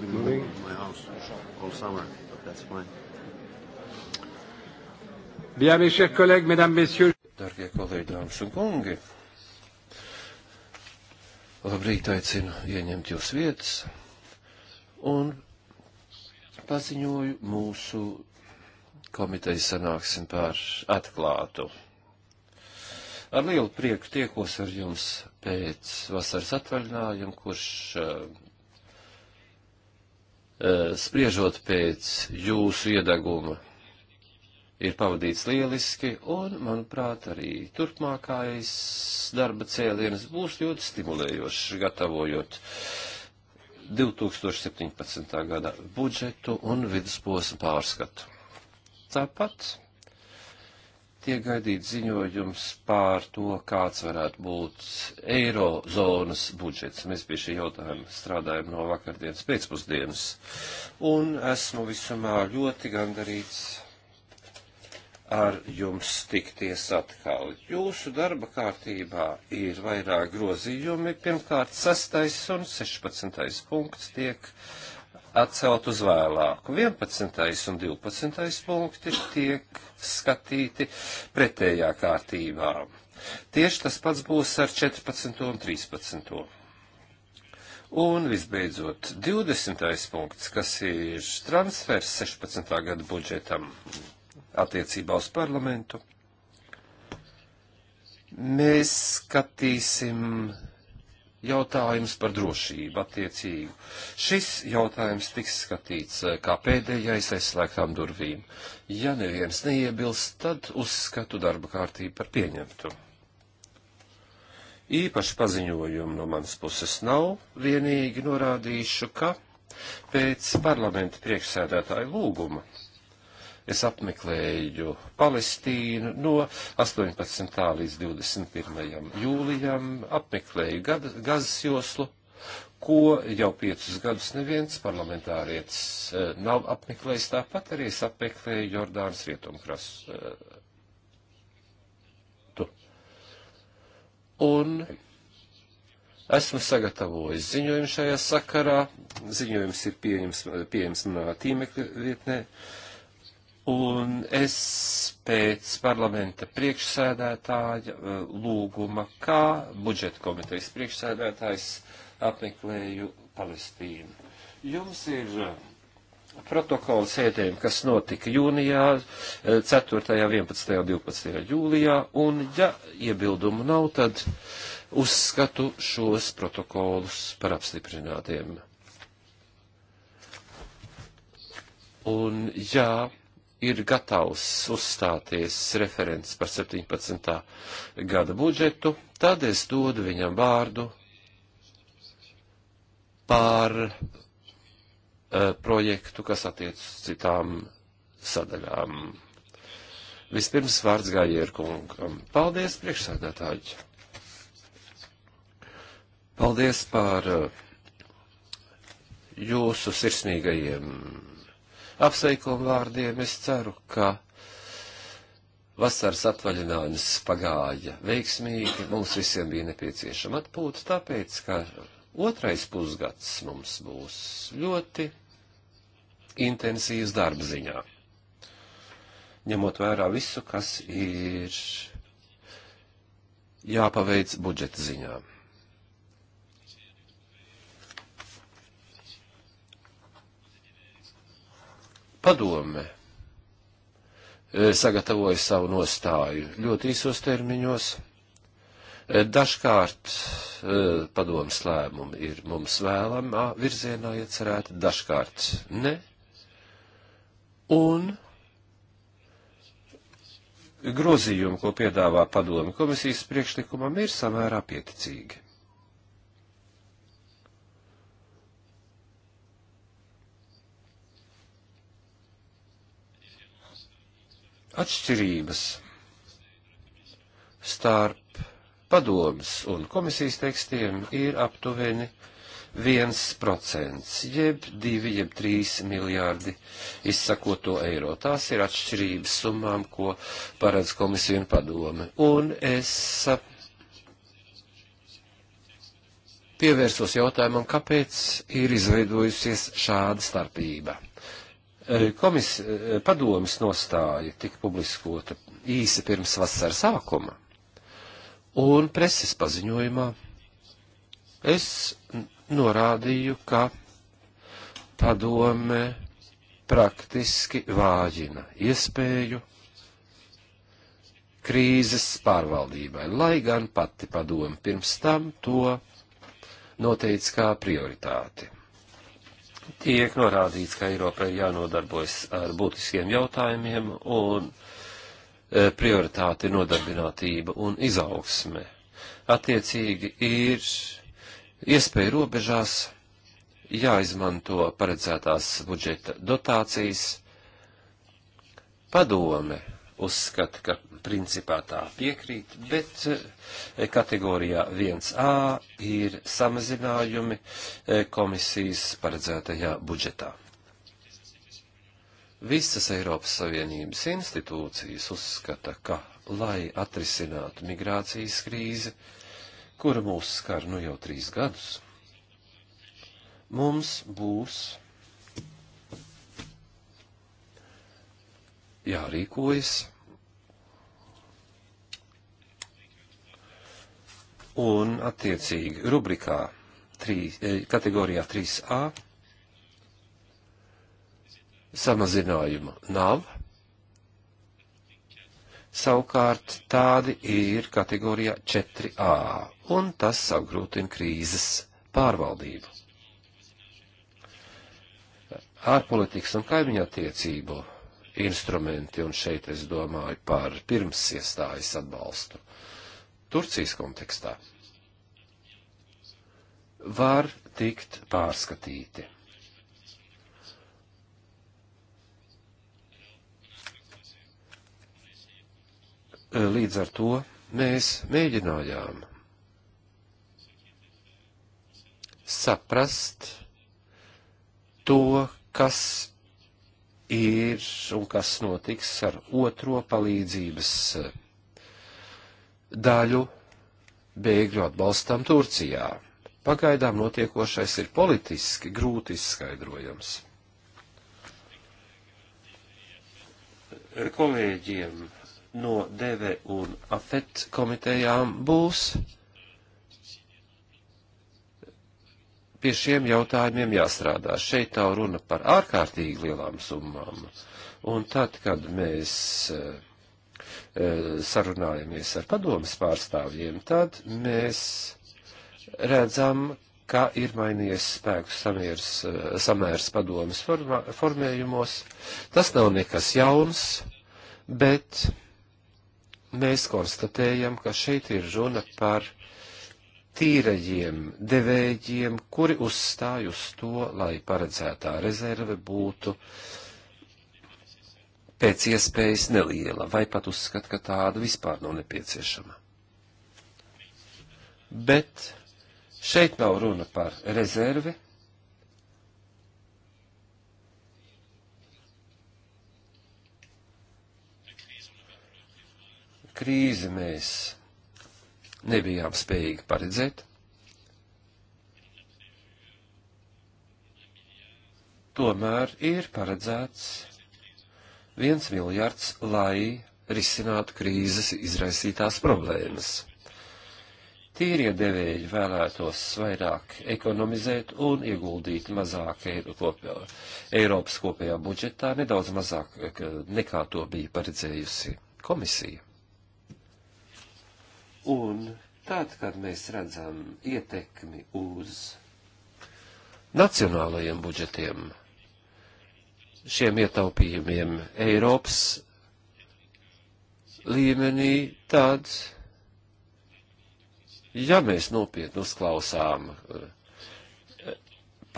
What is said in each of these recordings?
Good morning. My house all summer, but that's fine. Bien, mes chers collègues, mesdames, messieurs. Dargie kolēģi, dāmas un kungi, labrīt aicinu ieņemt jūs vietas un paziņoju mūsu komitejas sanāksim par atklātu. Ar lielu prieku tiekos ar jums pēc vasaras atvaļinājuma, kurš eh, Eh, spriežot pēc jūsu iedeguma, ir pavadīts lieliski, un, manuprāt, arī turpmākais darba cēliens būs ļoti stimulējošs, gatavojot 2017. gada budžetu un vidusposmu pārskatu. Tāpat tiek gaidīts ziņojums pār to, kāds varētu būt eirozonas budžets. Mēs pie šī jautājuma strādājam no vakardienas pēcpusdienas. Un esmu visumā ļoti gandarīts ar jums tikties atkal. Jūsu darba kārtībā ir vairāk grozījumi. Pirmkārt, 6. un 16. punkts tiek atcelt uz vēlāku. 11. un 12. punkti tiek skatīti pretējā kārtībā. Tieši tas pats būs ar 14. un 13. Un visbeidzot, 20. punkts, kas ir transfers 16. gada budžetam attiecībā uz parlamentu. Mēs skatīsim jautājums par drošību attiecīgu. Šis jautājums tiks skatīts eh, kā pēdējais aizslēgtām durvīm. Ja neviens neiebilst, tad uzskatu darba kārtību par pieņemtu. Īpaši paziņojumu no manas puses nav, vienīgi norādīšu, ka pēc parlamenta priekšsēdētāja lūguma Es apmeklēju Palestīnu no 18. līdz 21. jūlijam, apmeklēju Gazas joslu, ko jau piecus gadus neviens parlamentārietis eh, nav apmeklējis. Tāpat arī es apmeklēju Jordānas rietumkrastu. Un esmu sagatavojis ziņojumu šajā sakarā. Ziņojums ir pieejams, pieejams manā tīmekļa vietnē. Uh, Un es pēc parlamenta priekšsēdētāja uh, lūguma, kā budžeta komitejas priekšsēdētājs, apmeklēju Palestīnu. Jums ir uh, protokola sēdēm, kas notika jūnijā, 4., 11., 12. jūlijā, un ja iebildumu nav, tad uzskatu šos protokolus par apstiprinātiem. Un jā, ja ir gatavs uzstāties referents par 17. gada budžetu, tad es dodu viņam vārdu par uh, projektu, kas attiec uz citām sadaļām. Vispirms vārds Gājierkungam. Paldies, priekšsēdētāji! Paldies par uh, jūsu sirsnīgajiem apsveikumu vārdiem. Es ceru, ka vasaras atvaļinājums pagāja veiksmīgi. Mums visiem bija nepieciešama atpūta, tāpēc, ka otrais pusgads mums būs ļoti intensīvs darba ziņā. Ņemot vērā visu, kas ir jāpaveic budžeta ziņā. padome e, sagatavoja savu nostāju ļoti īsos termiņos. E, dažkārt e, padomas lēmumi ir mums vēlamā virzienā iecerēti, dažkārt ne. Un grozījumi, ko piedāvā padomi komisijas priekšlikumam, ir samērā pieticīgi. atšķirības starp padomas un komisijas tekstiem ir aptuveni 1%, jeb 2, jeb 3 miljārdi izsakoto eiro. Tās ir atšķirības summām, ko paredz komisija un padome. Un es pievērsos jautājumam, kāpēc ir izveidojusies šāda starpība. Eh, komis, eh, padomis nostāja tika publiskota īsi pirms vasaras sākuma, un preses paziņojumā es norādīju, ka padome praktiski vājina iespēju krīzes pārvaldībai, lai gan pati padomi pirms tam to noteica kā prioritāti tiek norādīts, ka Eiropai ir jānodarbojas ar būtiskiem jautājumiem un e, prioritāte ir nodarbinātība un izaugsme. Attiecīgi ir iespēja robežās jāizmanto paredzētās budžeta dotācijas. Padome uzskata, ka principā tā piekrīt, bet eh, kategorijā 1A ir samazinājumi eh, komisijas paredzētajā budžetā. Visas Eiropas Savienības institūcijas uzskata, ka, lai atrisinātu migrācijas krīzi, kura mūs skar nu jau trīs gadus, mums būs jārīkojas. Un attiecīgi rubrikā 3, eh, kategorijā 3A samazinājuma nav. Savukārt tādi ir kategorijā 4A, un tas apgrūtina krīzes pārvaldību ārpolitikas un kaimiņu attiecību instrumenti, un šeit es domāju par pirms iestājas atbalstu Turcijas kontekstā, var tikt pārskatīti. Līdz ar to mēs mēģinājām saprast to, kas ir un kas notiks ar otro palīdzības eh, daļu bēgļu atbalstam Turcijā. Pagaidām notiekošais ir politiski grūti izskaidrojams. Kolēģiem no DV un AFET komitejām būs pie šiem jautājumiem jāstrādā. Šeit tā runa par ārkārtīgi lielām summām. Un tad, kad mēs e, sarunājamies ar padomas pārstāvjiem, tad mēs redzam, kā ir mainījies spēku samieris, eh, samērs padomas formā, formējumos. Tas nav nekas jauns, bet mēs konstatējam, ka šeit ir runa par tīrajiem devējiem, kuri uzstāj uz to, lai paredzētā rezerve būtu pēc iespējas neliela, vai pat uzskat, ka tāda vispār nav nepieciešama. Bet šeit nav runa par rezervi. Krīzi mēs nebijām spējīgi paredzēt. Tomēr ir paredzēts viens miljards, lai risinātu krīzes izraisītās problēmas. Tīrie devēji vēlētos vairāk ekonomizēt un ieguldīt mazāk kopjā, Eiropas kopējā budžetā, nedaudz mazāk nekā to bija paredzējusi komisija. Un tad, kad mēs redzam ietekmi uz nacionālajiem budžetiem, šiem ietaupījumiem Eiropas līmenī, tad, ja mēs nopietni uzklausām eh,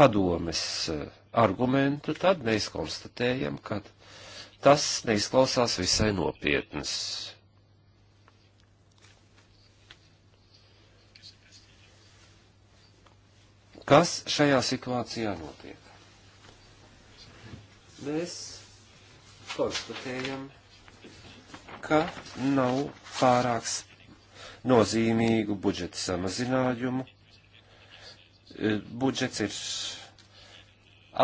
padomes eh, argumentu, tad mēs konstatējam, ka tas neizklausās visai nopietnas. Kas šajā situācijā notiek? Mēs konstatējam, ka nav pārāk nozīmīgu budžeta samazinājumu. E, budžets ir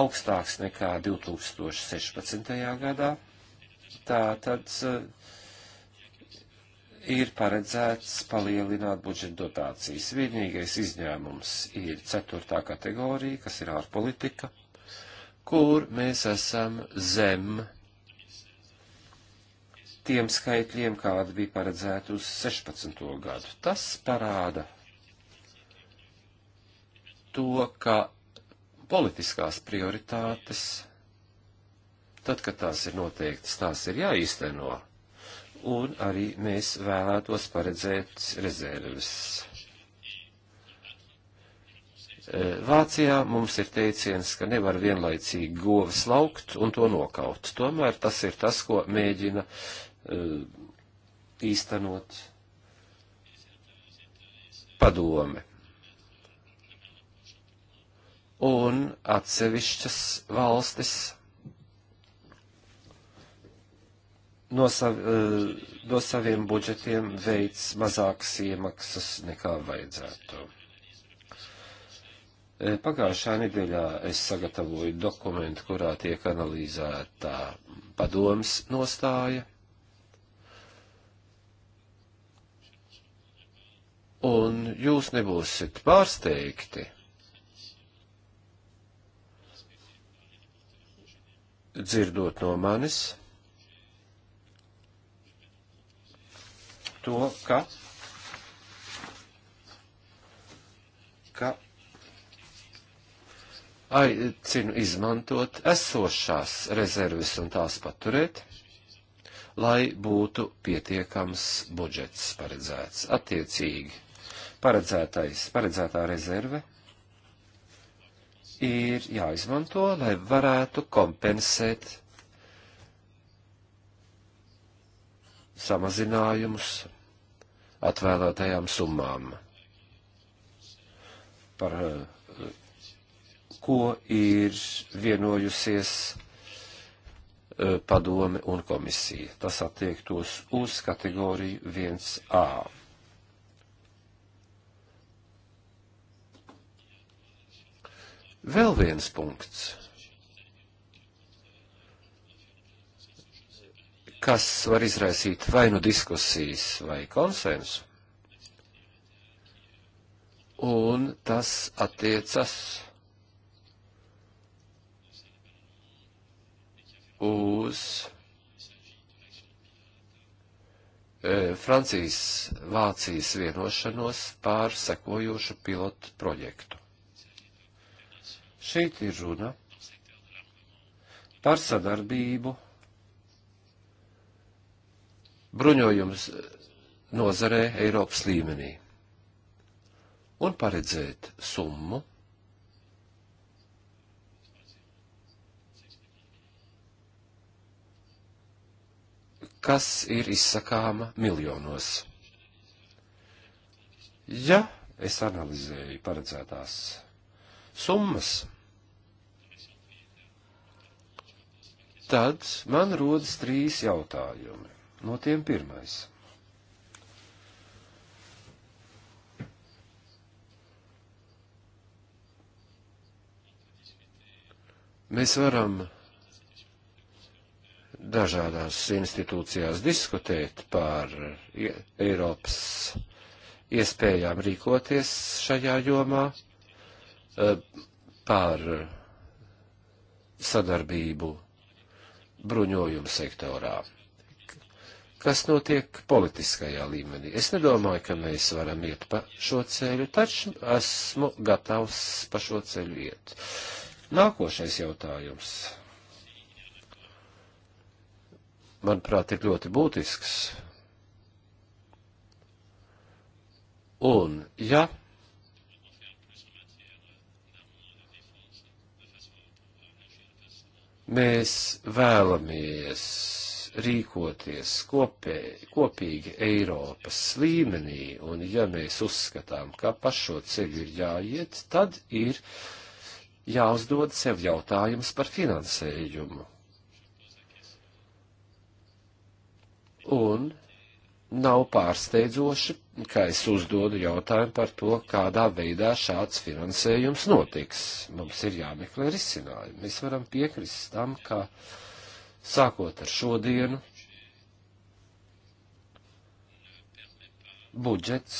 augstāks nekā 2016. gadā. Tā tad e, ir paredzēts palielināt budžeta dotācijas. Vienīgais izņēmums ir ceturtā kategorija, kas ir ārpolitika, kur mēs esam zem tiem skaitļiem, kāda bija paredzēta uz 16. gadu. Tas parāda to, ka politiskās prioritātes, tad, kad tās ir noteiktas, tās ir jāīsteno un arī mēs vēlētos paredzēt rezerves. E, Vācijā mums ir teiciens, ka nevar vienlaicīgi govs laukt un to nokaut. Tomēr tas ir tas, ko mēģina e, īstenot padome. Un atsevišķas valstis no, sav, eh, no saviem budžetiem veids mazākas iemaksas nekā vajadzētu. Eh, pagājušā nedēļā es sagatavoju dokumentu, kurā tiek analizēta padomas nostāja. Un jūs nebūsiet pārsteigti. Dzirdot no manis, to, ka, ka aicinu izmantot esošās rezerves un tās paturēt, lai būtu pietiekams budžets paredzēts. Attiecīgi, paredzētais, paredzētā rezerve ir jāizmanto, lai varētu kompensēt samazinājumus atvēlētajām summām, par eh, ko ir vienojusies eh, padome un komisija. Tas attiektos uz kategoriju 1A. Vēl viens punkts kas var izraisīt vai nu diskusijas, vai konsensu. Un tas attiecas uz e, Francijas-Vācijas vienošanos pār sekojošu pilotu projektu. Šeit ir runa par sadarbību bruņojums nozarē Eiropas līmenī un paredzēt summu, kas ir izsakāma miljonos. Ja es analizēju paredzētās summas, tad man rodas trīs jautājumi. No tiem pirmais. Mēs varam dažādās institūcijās diskutēt par Eiropas iespējām rīkoties šajā jomā, eh, par sadarbību bruņojumu sektorā kas notiek politiskajā līmenī. Es nedomāju, ka mēs varam iet pa šo ceļu, taču esmu gatavs pa šo ceļu iet. Nākošais jautājums. Manuprāt, ir ļoti būtisks. Un, ja mēs vēlamies rīkoties kopē, kopīgi Eiropas līmenī, un ja mēs uzskatām, ka pa šo ceļu ir jāiet, tad ir jāuzdod sev jautājums par finansējumu. Un nav pārsteidzoši, ka es uzdodu jautājumu par to, kādā veidā šāds finansējums notiks. Mums ir jāmeklē risinājumi. Mēs varam piekrist tam, ka. Kā sākot ar šodienu, budžets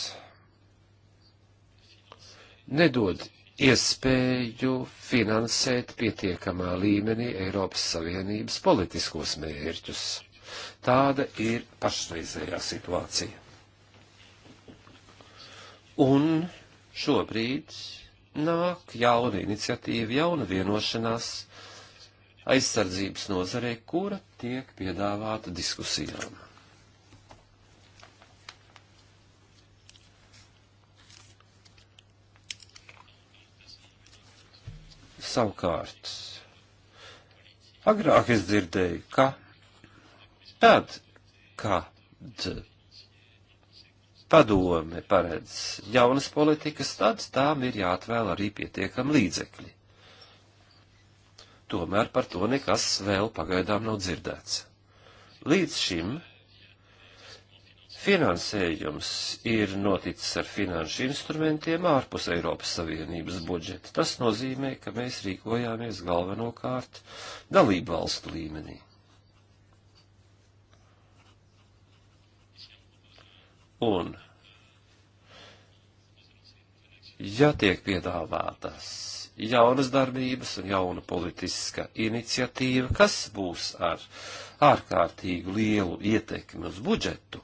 nedod iespēju finansēt pietiekamā līmenī Eiropas Savienības politiskos mērķus. Tāda ir pašreizējā situācija. Un šobrīd nāk jauna iniciatīva, jauna vienošanās, uh, aizsardzības nozarē, kura tiek piedāvāta diskusijām. Savukārt, agrāk es dzirdēju, ka tad, kad padome paredz jaunas politikas, tad tām ir jāatvēl arī pietiekami līdzekļi tomēr par to nekas vēl pagaidām nav dzirdēts. Līdz šim finansējums ir noticis ar finanšu instrumentiem ārpus Eiropas Savienības budžeta. Tas nozīmē, ka mēs rīkojāmies galvenokārt dalību valstu līmenī. Un, ja tiek piedāvātas jaunas darbības un jauna politiska iniciatīva, kas būs ar ārkārtīgu lielu ietekmi uz budžetu.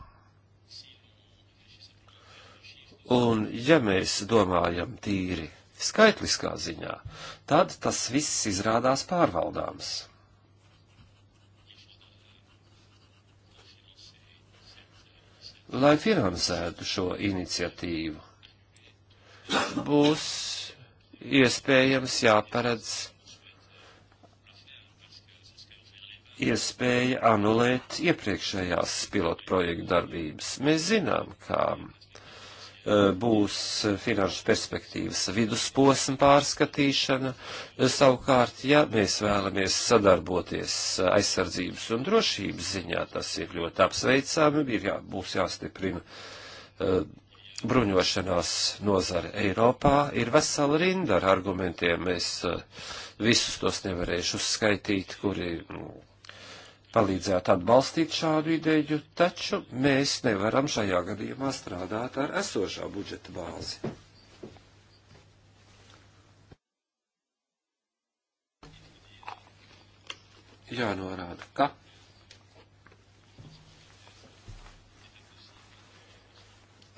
Un ja mēs domājam tīri skaitliskā ziņā, tad tas viss izrādās pārvaldāms. Lai finansētu šo iniciatīvu, būs iespējams jāparedz iespēja anulēt iepriekšējās pilotu projektu darbības. Mēs zinām, kā e, būs finanšu perspektīvas vidusposma pārskatīšana. E, savukārt, ja mēs vēlamies sadarboties aizsardzības un drošības ziņā, tas ir ļoti apsveicami, ir jā, būs jāstiprina e, bruņošanās nozare Eiropā, ir vesela rinda ar argumentiem. Es eh, visus tos nevarēšu uzskaitīt, kuri mm, palīdzētu atbalstīt šādu ideju, taču mēs nevaram šajā gadījumā strādāt ar esošā budžeta bāzi. Jānorāda, ka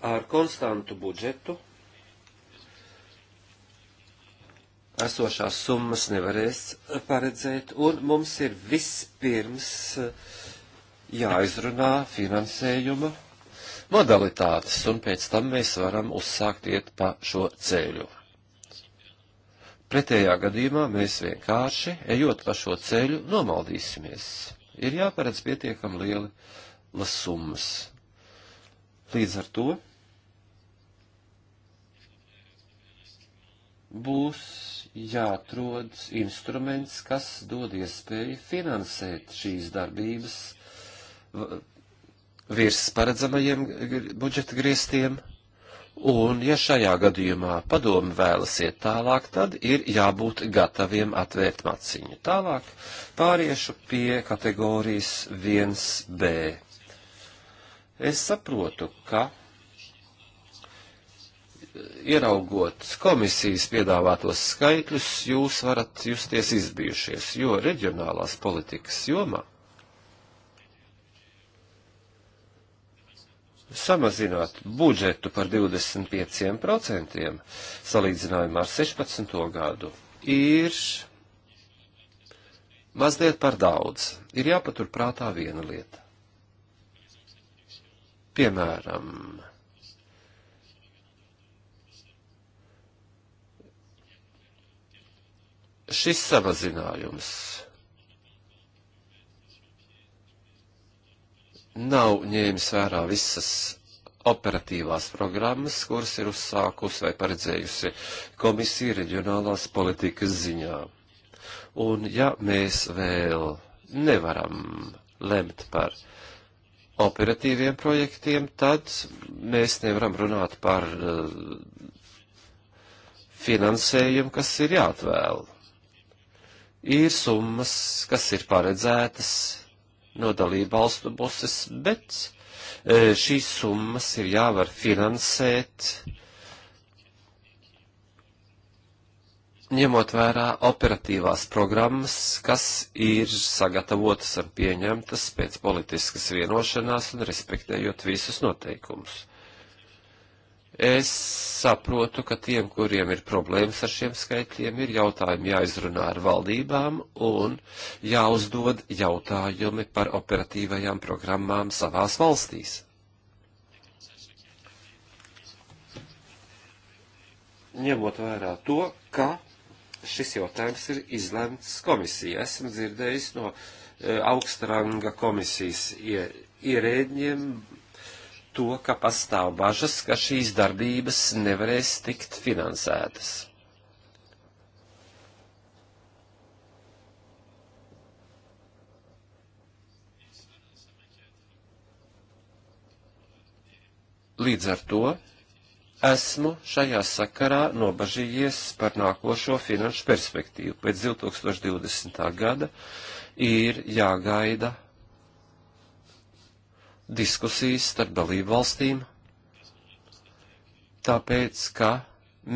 ar konstantu budžetu esošās summas nevarēs paredzēt, un mums ir vispirms eh, jāizrunā finansējuma modalitātes, un pēc tam mēs varam uzsākt iet pa šo ceļu. Pretējā gadījumā mēs vienkārši, ejot pa šo ceļu, nomaldīsimies. Ir jāparedz pietiekam lieli summas. Līdz ar to būs jāatrod instruments, kas dod iespēju finansēt šīs darbības virs paredzamajiem budžeta griestiem, un, ja šajā gadījumā padomi vēlas iet tālāk, tad ir jābūt gataviem atvērt maciņu. Tālāk pāriešu pie kategorijas 1b. Es saprotu, ka ieraugot komisijas piedāvātos skaitļus, jūs varat justies izbijušies, jo reģionālās politikas jomā samazināt budžetu par 25% salīdzinājumā ar 16. gadu ir mazliet par daudz. Ir jāpatur prātā viena lieta. Piemēram, šis samazinājums nav ņēmis vērā visas operatīvās programmas, kuras ir uzsākusi vai paredzējusi komisija reģionālās politikas ziņā. Un ja mēs vēl nevaram lemt par operatīviem projektiem, tad mēs nevaram runāt par eh, finansējumu, kas ir jāatvēl ir summas, kas ir paredzētas no dalību valstu puses, bet e, šīs summas ir jāvar finansēt, ņemot vērā operatīvās programmas, kas ir sagatavotas un pieņemtas pēc politiskas vienošanās un respektējot visus noteikumus. Es saprotu, ka tiem, kuriem ir problēmas ar šiem skaitļiem, ir jautājumi jāizrunā ar valdībām un jāuzdod jautājumi par operatīvajām programmām savās valstīs. Ņemot vērā to, ka šis jautājums ir izlemts komisijā. Esmu dzirdējis no e, eh, augstranga komisijas ierēdņiem to, ka pastāv bažas, ka šīs darbības nevarēs tikt finansētas. Līdz ar to esmu šajā sakarā nobažījies par nākošo finanšu perspektīvu. Pēc 2020. gada ir jāgaida diskusijas starp dalību valstīm, tāpēc, ka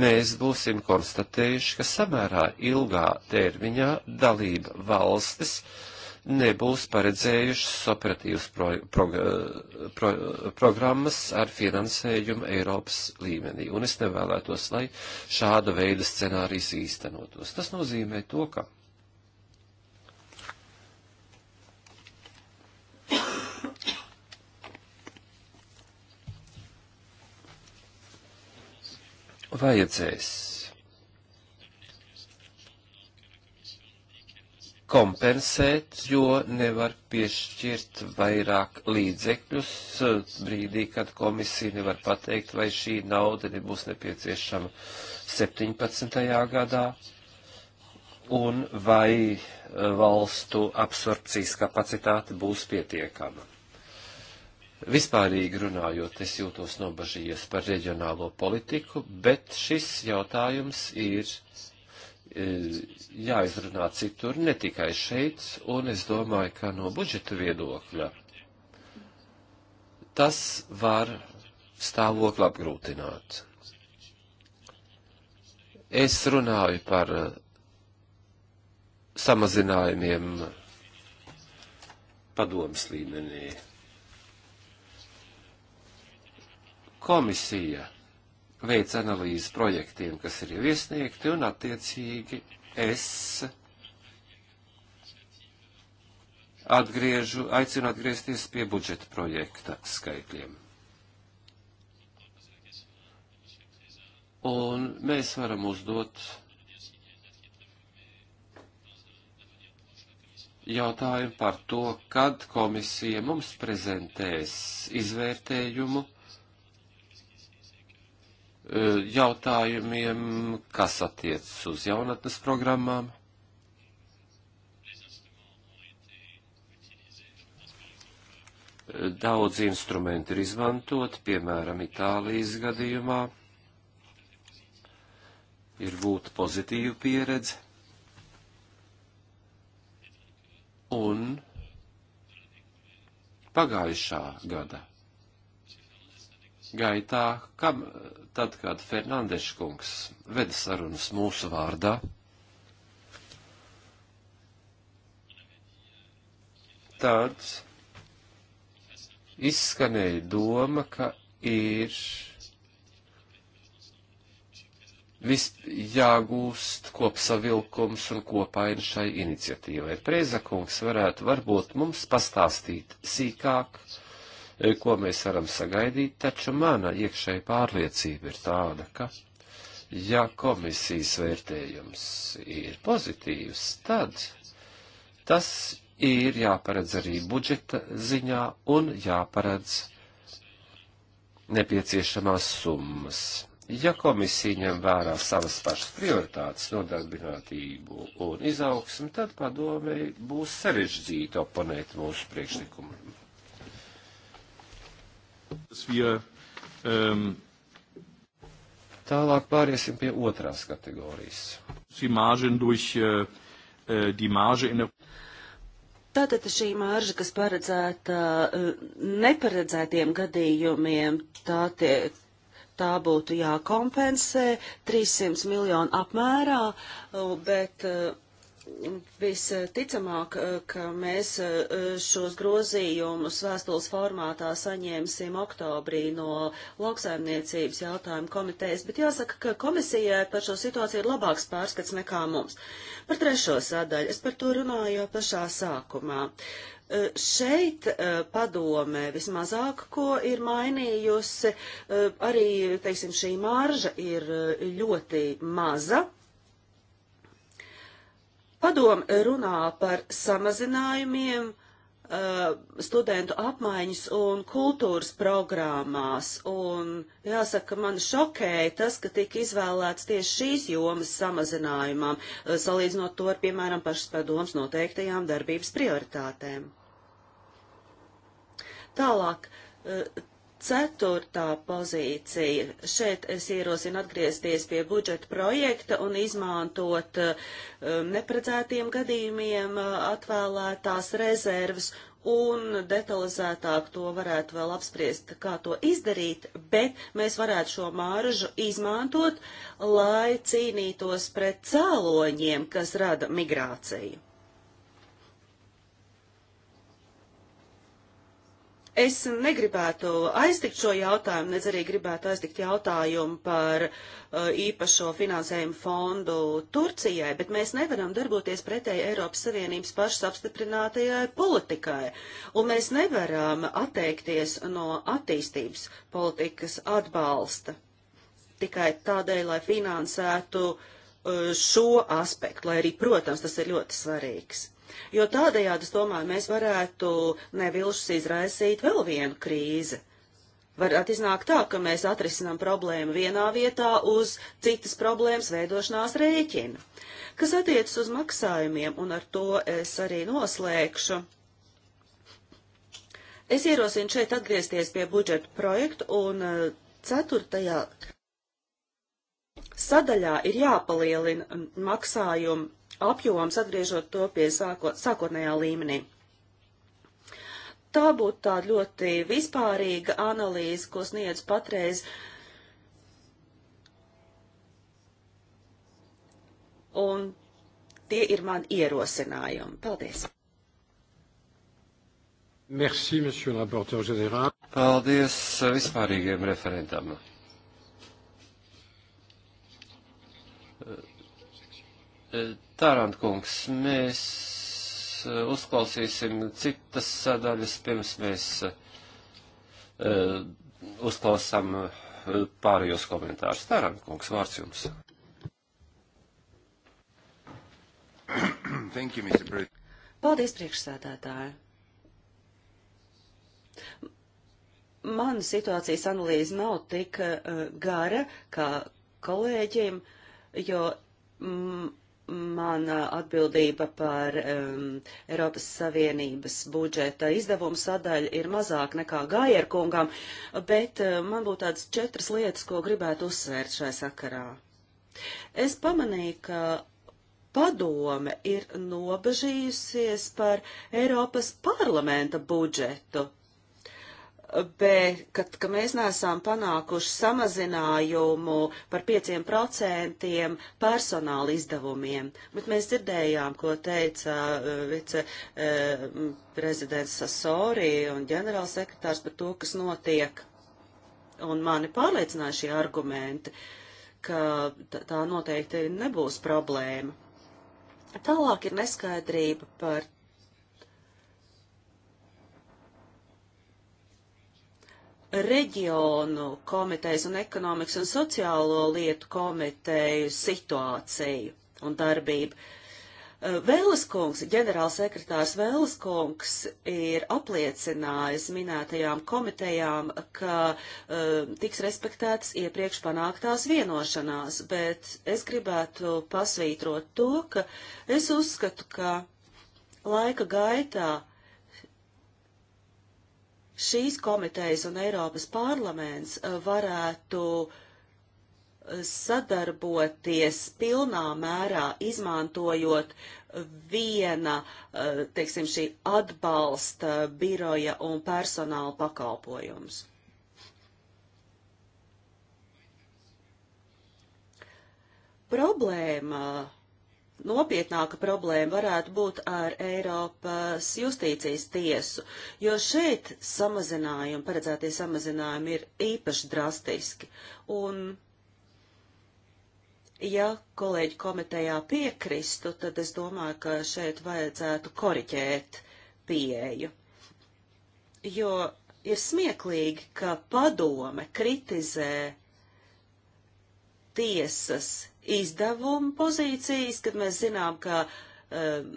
mēs būsim konstatējuši, ka samērā ilgā termiņā dalība valstis nebūs paredzējušas operatīvas pro, pro, pro, programmas ar finansējumu Eiropas līmenī, un es nevēlētos, lai šāda veida scenārijs īstenotos. Tas nozīmē to, ka vajadzēs kompensēt, jo nevar piešķirt vairāk līdzekļus eh, brīdī, kad komisija nevar pateikt, vai šī nauda nebūs nepieciešama 17. gadā, un vai eh, valstu absorpcijas kapacitāte būs pietiekama. Vispārīgi runājot, es jūtos nobažījies par reģionālo politiku, bet šis jautājums ir e, jāizrunā citur, ne tikai šeit, un es domāju, ka no budžeta viedokļa tas var stāvokli apgrūtināt. Es runāju par samazinājumiem padomas līmenī. Komisija veic analīzi projektiem, kas ir jau iesniegti, un attiecīgi es atgriežu, aicinu atgriezties pie budžeta projekta skaitļiem. Un mēs varam uzdot jautājumu par to, kad komisija mums prezentēs izvērtējumu jautājumiem, kas attiecas uz jaunatnes programmām. Daudz instrumenti ir izmantot, piemēram, Itālijas gadījumā ir būtu pozitīva pieredze. Un pagājušā gada gaitā, kam, tad, kad Fernandeša kungs veda sarunas mūsu vārdā, tad izskanēja doma, ka ir vis jāgūst kopsavilkums un kopaini šai iniciatīvai. Preza kungs varētu varbūt mums pastāstīt sīkāk Eh, ko mēs varam sagaidīt, taču mana iekšēja pārliecība ir tāda, ka, ja komisijas vērtējums ir pozitīvs, tad tas ir jāparedz arī budžeta ziņā un jāparedz nepieciešamās summas. Ja komisija ņem vērā savas pašas prioritātes, nodarbinātību un izaugsmu, tad padomēji būs sarežģīti oponēt mūsu priekšlikumam. Ähm, Tālāk pāriesim pie otrās kategorijas. Äh, äh, Tātad šī mārža, kas paredzēta äh, neparedzētiem gadījumiem, tā, tie, tā būtu jākompensē 300 miljonu apmērā, uh, bet uh, visticamāk, eh, ka mēs eh, šos grozījumus vēstules formātā saņēmsim oktobrī no lauksaimniecības jautājumu komitejas, bet jāsaka, ka komisijai par šo situāciju ir labāks pārskats nekā mums. Par trešo sadaļu es par to runāju jau pašā sākumā. Eh, šeit padome vismazāk, ko ir mainījusi, arī, teiksim, šī marža ir ļoti maza Padom eh, runā par samazinājumiem eh, studentu apmaiņas un kultūras programmās, un jāsaka, man šokēja tas, ka tika izvēlēts tieši šīs jomas samazinājumam, eh, salīdzinot to ar, piemēram, pašas padoms noteiktajām darbības prioritātēm. Tālāk, Ceturtā pozīcija. Šeit es ierosinu atgriezties pie budžeta projekta un izmantot um, neparedzētiem gadījumiem uh, atvēlētās rezerves un detalizētāk to varētu vēl apspriest, kā to izdarīt, bet mēs varētu šo māržu izmantot, lai cīnītos pret cēloņiem, kas rada migrāciju. Es negribētu aiztikt šo jautājumu, nedz arī gribētu aiztikt jautājumu par uh, īpašo finansējumu fondu Turcijai, bet mēs nevaram darboties pretēji Eiropas Savienības pašas apstiprinātajai politikai. Un mēs nevaram atteikties no attīstības politikas atbalsta tikai tādēļ, lai finansētu uh, šo aspektu, lai arī, protams, tas ir ļoti svarīgs jo tādējādi, es domāju, mēs varētu nevilšas izraisīt vēl vienu krīzi. Varat iznākt tā, ka mēs atrisinām problēmu vienā vietā uz citas problēmas veidošanās rēķina. Kas attiecas uz maksājumiem, un ar to es arī noslēgšu. Es ierosinu šeit atgriezties pie budžeta projektu un eh, ceturtajā sadaļā ir jāpalielina maksājumu apjoms, atgriežot to pie sākot, sākotnējā līmenī. Tā būtu tāda ļoti vispārīga analīze, ko sniedz patreiz. Un tie ir mani ierosinājumi. Paldies! Merci, monsieur le rapporteur général. Paldies vispārīgiem referentam. Tārankungs, mēs eh, uzklausīsim citas sadaļas, pirms mēs eh, uzklausām eh, pārējos komentārus. Tārankungs, vārds jums. Thank you, Mr. President. Paldies, priekšsēdētāji. Mana situācijas analīze nav tik uh, gara kā kolēģiem, jo mm, mana atbildība par um, Eiropas Savienības budžeta izdevumu sadaļu ir mazāk nekā Gajerkungam, bet uh, man būtu tādas četras lietas, ko gribētu uzsvērt šai sakarā. Es pamanīju, ka padome ir nobežījusies par Eiropas parlamenta budžetu bet kad, ka mēs neesam panākuši samazinājumu par 5% personāla izdevumiem. Bet mēs dzirdējām, ko teica uh, viceprezidents uh, Sasori un ģenerālsekretārs par to, kas notiek. Un mani pārliecināja šie argumenti, ka tā noteikti nebūs problēma. Tālāk ir neskaidrība par reģionu komitejas un ekonomikas un sociālo lietu komiteju situāciju un darbību. Uh, Vēles kungs, ģenerālsekretārs Vēles kungs ir apliecinājis minētajām komitejām, ka uh, tiks respektētas iepriekš panāktās vienošanās, bet es gribētu pasvītrot to, ka es uzskatu, ka laika gaitā šīs komitejas un Eiropas parlaments eh, varētu eh, sadarboties pilnā mērā, izmantojot viena, eh, teiksim, šī atbalsta biroja un personāla pakalpojums. Problēma Nopietnāka problēma varētu būt ar Eiropas justīcijas tiesu, jo šeit samazinājumi, paredzētie samazinājumi ir īpaši drastiski. Un, ja kolēģi komitejā piekristu, tad es domāju, ka šeit vajadzētu koriģēt pieeju. Jo ir smieklīgi, ka padome kritizē tiesas izdevumu pozīcijas, kad mēs zinām, ka um,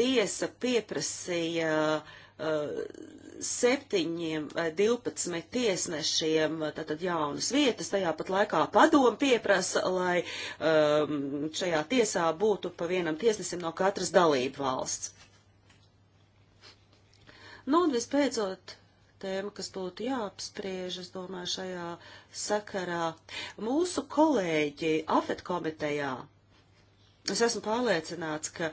tiesa pieprasīja uh, septiņiem vai divpadsmit tiesnešiem uh, tātad jaunas vietas, tajā pat laikā padomu pieprasa, lai um, šajā tiesā būtu pa vienam tiesnesim no katras dalību valsts. Nu, un vispēcot, tēma, kas būtu jāapspriež, es domāju, šajā sakarā. Mūsu kolēģi AFET komitejā, es esmu pārliecināts, ka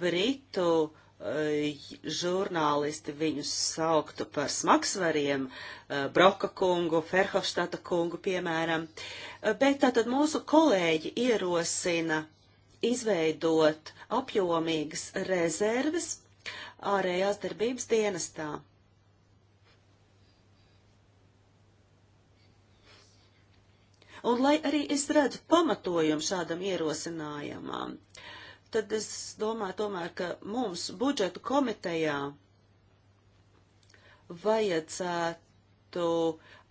Britu uh, žurnālisti viņus sauktu par smagsvariem, uh, Broka kungu, Ferhofštata kungu, piemēram. Uh, bet tātad mūsu kolēģi ierosina izveidot apjomīgas rezerves ārējās darbības dienestā. un lai arī es redzu pamatojumu šādam ierosinājumam, tad es domāju tomēr, ka mums budžetu komitejā vajadzētu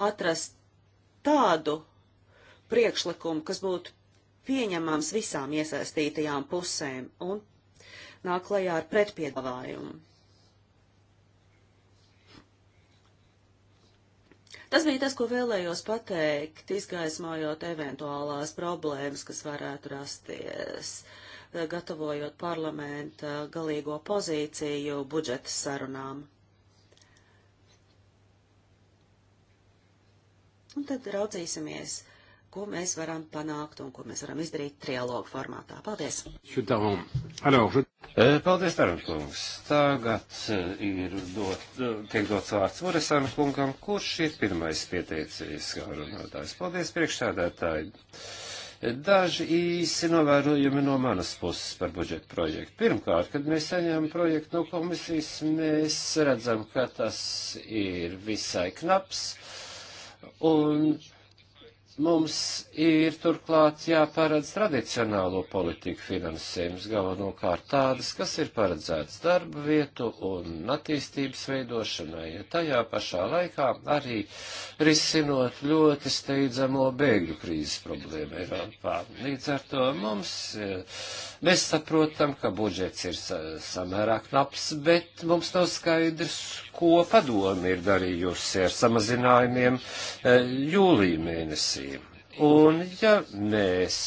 atrast tādu priekšlikumu, kas būtu pieņemams visām iesaistītajām pusēm un nāk klajā ar pretpiedāvājumu. Tas bija tas, ko vēlējos pateikt, izgaismojot eventuālās problēmas, kas varētu rasties, gatavojot parlamenta galīgo pozīciju budžeta sarunām. Un tad raudzīsimies, ko mēs varam panākt un ko mēs varam izdarīt trialogu formātā. Paldies! Alors, je... E, paldies, Tarankungs. Tagad e, ir dot, e, tiek dots vārds Voresānu kungam, kurš ir pirmais pieteicies kā runātājs. Paldies, priekšsēdētāji. Daži īsi novērojumi no manas puses par budžetu projektu. Pirmkārt, kad mēs saņēmām projektu no komisijas, mēs redzam, ka tas ir visai knaps. Un Mums ir turklāt jāparedz tradicionālo politiku finansējums, galvenokārt tādas, kas ir paredzētas darba vietu un attīstības veidošanai, ja tajā pašā laikā arī risinot ļoti steidzamo bēgļu krīzes problēmu Eiropā. Līdz ar to mums eh, Mēs saprotam, ka budžets ir samērā knaps, bet mums nav skaidrs, ko padomi ir darījusi ar samazinājumiem eh, jūlī mēnesī. Un, ja mēs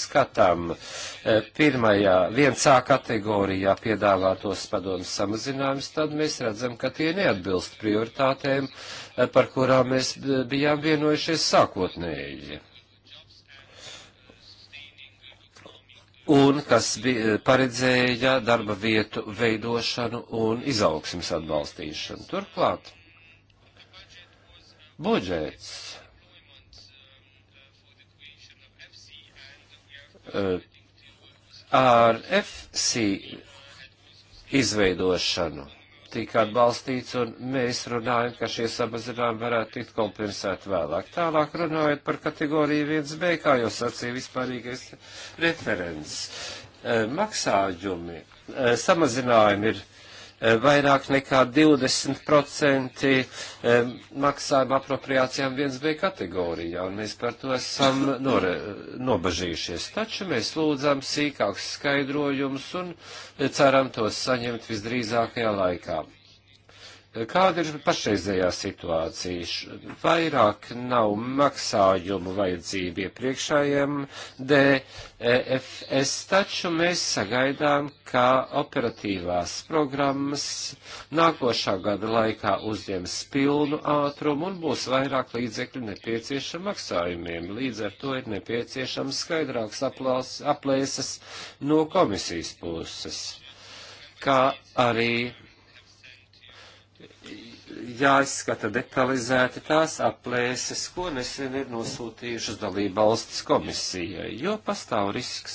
skatām eh, pirmajā 1A kategorijā piedāvātos padomus samazinājumus, tad mēs redzam, ka tie neatbilst prioritātēm, eh, par kurām mēs bijām vienojušies sākotnēji. un kas paredzēja darba vietu veidošanu un izaugsmas atbalstīšanu. Turklāt budžets eh, ar FC izveidošanu tika atbalstīts, un mēs runājam, ka šie samazinājumi varētu tikt kompensēti vēlāk. Tālāk runājot par kategoriju 1B, kā jau sacīja vispārīgais referents. Eh, maksājumi, eh, samazinājumi ir Eh, vairāk nekā 20% eh, maksājuma apropriācijām 1B kategorijā, un mēs par to esam nore, nobažījušies. Taču mēs lūdzam sīkāks skaidrojums un eh, ceram tos saņemt visdrīzākajā laikā. Kāda ir pašreizējā situācija? Vairāk nav maksājumu vajadzību iepriekšējiem DFS, e taču mēs sagaidām, ka operatīvās programmas nākošā gada laikā uzņems pilnu ātrumu un būs vairāk līdzekļu nepieciešama maksājumiem. Līdz ar to ir nepieciešams skaidrāks aplās, aplēses no komisijas puses, kā arī jāizskata detalizēti tās aplēses, ko nesen ir nosūtījušas dalība valstis komisijai, jo pastāv risks,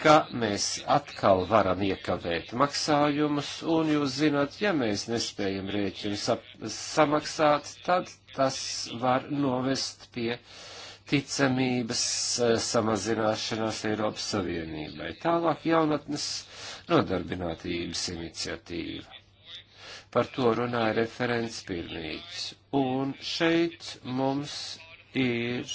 ka mēs atkal varam iekavēt maksājumus, un jūs zināt, ja mēs nespējam rēķinus samaksāt, tad tas var novest pie ticamības eh, samazināšanās Eiropas Savienībai. Tālāk jaunatnes nodarbinātības iniciatīva. Par to runāja referents pirmīgs. Un šeit mums ir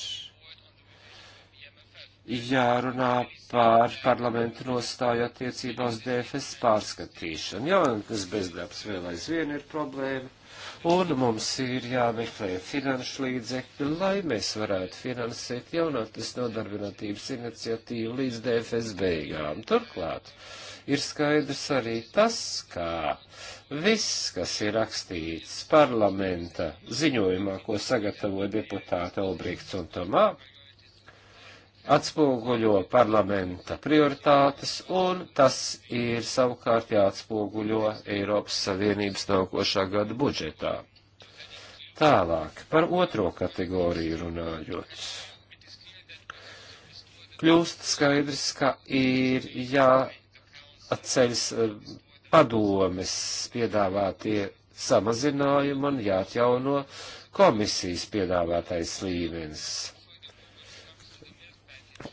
jārunā par parlamentu nostāju attiecībā uz DFS pārskatīšanu. Jaunas bezdarbs vēl aizvien ir problēma, un mums ir jāmeklē finanšu līdzekļi, lai mēs varētu finansēt jaunatnes nodarbinātības iniciatīvu līdz DFS beigām. Turklāt ir skaidrs arī tas, kā Viss, kas ir rakstīts parlamenta ziņojumā, ko sagatavoja deputāti Olbrīts un Tomā, atspoguļo parlamenta prioritātes, un tas ir savukārt jāatspoguļo Eiropas Savienības nākošā gada budžetā. Tālāk par otro kategoriju runājot. Kļūst skaidrs, ka ir jāatceļas padomes piedāvātie samazinājumi un jāatjauno komisijas piedāvātais līmenis.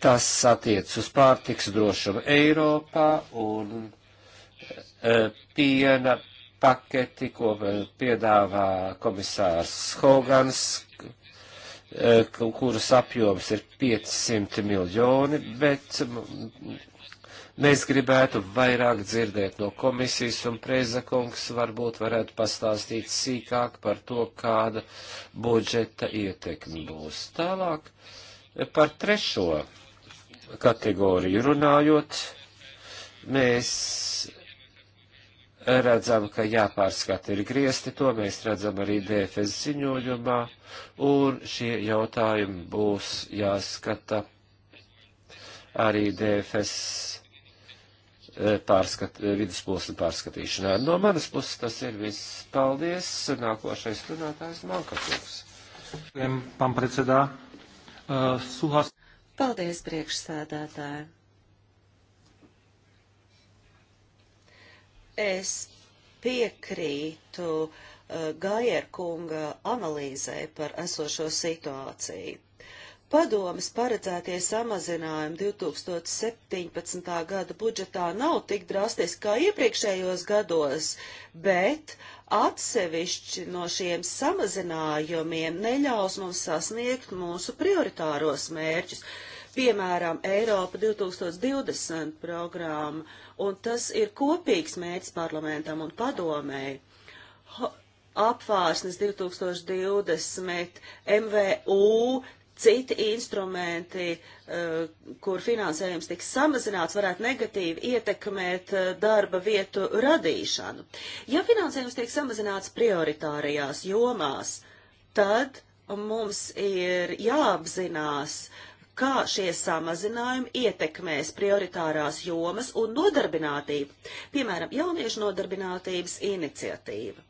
Tas attiec uz pārtiks drošumu Eiropā un e, piena paketi, ko e, piedāvā komisārs Hogans, e, kuras apjoms ir 500 miljoni, bet Mēs gribētu vairāk dzirdēt no komisijas, un Prezakungs varbūt varētu pastāstīt sīkāk par to, kāda budžeta ietekme būs. Tālāk par trešo kategoriju runājot, mēs redzam, ka jāpārskata ir griesti, to mēs redzam arī DFS ziņojumā, un šie jautājumi būs jāskata arī DFS pārskat, vidusposma pārskatīšanā. No manas puses tas ir viss. Paldies. Nākošais runātājs Mankakungs. Pam precedā. Uh, e, suhas. Paldies, priekšsēdētāji. Es piekrītu uh, e, Gajerkunga analīzē par esošo situāciju Padomas paredzētie samazinājumi 2017. gada budžetā nav tik drastiski kā iepriekšējos gados, bet atsevišķi no šiem samazinājumiem neļaus mums sasniegt mūsu prioritāros mērķus, piemēram, Eiropa 2020 programma, un tas ir kopīgs mērķis parlamentam un padomēji apvārsnes 2020, MVU citi instrumenti, eh, kur finansējums tiks samazināts, varētu negatīvi ietekmēt eh, darba vietu radīšanu. Ja finansējums tiek samazināts prioritārajās jomās, tad mums ir jāapzinās, uh, kā šie samazinājumi ietekmēs prioritārās jomas un nodarbinātību, piemēram, jauniešu nodarbinātības iniciatīva.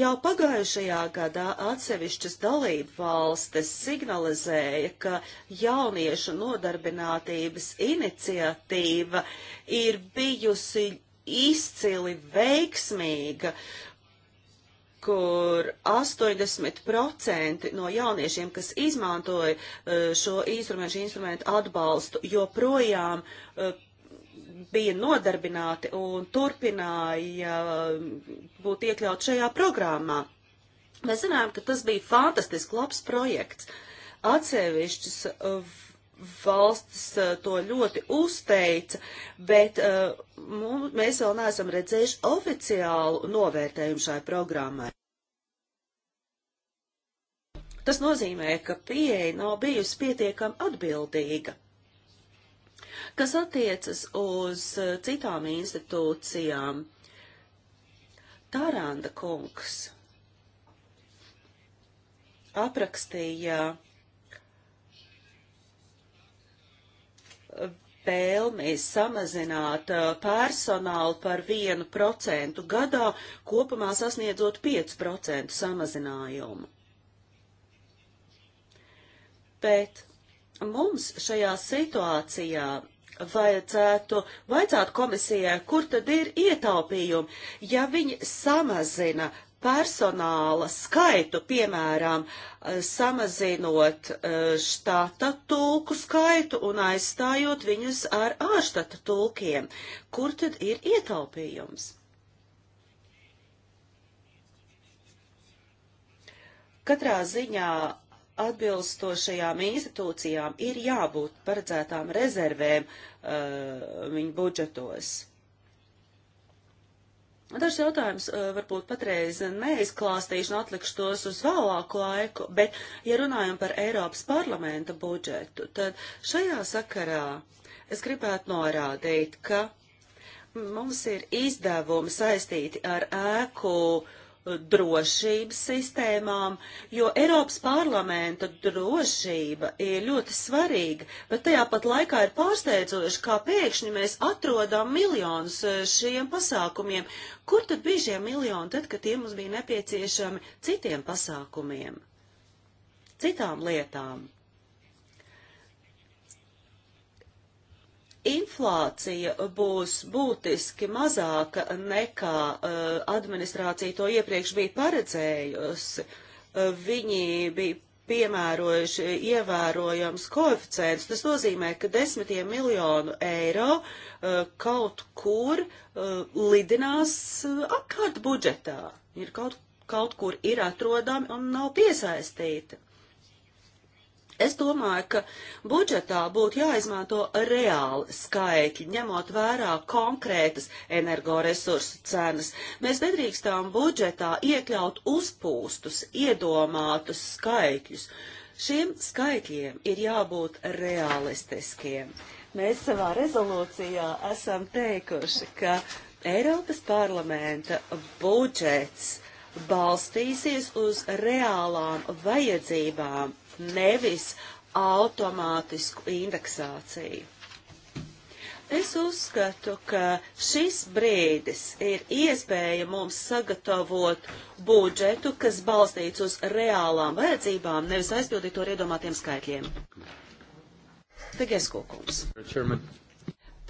Jau pagājušajā gadā atsevišķas dalību valstis signalizēja, ka jauniešu nodarbinātības iniciatīva ir bijusi izcili veiksmīga kur 80% no jauniešiem, kas izmantoja eh, šo instrumentu, šo instrumentu atbalstu, joprojām eh, bija nodarbināti un turpināja eh, būt iekļaut šajā programmā. Mēs zinām, ka tas bija fantastisks labs projekts. Atsevišķas valstis eh, to ļoti uzteica, bet eh, mums, mēs vēl neesam redzējuši oficiālu novērtējumu šai programmai. Tas nozīmē, ka pieeja nav bijusi pietiekami atbildīga. Kas attiecas uz eh, citām institūcijām, Tāranda kungs aprakstīja uh, vēlmi samazināt uh, personālu par 1% gadā, kopumā sasniedzot 5% samazinājumu. Bet mums šajā situācijā vajadzētu, vajadzētu komisijai, kur tad ir ietaupījumi, ja viņi samazina personāla skaitu, piemēram, eh, samazinot eh, štata tulku skaitu un aizstājot viņus ar ārštata tulkiem. Kur tad ir ietaupījums? Katrā ziņā atbilstošajām institūcijām ir jābūt paredzētām rezervēm uh, viņu budžetos. Dažs jautājums eh, varbūt patreiz neizklāstīšu un atlikšu tos uz vēlāku laiku, bet, ja runājam par Eiropas parlamenta budžetu, tad šajā sakarā es gribētu norādīt, ka mums ir izdevumi saistīti ar ēku uh, drošības sistēmām, jo Eiropas parlamenta drošība ir ļoti svarīga, bet tajā pat laikā ir pārsteidzoši, kā pēkšņi mēs atrodam miljonus e, šiem pasākumiem. Kur tad bija šie miljoni, tad, kad tie mums bija nepieciešami citiem pasākumiem, citām lietām? inflācija būs būtiski mazāka nekā uh, administrācija to iepriekš bija paredzējusi. Uh, viņi bija piemērojuši ievērojams koeficients. Tas nozīmē, ka desmitiem miljonu eiro uh, kaut kur lidinās apkārt budžetā. Ir kaut, kaut kur ir atrodami un nav piesaistīti. Es domāju, ka budžetā būtu jāizmanto reāli skaitļi, ņemot vērā konkrētas energoresursu cenas. Mēs nedrīkstām budžetā iekļaut uzpūstus, iedomātus skaitļus. Šiem skaitļiem ir jābūt realistiskiem. Mēs savā rezolūcijā esam teikuši, ka Eiropas parlamenta budžets balstīsies uz reālām vajadzībām nevis automātisku indeksāciju. Es uzskatu, ka šis brīdis ir iespēja mums sagatavot budžetu, kas balstīts uz reālām vajadzībām, nevis aizpildīt to ar iedomātiem skaitļiem. Tagad es kokums.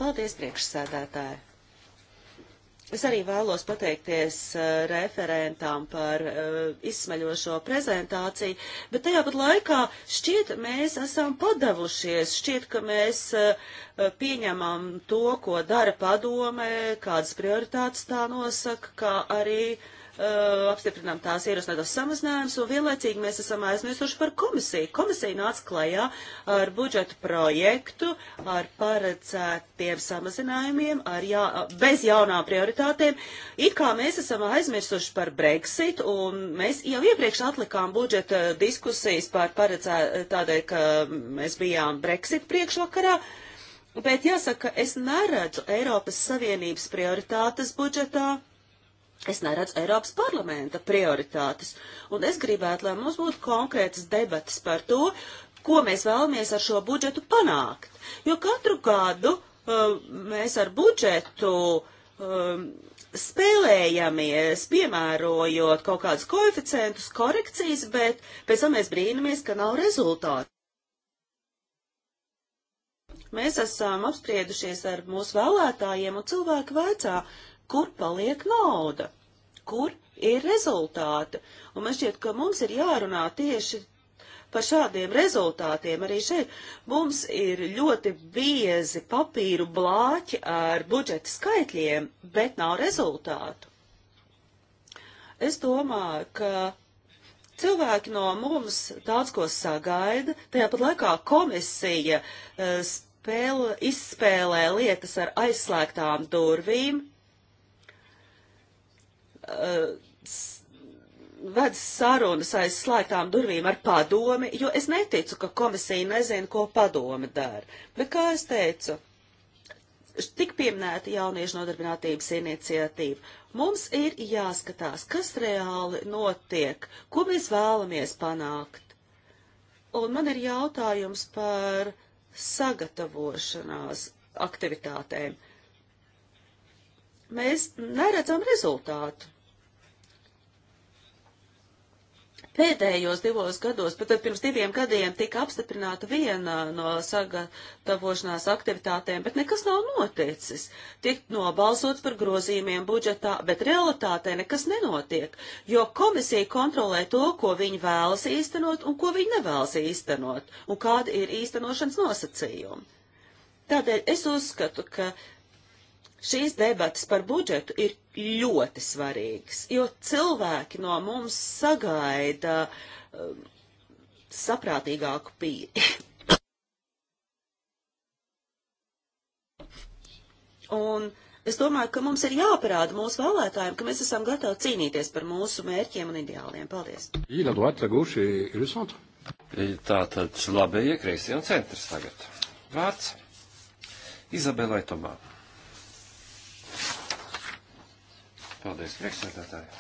Paldies, priekšsēdētāji. Es arī vēlos pateikties uh, eh, referentām par uh, izsmeļošo prezentāciju, bet tajā pat laikā šķiet, mēs esam padavušies, šķiet, ka mēs uh, pieņemam to, ko dara padome, kādas prioritātes tā nosaka, kā arī uh, apstiprinām tās ierosinātos samazinājumus, un vienlaicīgi mēs esam aizmirsuši par komisiju. Komisija nāca klajā ar budžetu projektu, ar paredzētiem samazinājumiem, ar jā, bez jaunām prioritātēm. It kā mēs esam aizmirsuši par Brexit, un mēs jau iepriekš atlikām budžeta diskusijas par paredzētu tādēļ, ka mēs bijām Brexit priekšvakarā. Uh, Bet jāsaka, es neredzu Eiropas Savienības prioritātes budžetā. Es neredzu Eiropas parlamenta prioritātes, un es gribētu, lai mums būtu konkrētas debatas par to, ko mēs vēlamies ar šo budžetu panākt. Jo katru gadu uh, mēs ar budžetu uh, spēlējamies, piemērojot kaut kādus koeficientus, korekcijas, bet pēc tam mēs brīnamies, ka nav rezultātu. Mēs esam apspriedušies ar mūsu vēlētājiem, un cilvēki vaicā, kur paliek nauda, kur ir rezultāti. Un man šķiet, ka mums ir jārunā tieši par šādiem rezultātiem. Arī šeit mums ir ļoti biezi papīru blāķi ar budžeta skaitļiem, bet nav rezultātu. Es domāju, ka cilvēki no mums daudz ko sagaida, tajā pat laikā komisija uh, spēlē, izspēlē lietas ar aizslēgtām durvīm, eh, ved sarunas aiz slēgtām durvīm ar padomi, jo es neticu, ka komisija nezina, ko padomi dara. Bet, kā es teicu, tik pieminēta jauniešu nodarbinātības iniciatīva. Mums ir jāskatās, kas reāli notiek, ko mēs vēlamies panākt. Un man ir jautājums par uh, sagatavošanās aktivitātēm. Mēs neredzam rezultātu. Pēdējos divos gados, pat tad pirms diviem gadiem, tika apstiprināta viena no sagatavošanās aktivitātēm, bet nekas nav noticis. Tiek nobalsots par grozījumiem budžetā, bet realitātē nekas nenotiek, jo komisija kontrolē to, ko viņi vēlas īstenot un ko viņi nevēlas īstenot, un kādi ir īstenošanas nosacījumi. Tādēļ es uzskatu, ka Šīs debatas par budžetu ir ļoti svarīgas, jo cilvēki no mums sagaida um, saprātīgāku pieeju. Un es domāju, ka mums ir jāparāda mūsu vēlētājiem, ka mēs esam gatavi cīnīties par mūsu mērķiem un ideāliem. Paldies! Tātad labējie kreisie un centrs tagad. Vārds Izabelai Tomā. Paldies, priekšsēdētāji.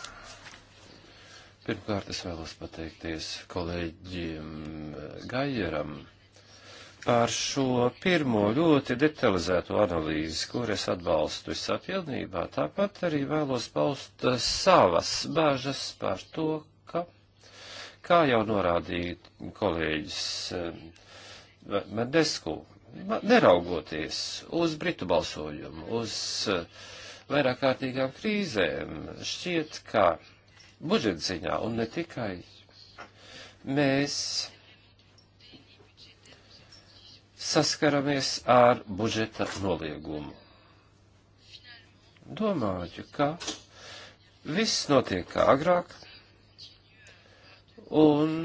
Pirmkārt, es vēlos pateikties kolēģiem Gajeram par šo pirmo ļoti detalizēto analīzi, kur es atbalstu visā pilnībā. Tāpat arī vēlos paust savas bāžas par to, ka, kā jau norādīja kolēģis eh, Mendesku, neraugoties uz Britu balsojumu, uz uh, vairāk kārtīgām krīzēm. Šķiet, ka budžeta ziņā un ne tikai mēs saskaramies ar budžeta noliegumu. Domāju, ka viss notiek kā agrāk, un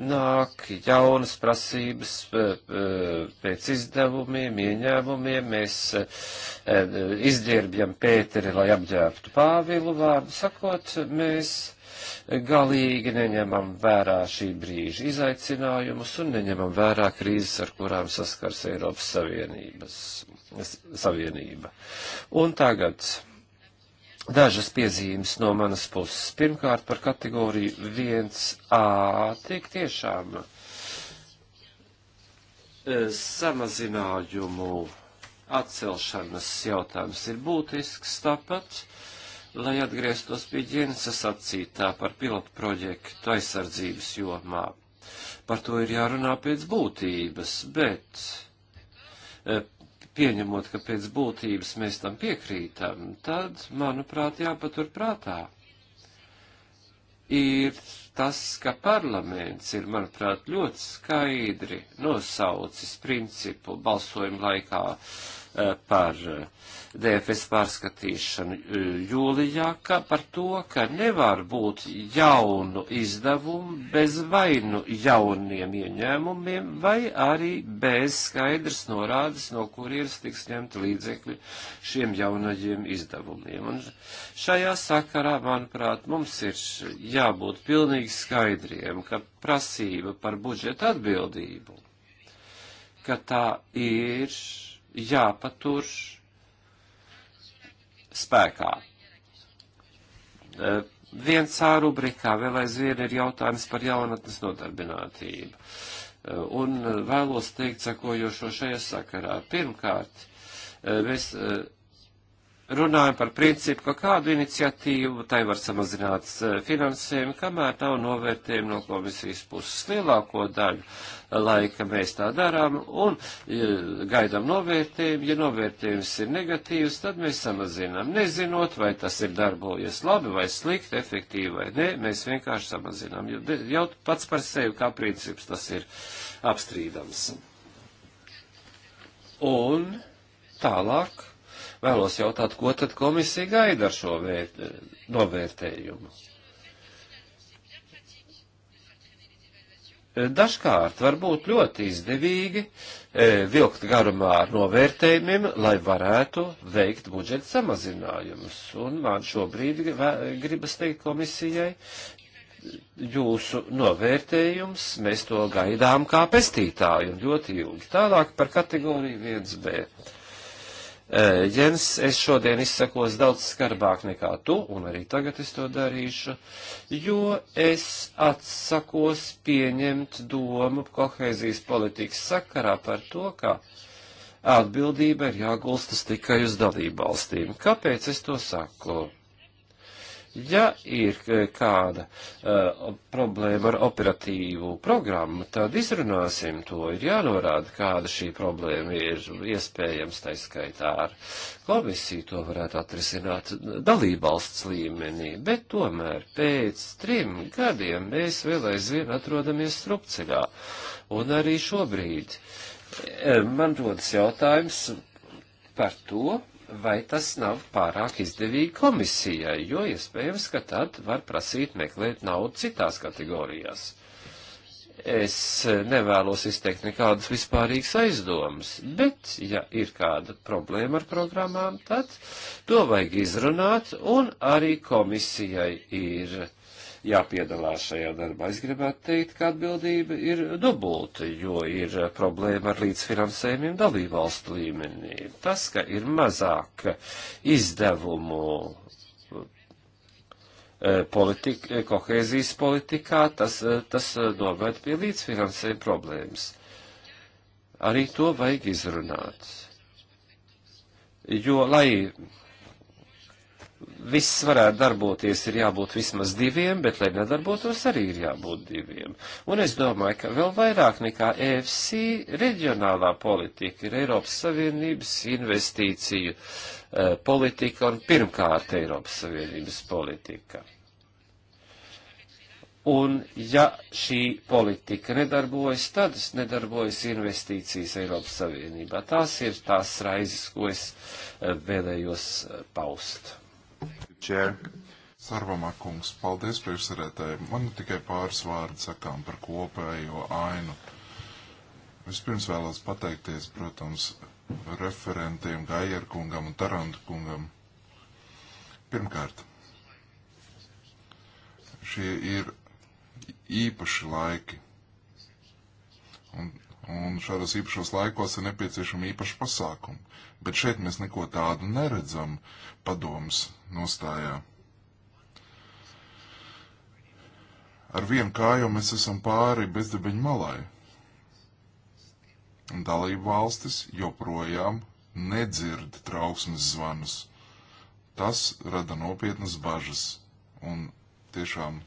nāk jaunas prasības eh, eh, pēc izdevumiem, ieņēmumiem, mēs eh, izģērbjam Pēteri, lai apģērbtu Pāvilu vārdu sakot, mēs galīgi neņemam vērā šī brīža izaicinājumus un neņemam vērā krīzes, ar kurām saskars Eiropas Savienības, Savienība. Un tagad Dažas piezīmes no manas puses. Pirmkārt par kategoriju 1A tik tiešām e, samazinājumu atcelšanas jautājums ir būtisks tāpat, lai atgrieztos pie ģenesa sacītā par pilotu projektu aizsardzības jomā. Par to ir jārunā pēc būtības, bet e, pieņemot, ka pēc būtības mēs tam piekrītam, tad, manuprāt, jāpatur prātā. Ir tas, ka parlaments ir, manuprāt, ļoti skaidri nosaucis principu balsojumu laikā uh, Eh, par eh, DFS pārskatīšanu eh, jūlijā, kā par to, ka nevar būt jaunu izdevumu bez vainu jauniem ieņēmumiem vai arī bez skaidrs norādes, no kurienes tiks ņemta līdzekļi šiem jaunajiem izdevumiem. Un šajā sakarā, manuprāt, mums ir jābūt pilnīgi skaidriem, ka prasība par budžeta atbildību, ka tā ir jāpatur spēkā. Eh, viens A rubrikā vēl aizvien ir jautājums par jaunatnes nodarbinātību. Eh, un eh, vēlos teikt sakojošo šajā sakarā. Pirmkārt, mēs runājam par principu, ka kādu iniciatīvu tai var samazināt eh, finansējumu, kamēr nav novērtējumu no komisijas puses lielāko daļu laika mēs tā darām un ja eh, gaidām novērtējumu. Ja novērtējums ir negatīvs, tad mēs samazinām. Nezinot, vai tas ir darbojies labi vai slikti, efektīvi vai nē, mēs vienkārši samazinām. Jau pats par sevi kā princips tas ir apstrīdams. Un tālāk Vēlos jautāt, ko tad komisija gaida ar šo vērt, novērtējumu? Dažkārt var būt ļoti izdevīgi e, vilkt garumā ar novērtējumiem, lai varētu veikt budžeta samazinājumus. Un man šobrīd gribas teikt komisijai, jūsu novērtējums, mēs to gaidām kā pestītāju un ļoti ilgi. Tālāk par kategoriju 1B. Eh, Jens, es šodien izsakos daudz skarbāk nekā tu, un arī tagad es to darīšu, jo es atsakos pieņemt domu kohēzijas politikas sakarā par to, ka atbildība ir jāgulstas tikai uz dalību valstīm. Kāpēc es to saku? Ja ir kāda uh, problēma ar operatīvu programmu, tad izrunāsim to. Ir jānorāda, kāda šī problēma ir iespējams, tā skaitā ar komisiju to varētu atrisināt dalībvalsts līmenī, bet tomēr pēc trim gadiem mēs vēl aizvien atrodamies strupceļā. Un arī šobrīd eh, man rodas jautājums par to, vai tas nav pārāk izdevīgi komisijai, jo iespējams, ka tad var prasīt meklēt naudu citās kategorijās. Es nevēlos izteikt nekādas vispārīgas aizdomas, bet, ja ir kāda problēma ar programmām, tad to vajag izrunāt, un arī komisijai ir jāpiedalās šajā darbā. Es gribētu teikt, ka atbildība ir dubulta, jo ir problēma ar līdzfinansējumiem dalībvalstu līmenī. Tas, ka ir mazāk izdevumu e, politika, e, kohēzijas politikā, tas, e, tas noved pie līdzfinansējuma problēmas. Arī to vajag izrunāt. Jo, lai viss varētu darboties, ir jābūt vismaz diviem, bet, lai nedarbotos, arī ir jābūt diviem. Un es domāju, ka vēl vairāk nekā EFC reģionālā politika ir Eiropas Savienības investīciju uh, politika un pirmkārt Eiropas Savienības politika. Un ja šī politika nedarbojas, tad nedarbojas investīcijas Eiropas Savienībā. Tās ir tās raizes, ko es uh, vēlējos uh, paust. Chair. Sarvamā kungs, paldies priekšsarētāji. Man tikai pāris vārdi sakām par kopējo ainu. Vispirms vēlos pateikties, protams, referentiem Gajer kungam un Tarantu kungam. Pirmkārt, šie ir īpaši laiki. Un, un šādos īpašos laikos ir nepieciešama īpaša pasākuma. Bet šeit mēs neko tādu neredzam padomus nostājā. Ar vienu kāju mēs esam pāri bezdebeņu malai. Un dalību valstis joprojām nedzird trauksmes zvanus. Tas rada nopietnas bažas un tiešām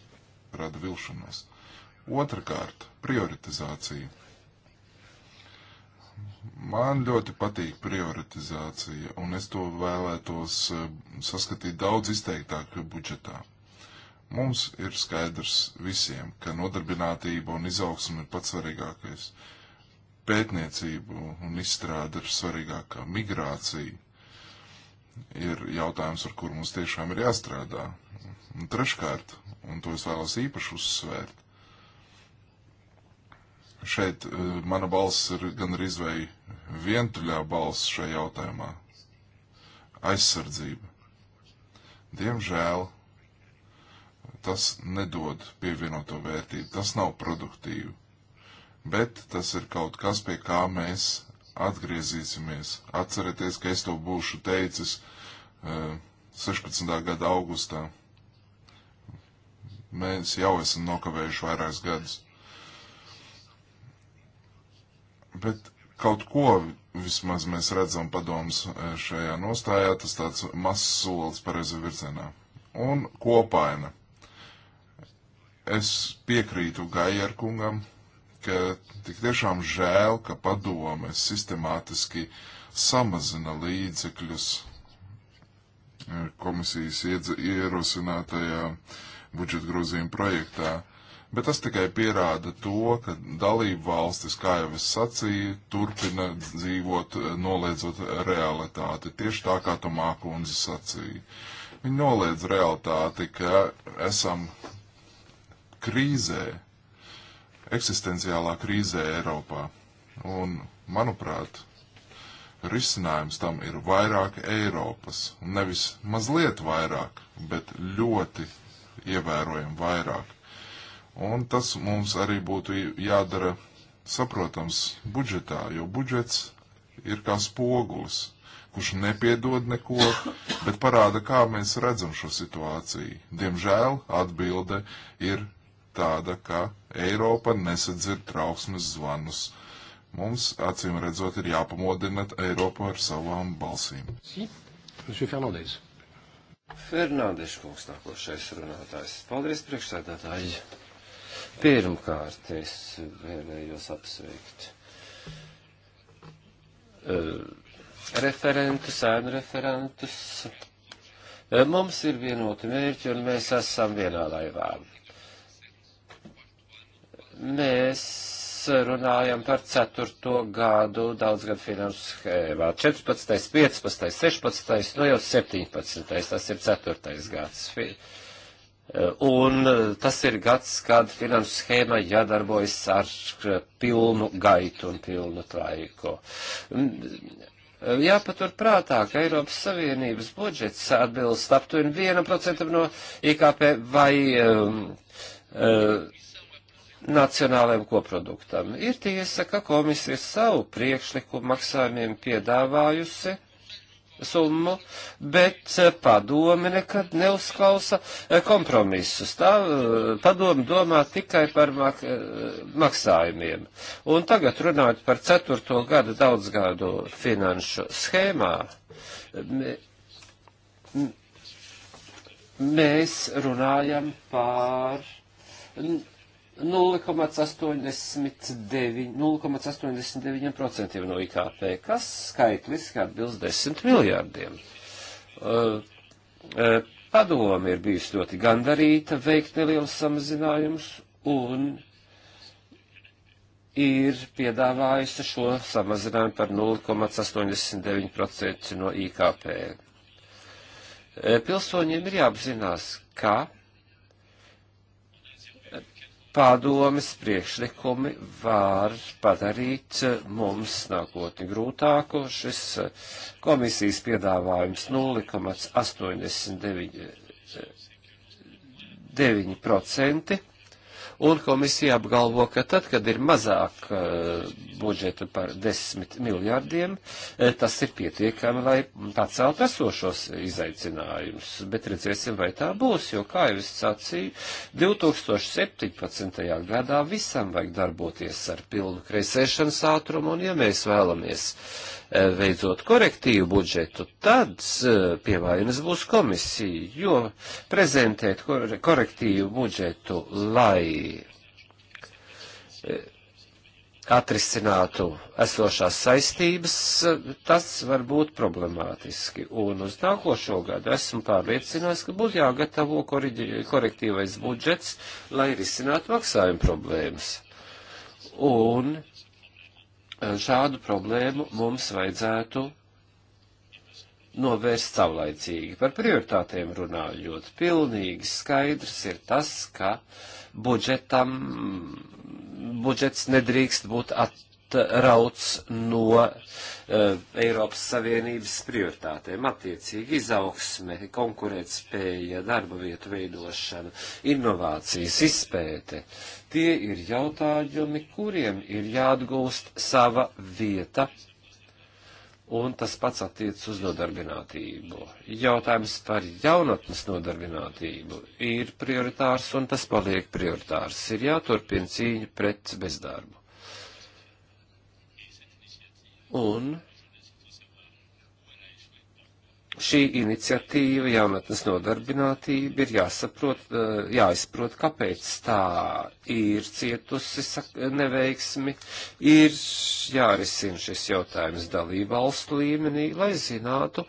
rada vilšanos. Otrakārt, prioritizācija. Man ļoti patīk prioritizācija, un es to vēlētos eh, saskatīt daudz izteiktāk budžetā. Mums ir skaidrs visiem, ka nodarbinātība un izaugsme ir pats svarīgākais. Pētniecība un izstrāde ir svarīgākā. Migrācija ir jautājums, ar kur mums tiešām ir jāstrādā. Un treškārt, un to es vēlos īpaši uzsvērt, Šeit eh, mana balss ir gan arī izvēja vientuļā balss šajā jautājumā. Aizsardzība. Diemžēl tas nedod pievienoto vērtību, tas nav produktīvi. Bet tas ir kaut kas, pie kā mēs atgriezīsimies. Atcerieties, ka es to būšu teicis uh, eh, 16. gada augustā. Mēs jau esam nokavējuši vairākus gadus. Bet kaut ko vismaz mēs redzam padomus e, šajā nostājā, tas tāds mazs solis pareizi virzienā. Un kopaina. Es piekrītu Gajerkungam, ka tik tiešām žēl, ka padome sistemātiski samazina līdzekļus e, komisijas iedz, ierosinātajā budžeta grozījuma projektā. Bet tas tikai pierāda to, ka dalību valstis, kā jau es sacīju, turpina dzīvot, eh, noliedzot realitāti. Tieši tā, kā Tomā kundze sacīja. Viņi noliedz realitāti, ka esam krīzē, eksistenciālā krīzē Eiropā. Un, manuprāt, risinājums tam ir vairāk Eiropas. Nevis mazliet vairāk, bet ļoti ievērojami vairāk. Un tas mums arī būtu jādara, saprotams, budžetā, jo budžets ir kā spogulis, kurš nepiedod neko, bet parāda, kā mēs redzam šo situāciju. Diemžēl atbilde ir tāda, ka Eiropa nesadzird trauksmes zvanus. Mums, acīm redzot, ir jāpamodina Eiropu ar savām balsīm. Monsieur Fernandez. Fernandes kungs nākošais runātājs. Paldies, priekšsēdētāji. Mm. Pirmkārt, es vēlējos apsveikt e, referentus, ēnu referentus. E, mums ir vienoti mērķi un mēs esam vienā laivā. Mēs runājam par 4. gadu daudzgad finanšu schēmā. 14., 15., 16., no jau 17. tas ir 4. gads. Un e, tas ir gads, kad finanses schēma jādarbojas ar e, pilnu gaitu un pilnu traiku. E, jāpatur prātā, ka Eiropas Savienības budžets atbilst aptuveni 1% no IKP vai um, uh, nacionālajiem koproduktam. Ir tiesa, ka komisija savu priekšlikumu maksājumiem piedāvājusi summu, bet eh, padome nekad neuzklausa eh, kompromisus. Tā eh, padome domā tikai par mak maksājumiem. Un tagad runājot par ceturto gadu daudzgādu finanšu schēmā, mēs runājam par 0,89% no IKP, kas skaitliski atbilst 10 miljārdiem. Uh, eh, uh, eh, Padoma ir bijusi ļoti gandarīta veikt nelielus samazinājumus un ir piedāvājusi šo samazinājumu par 0,89% no IKP. Eh, pilsoņiem ir jāapzinās, ka Pādomes priekšlikumi var padarīt eh, mums nākotni grūtāko. Šis eh, komisijas piedāvājums 0,89% un komisija apgalvo, ka tad, kad ir mazāk uh, budžetu par 10 miljārdiem, uh, tas ir pietiekami, lai pacelt esošos izaicinājumus. Bet redzēsim, vai tā būs, jo, kā jau es sacīju, 2017. gadā visam vajag darboties ar pilnu kreisēšanas ātrumu, un ja mēs vēlamies veidot eh, korektīvu budžetu, tad eh, pievainas būs komisija, jo prezentēt korektīvu budžetu, lai eh, atrisinātu esošās saistības, tas var būt problemātiski. Un uz nākošo gadu esmu pārliecināts, ka būtu jāgatavo korektīvais budžets, lai risinātu maksājumu problēmas. Un šādu problēmu mums vajadzētu novērst savlaicīgi. Par prioritātēm runājot, pilnīgi skaidrs ir tas, ka budžetam, budžets nedrīkst būt atrauts no uh, Eiropas Savienības prioritātēm. Attiecīgi izaugsme, konkurētspēja, darba vietu veidošana, inovācijas izpēte, uh, Tie ir jautājumi, kuriem ir jāatgūst sava vieta, un tas pats attiec uz nodarbinātību. Jautājums par jaunatnes nodarbinātību ir prioritārs, un tas paliek prioritārs. Ir jāturpina cīņa pret bezdarbu. Un šī iniciatīva, jaunatnes nodarbinātība, ir jāsaprot, eh, jāizprot, kāpēc tā ir cietusi neveiksmi, ir jārisina šis jautājums dalību valstu līmenī, lai zinātu,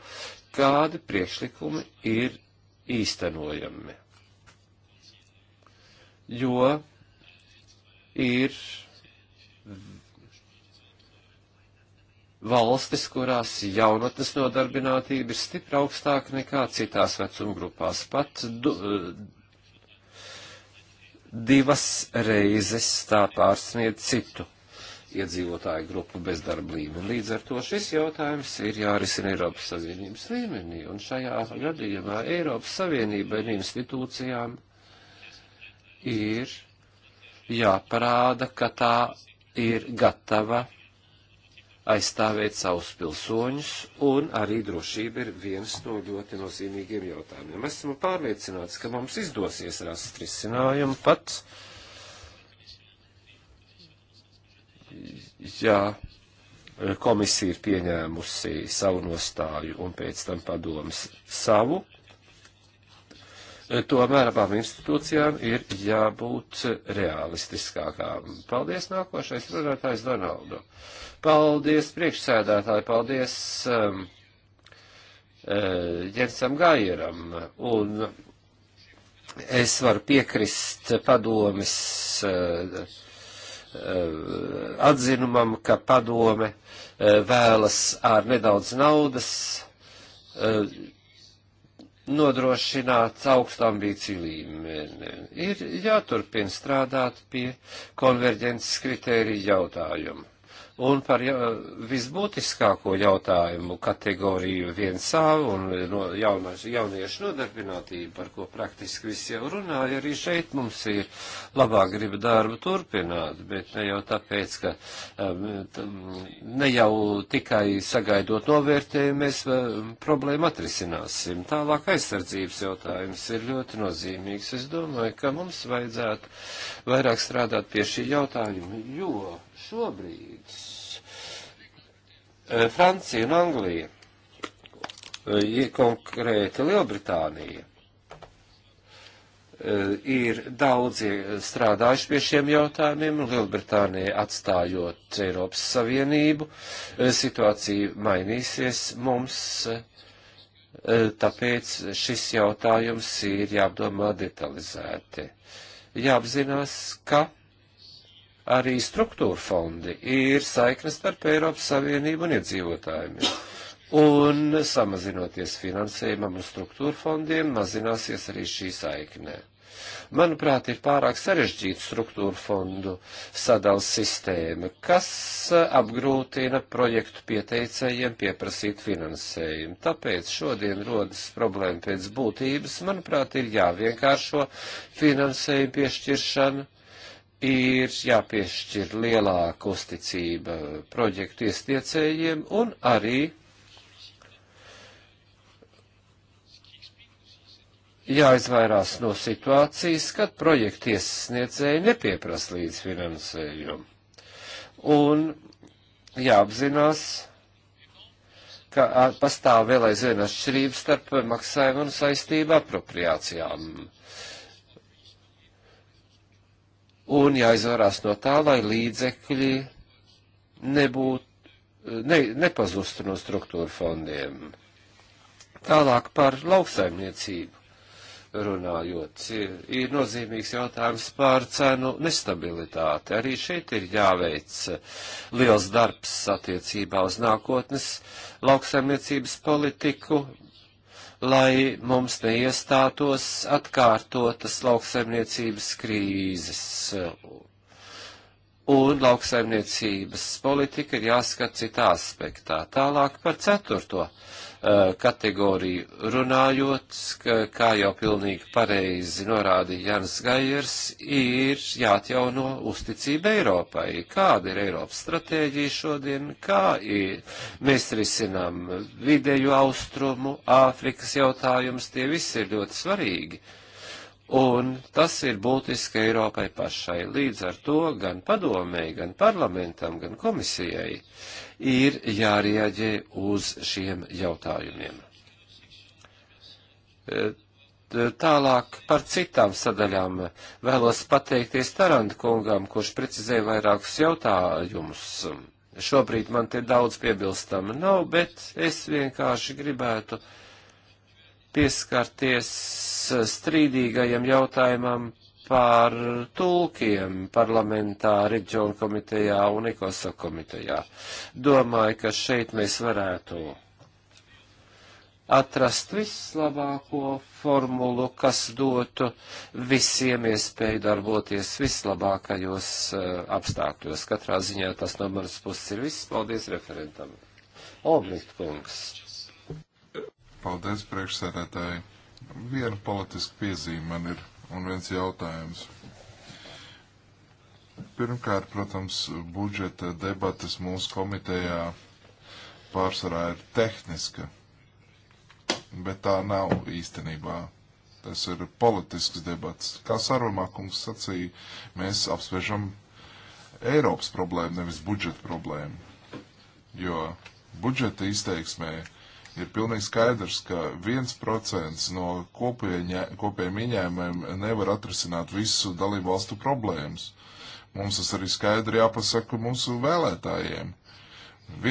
kādi priekšlikumi ir īstenojami. Jo ir valstis, kurās jaunatnes nodarbinātība ir stipri augstāka nekā citās vecumgrupās, pat du, eh, divas reizes tā pārsniedz citu iedzīvotāju grupu bezdarba līmeni. Līdz ar to šis jautājums ir jārisina Eiropas Savienības līmenī, un šajā gadījumā Eiropas Savienībai un institūcijām ir jāparāda, ka tā ir gatava aizstāvēt savus pilsoņus, un arī drošība ir viens no ļoti nozīmīgiem jautājumiem. Esmu pārliecināts, ka mums izdosies rast risinājumu pat, ja komisija ir pieņēmusi savu nostāju un pēc tam padomas savu. Tomēr abām institūcijām ir jābūt realistiskākām. Paldies, nākošais runātājs Donaldu. Uh, Paldies priekšsēdētāji, paldies um, uh, Jensam Gājeram. Un es varu piekrist padomis uh, uh, atzinumam, ka padome uh, vēlas ar nedaudz naudas uh, nodrošināt augstu ambīciju līmeni. Ir jāturpina strādāt pie konverģences kritēriju jautājumu Un par visbūtiskāko jautājumu kategoriju viens sāvu un no, jaunās, jauniešu nodarbinātību, par ko praktiski visi jau runāja, arī šeit mums ir labā griba darbu turpināt, bet ne jau tāpēc, ka um, ne jau tikai sagaidot novērtējumu mēs um, problēmu atrisināsim. Tālāk aizsardzības jautājums ir ļoti nozīmīgs. Es domāju, ka mums vajadzētu vairāk strādāt pie šī jautājuma, jo šobrīd Eh, Francija un Anglija, eh, konkrēti Lielbritānija, eh, ir daudzi strādājuši pie šiem jautājumiem, un Lielbritānija atstājot Eiropas Savienību, situācija mainīsies mums, tāpēc šis jautājums ir jāapdomā detalizēti. Jāapzinās, ka arī struktūra fondi ir saiknes starp Eiropas Savienību un iedzīvotājiem. Un samazinoties finansējumam un struktūra fondiem, mazināsies arī šī saiknē. Manuprāt, ir pārāk sarežģīta struktūra fondu sadals sistēma, kas apgrūtina projektu pieteicējiem pieprasīt finansējumu. Tāpēc šodien rodas problēma pēc būtības. Manuprāt, ir jāvienkāršo finansējumu piešķiršana ir jāpiešķir lielāka uzticība projektu iesniedzējiem un arī jāizvairās no situācijas, kad projektu iesniedzēji nepieprasa līdzfinansējumu. Un jāapzinās, ka pastāv vēl aizvien atšķirības starp maksājumu un saistību apropriācijām un jāizvarās no tā, lai līdzekļi nebūtu, ne, nepazustu no struktūra fondiem. Tālāk par lauksaimniecību runājot, ir, ir nozīmīgs jautājums par cenu nestabilitāti. Arī šeit ir jāveic liels darbs attiecībā uz nākotnes lauksaimniecības politiku, lai mums neiestātos atkārtotas lauksaimniecības krīzes. Un lauksaimniecības politika ir jāskat citā aspektā. Tālāk par ceturto. Uh, Uh, kategoriju runājot, kā jau pilnīgi pareizi norādīja Jānis Gaiers, ir jāatjauno uzticība Eiropai. Kāda ir Eiropas stratēģija šodien? Kā ir? mēs risinām vidēju austrumu, Āfrikas jautājums, tie visi ir ļoti svarīgi. Un tas ir būtiski Eiropai pašai. Līdz ar to gan padomēji, gan parlamentam, gan komisijai ir jārieģē uz šiem jautājumiem. E, tālāk par citām sadaļām vēlos pateikties Taranta kungam, kurš precizēja vairākus jautājumus. Šobrīd man te daudz piebilstama nav, bet es vienkārši gribētu pieskarties strīdīgajam jautājumam par tulkiem parlamentā, reģionu komitejā un ekosa komitejā. Domāju, ka šeit mēs varētu atrast vislabāko formulu, kas dotu visiem iespēju darboties vislabākajos uh, apstākļos. Katrā ziņā tas no manas puses ir viss. Paldies referentam. Oblikt kungs. Paldies priekšsēdētāji. Viena politiska piezīme man ir un viens jautājums. Pirmkārt, protams, budžeta debatas mūsu komitejā pārsvarā ir tehniska, bet tā nav īstenībā. Tas ir politisks debats. Kā Sarvamā kungs sacīja, mēs apsvežam Eiropas problēmu, nevis budžeta problēmu. Jo budžeta izteiksmē ir pilnīgi skaidrs, ka 1% no kopējiem ieņēmumiem nevar atrisināt visu dalību valstu problēmas. Mums tas arī skaidri jāpasaka mūsu vēlētājiem.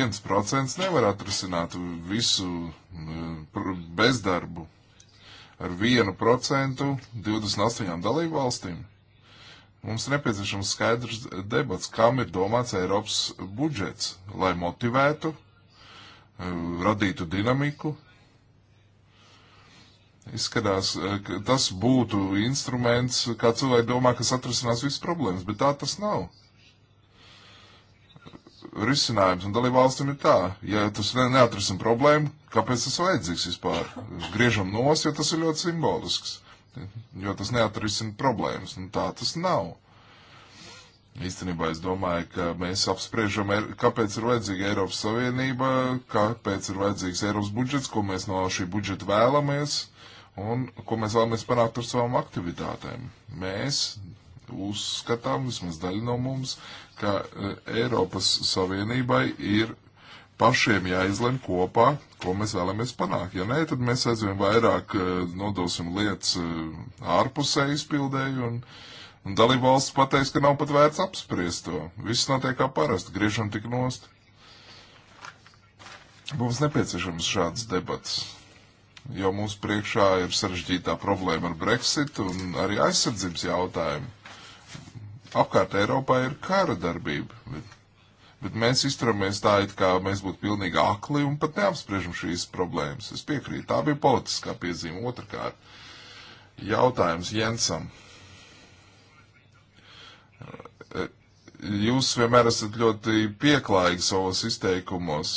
1% nevar atrisināt visu eh, bezdarbu ar 1% 28 dalību valstīm. Mums nepieciešams skaidrs debats, kam ir domāts Eiropas budžets, lai motivētu Um, radītu dinamiku. Izskatās, uh, ka tas būtu instruments, kā cilvēki domā, kas atrisinās visas problēmas, bet tā tas nav. Risinājums un dalībvalstīm ir tā, ja tas ne, neatrisina problēmu, kāpēc tas vajadzīgs vispār? Griežam nos, jo tas ir ļoti simbolisks, jo tas neatrisina problēmas, un tā tas nav. Īstenībā es domāju, ka mēs apspriežam, kāpēc ir vajadzīga Eiropas Savienība, kāpēc ir vajadzīgs Eiropas budžets, ko mēs no šī budžeta vēlamies un ko mēs vēlamies panākt ar savām aktivitātēm. Mēs uzskatām, vismaz daļa no mums, ka eh, Eiropas Savienībai ir pašiem jāizlem kopā, ko mēs vēlamies panākt. Ja nē, tad mēs aizvien vairāk eh, nodosim lietas eh, ārpusē izpildēju un. Uh, Un dalībvalsts pateiks, ka nav pat vērts apspriest to. Viss notiek kā parasti, griežam tik nost. Mums nepieciešams šāds debats, jo mūsu priekšā ir sarežģītā problēma ar Brexit un arī aizsardzības jautājumu. Apkārt Eiropā ir kara darbība, bet, bet mēs izturamies tā, it kā mēs būtu pilnīgi akli un pat neapspriežam šīs problēmas. Es piekrītu, tā bija politiskā piezīme. Otrakārt, jautājums Jensam. Jūs vienmēr esat ļoti pieklājīgi savos izteikumos.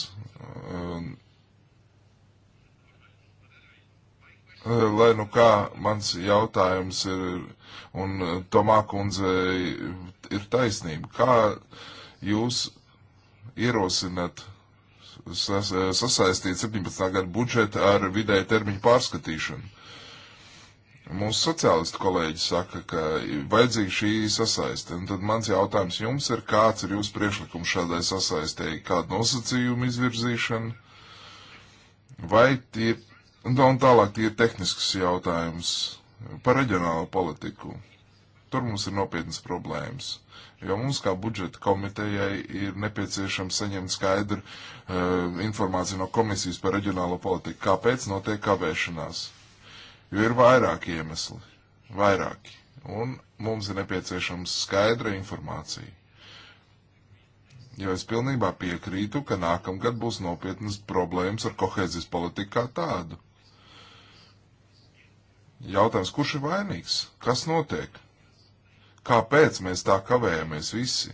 Eh, lai nu kā, mans jautājums ir, un eh, Tomā kundze ir taisnība, kā jūs ierosinat sas, sasaistīt 17. gadu budžetu ar vidēja termiņu pārskatīšanu? Mūsu sociālistu kolēģi saka, ka vajadzīga šī sasaiste. Un tad mans jautājums jums ir, kāds ir jūsu priekšlikums šādai sasaistēji, kādu nosacījumu izvirzīšanu, vai tie, un, un tālāk tie ir tehnisks jautājums par reģionālu politiku. Tur mums ir nopietnas problēmas, jo mums kā budžeta komitejai ir nepieciešams saņemt skaidru uh, informāciju no komisijas par reģionālo politiku. Kāpēc notiek kavēšanās? Jo ir vairāki iemesli, vairāki, un mums ir nepieciešams skaidra informācija. Jo es pilnībā piekrītu, ka nākamgad būs nopietnas problēmas ar kohēzijas politiku kā tādu. Jautājums, kurš ir vainīgs? Kas notiek? Kāpēc mēs tā kavējamies visi?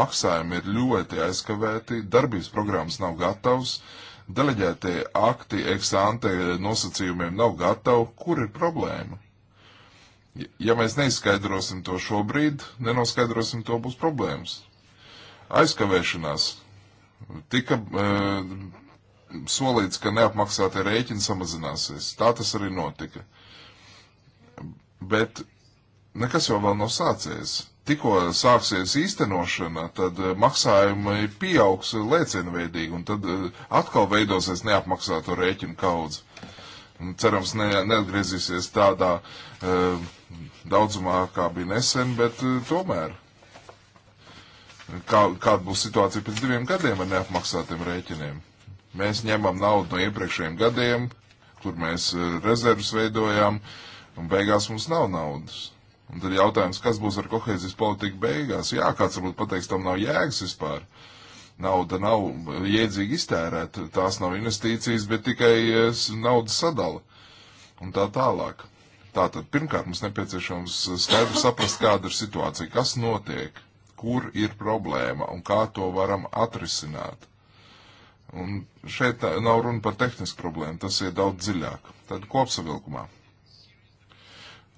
Maksājumi ir ļoti aizkavēti, darbības programmas nav gatavas, uh, deleģētie akti eksante nosacījumiem nav gatavi, kur ir problēma? Ja mēs neizskaidrosim to šobrīd, nenoskaidrosim to, būs problēmas. Aizkavēšanās. Tika e, solīts, ka neapmaksātie rēķini samazināsies. Tā tas arī notika. Bet nekas jau vēl nav sācies tikko sāksies īstenošana, tad eh, maksājumi pieaugs lēcienveidīgi, un tad eh, atkal veidosies neapmaksāto rēķinu kaudz. Cerams, ne, neatgriezīsies tādā uh, daudzumā, kā bija nesen, bet uh, tomēr. Kā, kāda būs situācija pēc diviem gadiem ar neapmaksātiem rēķiniem? Mēs ņemam naudu no iepriekšējiem gadiem, kur mēs rezervus veidojām, un beigās mums nav naudas Un tad jautājums, kas būs ar kohēzijas politiku beigās? Jā, kāds varbūt pateiks, tam nav jēgas vispār. Nauda nav jēdzīgi iztērēta, tās nav investīcijas, bet tikai eh, naudas sadala un tā tālāk. Tātad pirmkārt mums nepieciešams eh, skaidri saprast, kāda ir situācija, kas notiek, kur ir problēma un kā to varam atrisināt. Un šeit eh, nav runa par tehnisku problēmu, tas ir daudz dziļāk. Tad kopsavilkumā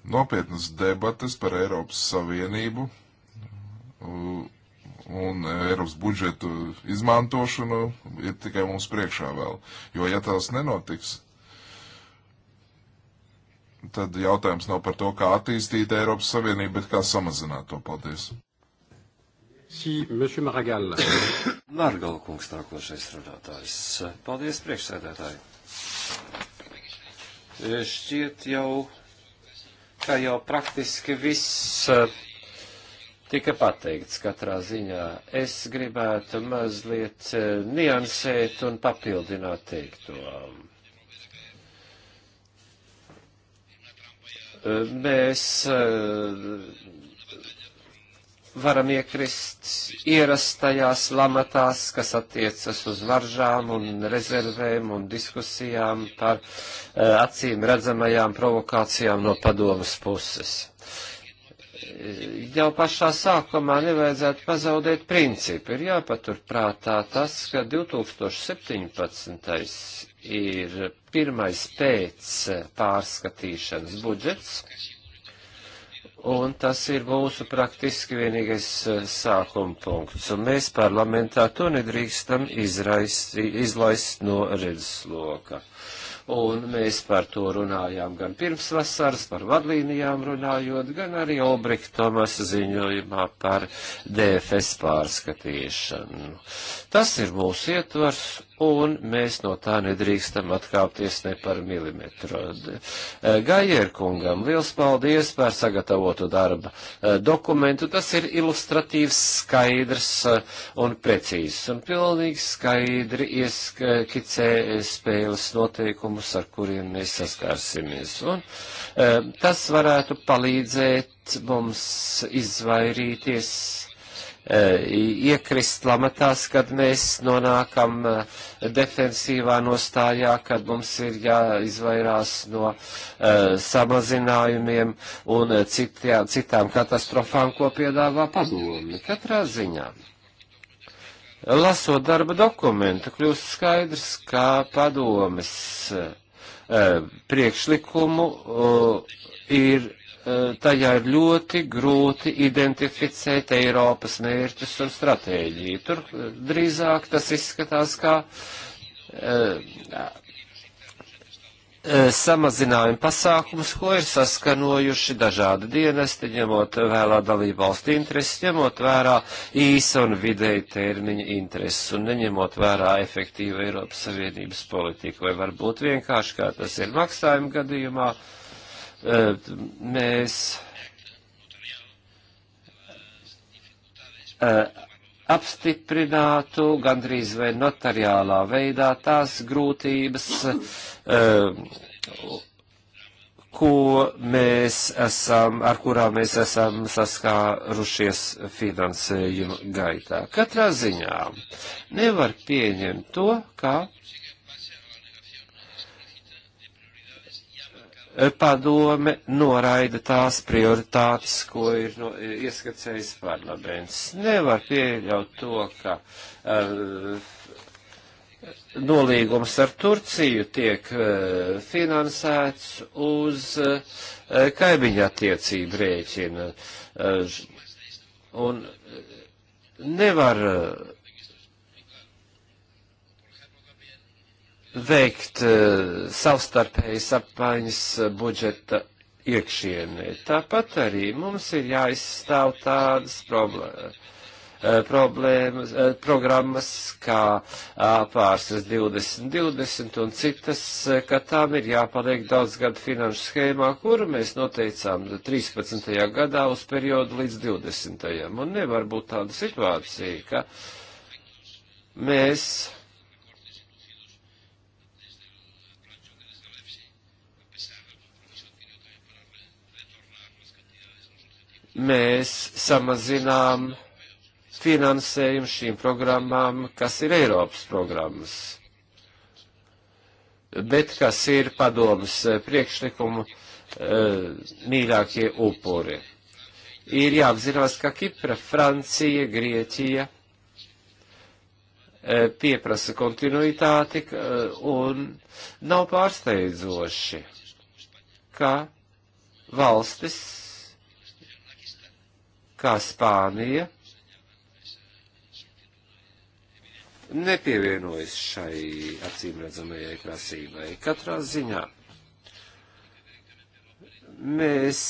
nopietnas debates par Eiropas Savienību uh, un Eiropas budžetu izmantošanu ir tikai mums priekšā vēl. Jo, ja tās nenotiks, tad jautājums nav par to, kā attīstīt Eiropas Savienību, bet kā samazināt to. Paldies! Si, monsieur Maragall. Margal kungs nākošais runātājs. Paldies, priekšsēdētāji. Šķiet jau ka jau praktiski viss eh, tika pateikts katrā ziņā. Es gribētu mazliet eh, niansēt un papildināt teikto. Eh, mēs varam iekrist ierastajās lamatās, kas attiecas uz varžām un rezervēm un diskusijām par eh, acīm redzamajām provokācijām no padomas puses. Jau pašā sākumā nevajadzētu pazaudēt principu. Ir jāpatur prātā tas, ka 2017. ir pirmais pēc pārskatīšanas budžets un tas ir mūsu praktiski vienīgais eh, sākuma punkts, un mēs parlamentā to nedrīkstam izraist, izlaist no redzesloka. Un mēs par to runājām gan pirms vasaras, par vadlīnijām runājot, gan arī Olbrika Tomas ziņojumā par DFS pārskatīšanu. Tas ir mūsu ietvars, un mēs no tā nedrīkstam atkāpties ne par milimetru. Eh, Gajerkungam liels paldies par sagatavotu darba eh, dokumentu. Tas ir ilustratīvs, skaidrs eh, un precīzs un pilnīgi skaidri ieskicē spēles noteikumus, ar kuriem mēs saskārsimies. Un tas varētu palīdzēt mums izvairīties Eh, iekrist lamatās, kad mēs nonākam eh, defensīvā nostājā, kad mums ir jāizvairās no eh, samazinājumiem un citā, citām katastrofām, ko piedāvā padomi. Katrā ziņā. Lasot darba dokumentu, kļūst skaidrs, ka padomes priekšlikumu ir Eh, tajā ir ļoti grūti identificēt Eiropas mērķus un stratēģiju. Tur eh, drīzāk tas izskatās kā eh, samazinājuma pasākums, ko ir saskanojuši dažādi dienesti, ņemot vērā dalību valstu intereses, ņemot vērā īsa un vidēja termiņa intereses un neņemot vērā efektīvu Eiropas Savienības politiku, vai varbūt vienkārši, kā tas ir maksājuma gadījumā, uh, Eh, mēs eh, apstiprinātu gandrīz vai notariālā veidā tās grūtības, eh, ko mēs esam, ar kurām mēs esam saskārušies finansējuma gaitā. Katrā ziņā nevar pieņemt to, ka padome noraida tās prioritātes, ko ir no, ieskacējis parlaments. Nevar pieļaut to, ka uh, nolīgums ar Turciju tiek uh, finansēts uz uh, kaimiņa attiecību rēķina. Uh, un nevar uh, veikt eh, savstarpējas apmaiņas budžeta iekšienē. Tāpat arī mums ir jāizstāv tādas eh, problēmas problēmas, eh, programmas kā pārsvars 2020 un citas, ka tām ir jāpaliek daudz gadu finanšu schēmā, kuru mēs noteicām 13. gadā uz periodu līdz 20. Un nevar būt tāda situācija, ka mēs mēs samazinām finansējumu šīm programmām, kas ir Eiropas programmas, bet kas ir padomas eh, priekšlikumu eh, mīļākie upuri. Ir jāapzinās, ka Kipra, Francija, Grieķija eh, pieprasa kontinuitāti un nav pārsteidzoši, ka valstis kā Spānija nepievienojas šai acīmredzamajai prasībai. Katrā ziņā mēs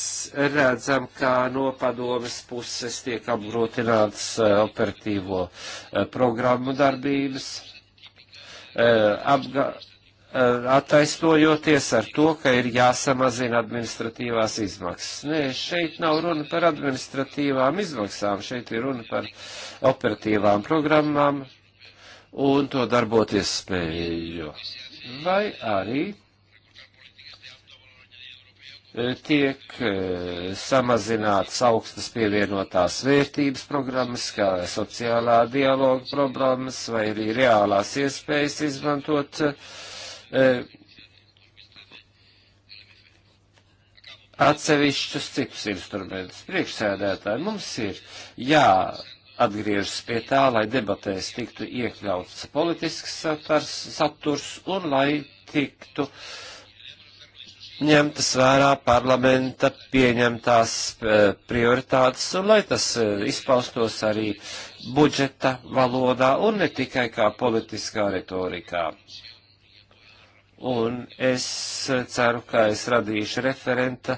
redzam, kā no padomes puses tiek apgrūtināts eh, operatīvo eh, programmu darbības, eh, apgādājums attaisnojoties ar to, ka ir jāsamazina administratīvās izmaksas. Nē, šeit nav runa par administratīvām izmaksām, šeit ir runa par operatīvām programmām un to darboties spēju. Vai arī e, tiek e, samazinātas augstas pievienotās vērtības programmas, kā sociālā dialoga programmas, vai arī reālās iespējas izmantot uh, E, atsevišķus citus instrumentus. Priekšsēdētāji, mums ir jāatgriežas pie tā, lai debatēs tiktu iekļauts politisks saturs, saturs un lai tiktu ņemtas vērā parlamenta pieņemtās e, prioritātes un lai tas e, izpaustos arī budžeta valodā un ne tikai kā politiskā retorikā un es ceru, ka es radīšu referenta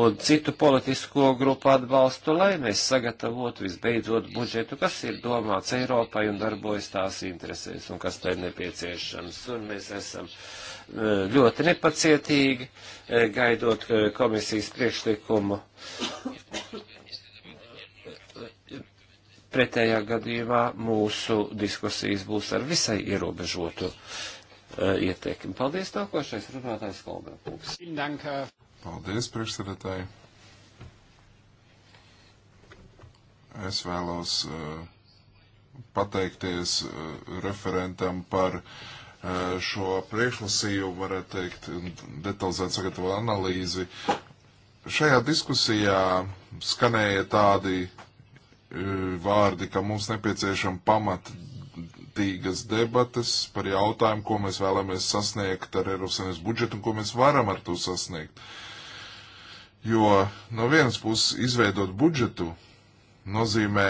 un citu politisko grupu atbalstu, lai mēs sagatavotu visbeidzot budžetu, kas ir domāts Eiropai un darbojas tās interesēs un kas tai ir nepieciešams. Un mēs esam e, ļoti nepacietīgi, e, gaidot e, komisijas priekšlikumu. Pretējā gadījumā mūsu diskusijas būs ar visai ierobežotu uh, Uh, ietekmi. Paldies, nākošais runātājs Kolmēkungs. Paldies, priekšsēdētāji. Es vēlos uh, pateikties uh, referentam par uh, šo priekšlasījumu, varētu teikt, detalizētu sagatavotu analīzi. Šajā diskusijā skanēja tādi uh, vārdi, ka mums nepieciešama pamata pamatīgas debates par jautājumu, ko mēs vēlamies sasniegt ar Eiropas Savienības budžetu un ko mēs varam ar to sasniegt. Jo no vienas puses izveidot budžetu nozīmē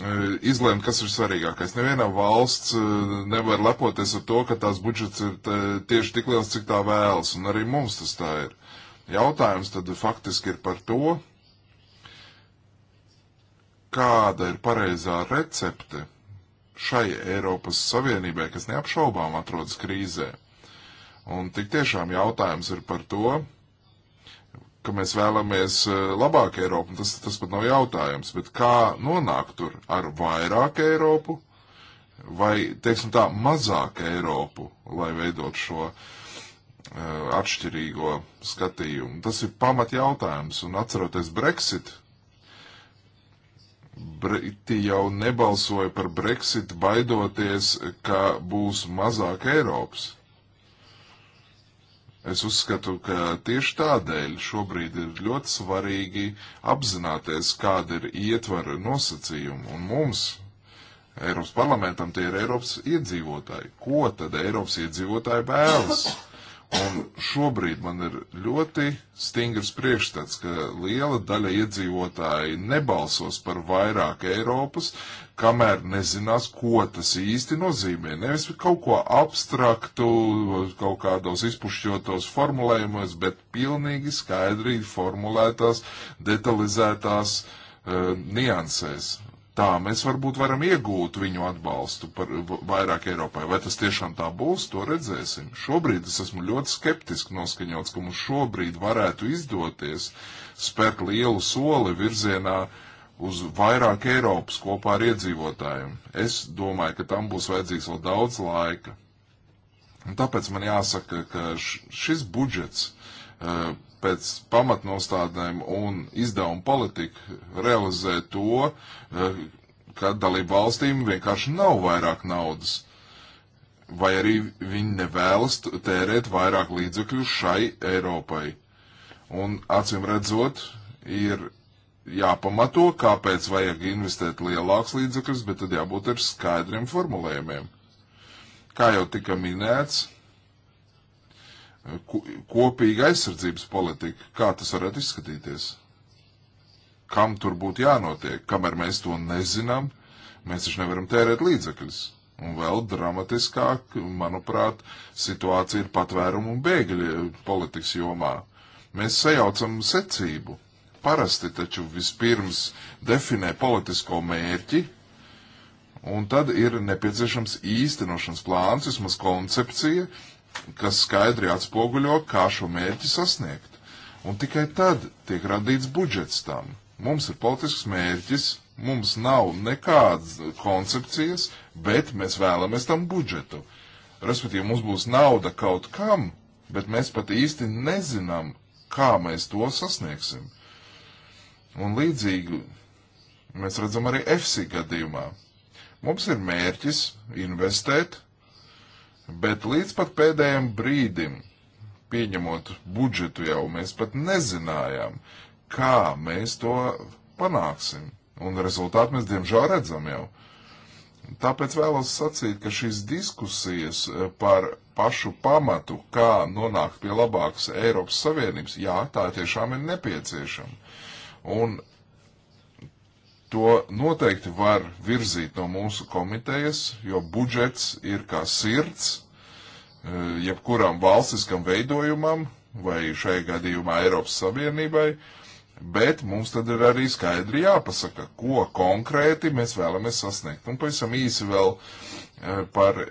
eh, izlēma, kas ir svarīgākais. Neviena valsts eh, nevar lepoties ar to, ka tās budžets ir tieši tik liels, cik tā vēlas, un arī mums tas tā ir. Jautājums tad faktiski ir par to, kāda ir pareizā recepte šai Eiropas Savienībai, kas neapšaubām atrodas krīzē. Un tik tiešām jautājums ir par to, ka mēs vēlamies eh, labāku Eiropu, un tas, tas pat nav jautājums, bet kā nonākt tur ar vairāk Eiropu vai, teiksim tā, mazāk Eiropu, lai veidot šo uh, atšķirīgo skatījumu. Tas ir pamat jautājums, un atceroties Brexit, Briti jau nebalsoja par Brexit, baidoties, ka būs mazāk Eiropas. Es uzskatu, ka tieši tādēļ šobrīd ir ļoti svarīgi apzināties, kāda ir ietvara nosacījuma. Un mums, Eiropas parlamentam, tie ir Eiropas iedzīvotāji. Ko tad Eiropas iedzīvotāji vēlas? Un šobrīd man ir ļoti stingrs priekšstats, ka liela daļa iedzīvotāji nebalsos par vairāk Eiropas, kamēr nezinās, ko tas īsti nozīmē. Nevis kaut ko abstraktu, kaut kādos izpušķotos formulējumos, bet pilnīgi skaidri formulētās, detalizētās uh, niansēs. Tā mēs varbūt varam iegūt viņu atbalstu par vairāk Eiropai. Vai tas tiešām tā būs, to redzēsim. Šobrīd es esmu ļoti skeptiski noskaņots, ka mums šobrīd varētu izdoties spērt lielu soli virzienā uz vairāk Eiropas kopā ar iedzīvotājiem. Es domāju, ka tam būs vajadzīgs vēl daudz laika. Un tāpēc man jāsaka, ka šis budžets uh, pēc pamatnostādēm un izdevuma politika realizē to, eh, ka dalību valstīm vienkārši nav vairāk naudas. Vai arī viņi nevēlas tērēt vairāk līdzekļu šai Eiropai. Un acīm redzot, ir jāpamato, kāpēc vajag investēt lielāks līdzekļus, bet tad jābūt ar skaidriem formulējumiem. Kā jau tika minēts, Eh, kopīga aizsardzības politika, kā tas varētu izskatīties? Kam tur būtu jānotiek? Kamēr mēs to nezinām, mēs taču nevaram tērēt līdzekļus. Un vēl dramatiskāk, manuprāt, situācija ir patvērumu un bēgļu eh, politikas jomā. Mēs sajaucam secību. Parasti taču vispirms definē politisko mērķi, un tad ir nepieciešams īstenošanas plāns, vismaz koncepcija, kas skaidri atspoguļo, kā šo mērķi sasniegt. Un tikai tad tiek radīts budžets tam. Mums ir politisks mērķis, mums nav nekādas koncepcijas, bet mēs vēlamies tam budžetu. Respektīvi, mums būs nauda kaut kam, bet mēs pat īsti nezinām, kā mēs to sasniegsim. Un līdzīgi mēs redzam arī EFSI gadījumā. Mums ir mērķis investēt Bet līdz pat pēdējiem brīdim, pieņemot budžetu jau, mēs pat nezinājām, kā mēs to panāksim. Un rezultātu mēs diemžēl redzam jau. Tāpēc vēlos sacīt, ka šīs diskusijas eh, par pašu pamatu, kā nonākt pie labākas Eiropas Savienības, jā, tā tiešām ir nepieciešama. Un to noteikti var virzīt no mūsu komitejas, jo budžets ir kā sirds e, jebkuram valstiskam veidojumam vai šajā gadījumā Eiropas Savienībai, bet mums tad ir arī skaidri jāpasaka, ko konkrēti mēs vēlamies sasniegt. Un pavisam īsi vēl e, par e,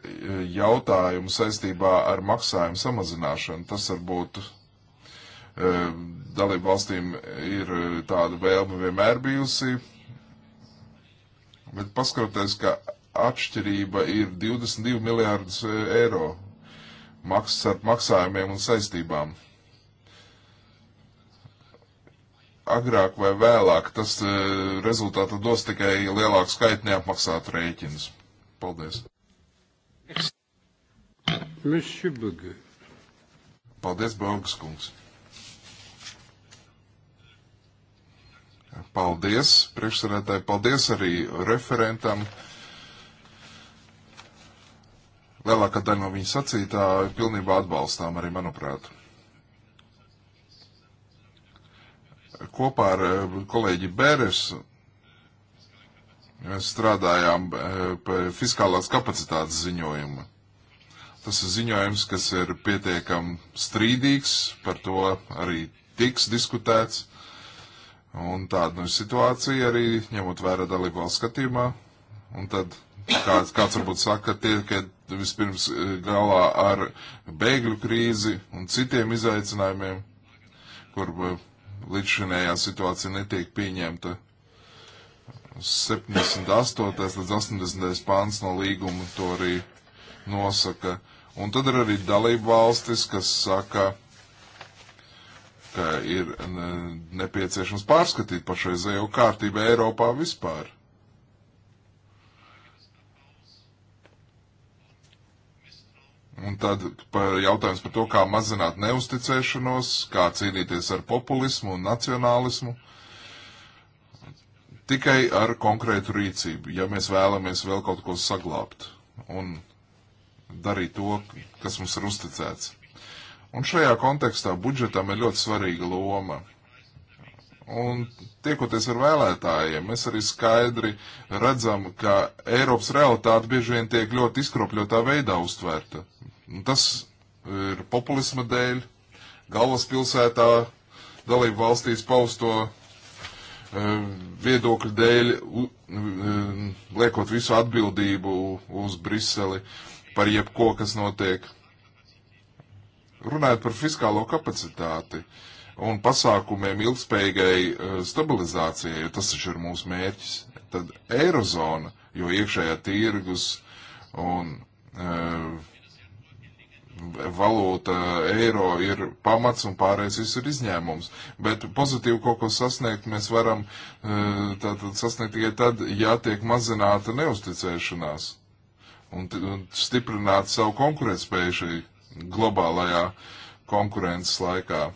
jautājumu saistībā ar maksājumu samazināšanu. Tas varbūt dalību valstīm ir tāda vēlme vienmēr bijusi Bet paskatoties, ka atšķirība ir 22 miljārdus e, eiro maksas ar maksājumiem un saistībām. Agrāk vai vēlāk tas e, rezultātā dos tikai lielāku skaitu neapmaksātu rēķinus. Paldies. Paldies, Baugas kungs. Paldies, priekšsarētāji, paldies arī referentam. Lielākā daļa no viņa sacītā pilnībā atbalstām arī, manuprāt. Kopā ar eh, kolēģi Bēresu mēs strādājām eh, pie fiskālās kapacitātes ziņojuma. Tas ir ziņojums, kas ir pietiekam strīdīgs, par to arī tiks diskutēts. Un tāda nu, situācija arī ņemot vērā dalību valsts skatījumā. Un tad kāds, kāds varbūt saka, tie, ka vispirms e, galā ar bēgļu krīzi un citiem izaicinājumiem, kur e, līdzšinējā situācija netiek pieņemta. 78. līdz 80. pāns no līguma to arī nosaka. Un tad ir arī dalība valstis, kas saka, ka ka ir nepieciešams pārskatīt pašreizējo kārtību Eiropā vispār. Un tad par jautājums par to, kā mazināt neusticēšanos, kā cīnīties ar populismu un nacionālismu. Tikai ar konkrētu rīcību, ja mēs vēlamies vēl kaut ko saglābt un darīt to, kas mums ir uzticēts. Un šajā kontekstā budžetam ir ļoti svarīga loma. Un tiekoties ar vēlētājiem, mēs arī skaidri redzam, ka Eiropas realitāte bieži vien tiek ļoti izkropļotā veidā uztvērta. Un tas ir populisma dēļ, galvaspilsētā dalību valstīs pausto uh, viedokļu dēļ, uh, uh, liekot visu atbildību uz Briseli par jebko, kas notiek. Runājot par fiskālo kapacitāti un pasākumiem ilgspējīgai eh, stabilizācijai, jo tas taču ir mūsu mērķis, tad Eirozona, jo iekšējā tirgus un eh, valūta eiro ir pamats un pārējais viss ir izņēmums. Bet pozitīvi kaut ko sasniegt mēs varam eh, tātad sasniegt tikai tad, ja tiek mazināta neusticēšanās un, un stiprināt savu konkurētspēju šajā globālajā konkurences laikā.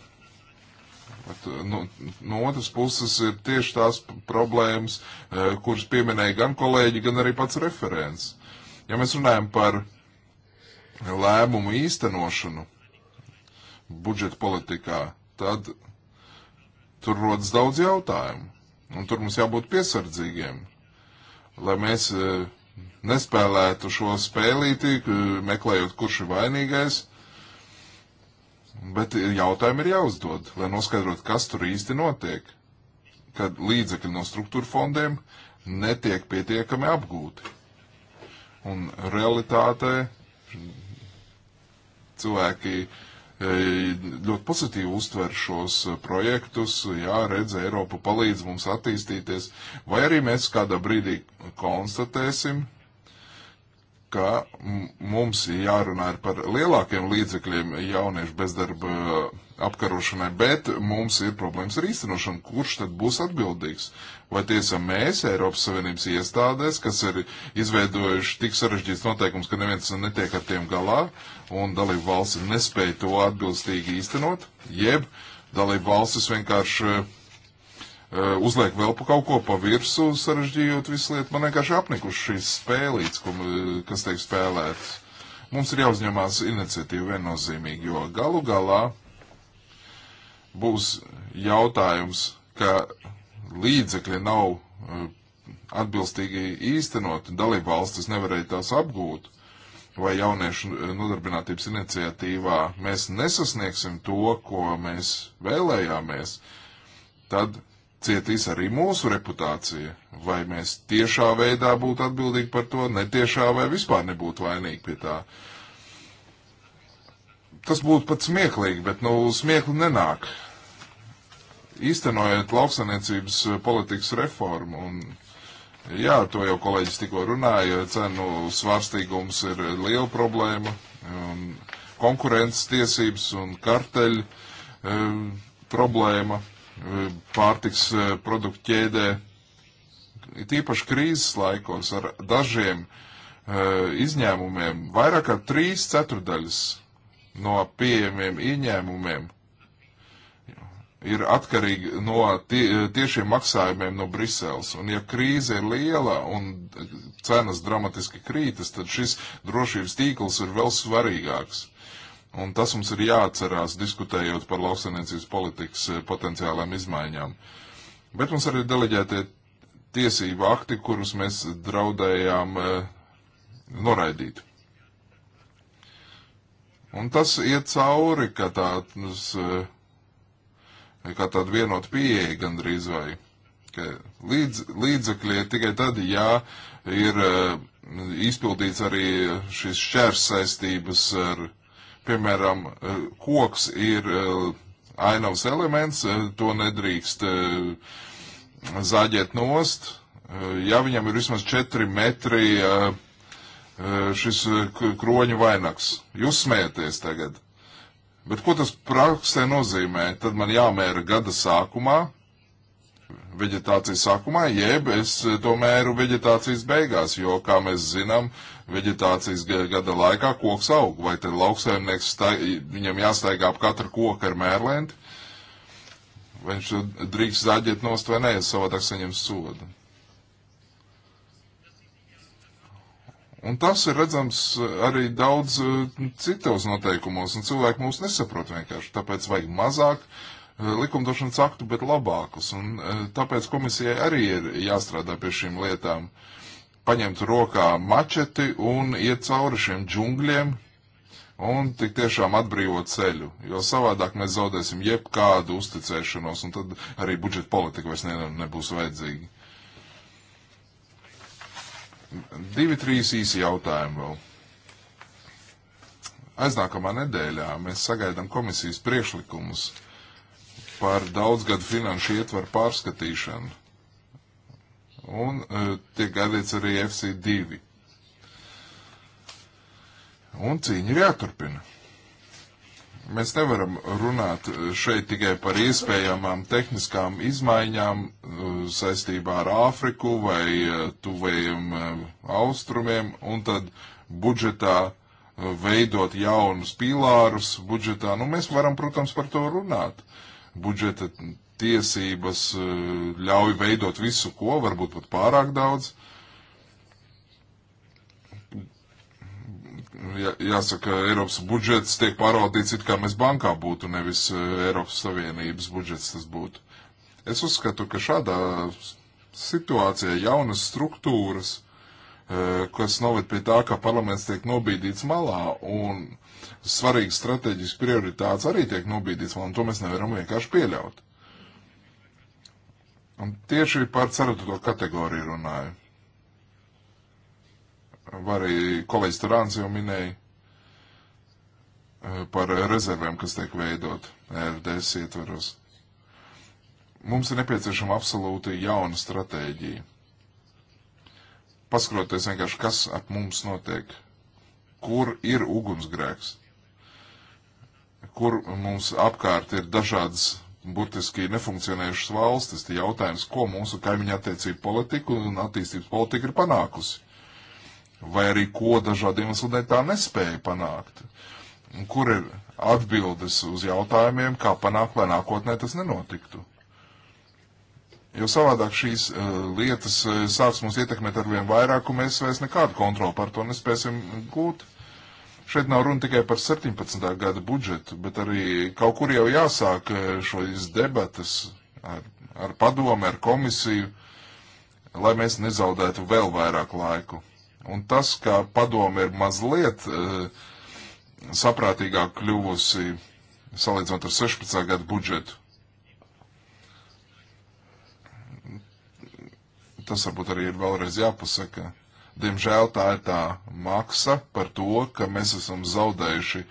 Bet, eh, nu, no otras puses ir tieši tās problēmas, eh, kuras pieminēja gan kolēģi, gan arī pats referents. Ja mēs runājam par lēmumu īstenošanu budžeta politikā, tad tur rodas daudz jautājumu. Un tur mums jābūt piesardzīgiem, lai mēs eh, nespēlētu šo spēlīti, meklējot, kurš ir vainīgais Bet jautājumi ir jāuzdod, lai noskaidrotu, kas tur īsti notiek, kad līdzekļi no struktūra fondiem netiek pietiekami apgūti. Un realitātē cilvēki e, ļoti pozitīvi uztver šos projektus, jā, redz, Eiropa palīdz mums attīstīties, vai arī mēs kādā brīdī konstatēsim, ka mums jārunā ir par lielākiem līdzekļiem jauniešu bezdarba apkarošanai, bet mums ir problēmas ar īstenošanu. Kurš tad būs atbildīgs? Vai tiesa mēs, Eiropas Savienības iestādēs, kas ir izveidojuši tik sarežģīts noteikums, ka neviens netiek ar tiem galā un dalību valsts nespēja to atbilstīgi īstenot, jeb dalību valstis vienkārši Eh, uzliek vēl pa kaut ko pa virsu, sarežģījot visu lietu. Man vienkārši apnikuši šīs spēlītes, ko, eh, kas tiek spēlētas. Mums ir jāuzņemās iniciatīva viennozīmīgi, jo galu galā būs jautājums, ka līdzekļi nav eh, atbilstīgi īstenot, dalība valstis nevarēja tās apgūt, vai jauniešu nodarbinātības iniciatīvā mēs nesasniegsim to, ko mēs vēlējāmies, tad cietīs arī mūsu reputācija. Vai mēs tiešā veidā būtu atbildīgi par to, netiešā vai vispār nebūtu vainīgi pie tā. Tas būtu pat smieklīgi, bet nu smieklu nenāk. Īstenojot lauksaniecības eh, politikas reformu un Jā, to jau kolēģis tikko runāja, cenu svārstīgums ir liela problēma, un konkurences tiesības un karteļu um, problēma pārtiks eh, produktu ķēdē, tīpaši krīzes laikos ar dažiem eh, izņēmumiem, vairāk kā trīs ceturdaļas no pieejamiem ieņēmumiem ir atkarīgi no tie, tiešiem maksājumiem no Briseles. Un ja krīze ir liela un cenas dramatiski krītas, tad šis drošības tīkls ir vēl svarīgāks. Un tas mums ir jāatcerās, diskutējot par lauksaimniecības politikas eh, potenciālām izmaiņām. Bet mums arī deleģētie tiesību akti, kurus mēs draudējām e, noraidīt. Un tas iet cauri, kā, tāds, e, eh, kā tāda vienota pieeja gandrīz vai. Līdz, līdzekļi ir tikai tad, ja ir e, izpildīts arī šis šķērs saistības ar Piemēram, eh, koks ir eh, ainavas elements, eh, to nedrīkst zaģēt nost. Ja viņam ir vismaz 4 metri šis kroņa vainags, jūs smēties tagad. Bet ko tas praksē nozīmē? Tad man jāmēra gada sākumā, veģetācijas sākumā, jeb es eh, to mēru veģetācijas beigās, jo, kā mēs zinām, veģetācijas gada laikā koks aug, vai tad lauksaimnieks, viņam jāstaigā ap katru koku ar mērlēnti, viņš drīkst zaģiet nost vai nē, savādāk saņem sodu. Un tas ir redzams eh, arī daudz eh, citos noteikumos, un cilvēki mūs nesaprot vienkārši, tāpēc vajag mazāk uh, Eh, likumdošanas aktu, bet labākus. Un eh, tāpēc komisijai arī ir jāstrādā pie šīm lietām. Paņemt rokā mačeti un iet cauri šiem džungļiem un tik tiešām atbrīvot ceļu, jo savādāk mēs zaudēsim jebkādu uzticēšanos, un tad arī budžeta politika vairs ne, nebūs vajadzīga. Divi, trīs īsi jautājumi vēl. Aiznākamā nedēļā mēs sagaidām komisijas priekšlikumus uh, par daudzgadu finanšu ietvaru pārskatīšanu. Un e, tiek gaidīts arī FC2. Un cīņa ir jāturpina. Mēs nevaram runāt e, šeit tikai par iespējamām tehniskām izmaiņām e, saistībā ar Āfriku vai tuvējiem austrumiem un tad budžetā veidot jaunus pīlārus budžetā. Nu, mēs varam, protams, par to runāt budžeta tiesības e, ļauj veidot visu, ko varbūt pat pārāk daudz. Jā, jāsaka, Eiropas budžets tiek pārvaldīts it kā mēs bankā būtu, nevis e, Eiropas Savienības budžets tas būtu. Es uzskatu, ka šādā situācijā jaunas struktūras, e, kas noved pie tā, ka parlaments tiek nobīdīts malā un uh, svarīgas strateģiskas prioritātes arī tiek nobīdīts, un to mēs nevaram vienkārši pieļaut. Un tieši par ceturto kategoriju runāju. Var arī kolēģis Turāns jau minēja eh, par rezervēm, kas tiek veidot RDS e ietveros. Mums ir nepieciešama absolūti jauna stratēģija. Paskroties vienkārši, kas ap mums notiek kur ir ugunsgrēks, kur mums apkārt ir dažādas burtiski nefunkcionējušas valstis. Tie jautājums, ko mūsu kaimiņa attiecība politika un attīstības politika ir panākusi. Vai arī ko dažādiem iemesliem tā nespēja panākt. Un kur ir atbildes uz jautājumiem, kā panākt, lai nākotnē tas nenotiktu. Jo savādāk šīs uh, lietas uh, sāks mums ietekmēt ar vien vairāk, un mēs vairs nekādu kontroli par to nespēsim gūt. Šeit nav runa tikai par 17. gada budžetu, bet arī kaut kur jau jāsāk eh, šīs debatas ar, ar padomu, ar komisiju, lai mēs nezaudētu vēl vairāk laiku. Un tas, ka padome ir mazliet uh, saprātīgāk kļuvusi salīdzinot ar 16. gada budžetu, tas varbūt arī ir vēlreiz jāpasaka. Diemžēl tā ir tā maksa par to, ka mēs esam zaudējuši e,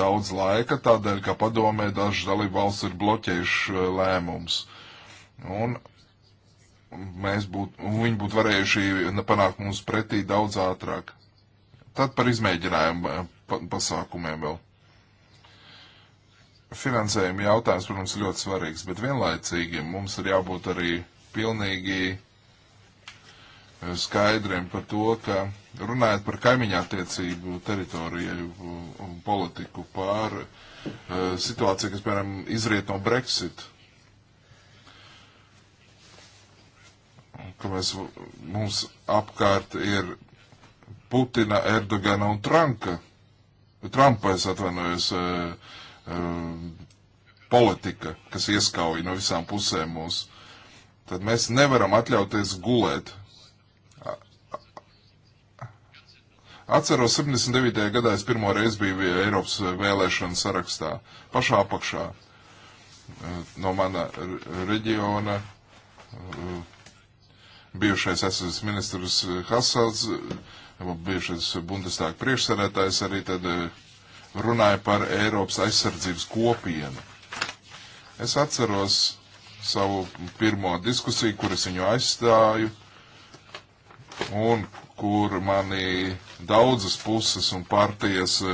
daudz laika, tādēļ, ka padomē dažas dalību valsts ir bloķējuši e, lēmums. Un mēs būtu, viņi būtu varējuši panākt mums pretī daudz ātrāk. Tad par izmēģinājumu e, pa, pasākumiem vēl. Finansējuma jautājums, protams, ļoti svarīgs, bet vienlaicīgi mums ir jābūt arī pilnīgi skaidriem par to, ka runājot par kaimiņā attiecību teritoriju un politiku pār eh, situāciju, kas, piemēram, izriet no Brexit, ka mēs, mums apkārt ir Putina, Erdogana un Tranka, Trumpa, es atvainojos, eh, eh, politika, kas ieskauj no visām pusēm mūs, tad mēs nevaram atļauties gulēt Atceros, 79. gadā es pirmo reizi biju Eiropas vēlēšanu sarakstā, pašā apakšā eh, no mana reģiona. Eh, bijušais SS ministrs eh, Hasels, bijušais Bundestāga priekšsēdētājs arī tad runāja par Eiropas aizsardzības kopienu. Es atceros savu pirmo diskusiju, kuras viņu aizstāju un kur mani daudzas puses un partijas e,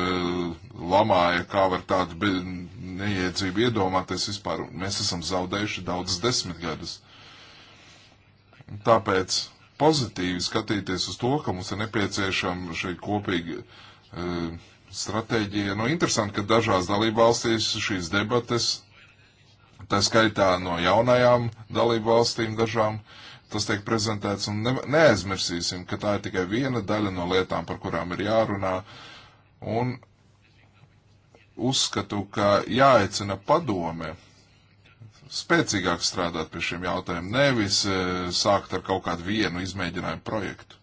lamāja, kā var tādu neiedzību iedomāties vispār. Mēs esam zaudējuši daudzas desmitgadus. Tāpēc pozitīvi skatīties uz to, ka mums ir nepieciešama šī kopīga uh, stratēģija. Nu, interesanti, ka dažās dalībvalstīs šīs debates, tā skaitā no jaunajām dalībvalstīm dažām, uh, tas tiek prezentēts, un ne, neaizmirsīsim, ka tā ir tikai viena daļa no lietām, par kurām ir jārunā, un uzskatu, ka jāaicina padome spēcīgāk strādāt pie šiem jautājumiem, nevis e, sākt ar kaut kādu vienu izmēģinājumu projektu.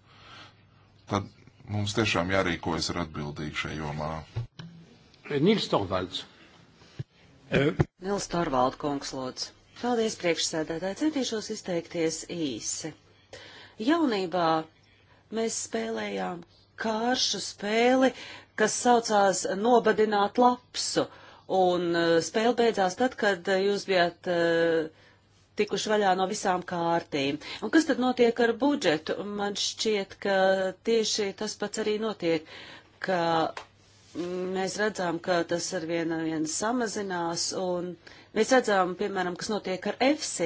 Tad mums tiešām jārīkojas ar atbildīgu šajā jomā. Nils Torvalds. Nils Torvalds, kungs, lūdzu. Paldies, priekšsēdētāji. Centīšos izteikties īsi. Jaunībā mēs spēlējām kāršu spēli, kas saucās Nobadināt lapsu, un e, spēle beidzās tad, kad e, jūs bijāt uh, tikuši vaļā no visām kārtīm. Un kas tad notiek ar budžetu? Man šķiet, ka tieši tas pats arī notiek, ka mēs redzam, ka tas arvien, arvien samazinās, un uh, Mēs redzam, piemēram, kas notiek ar EFSI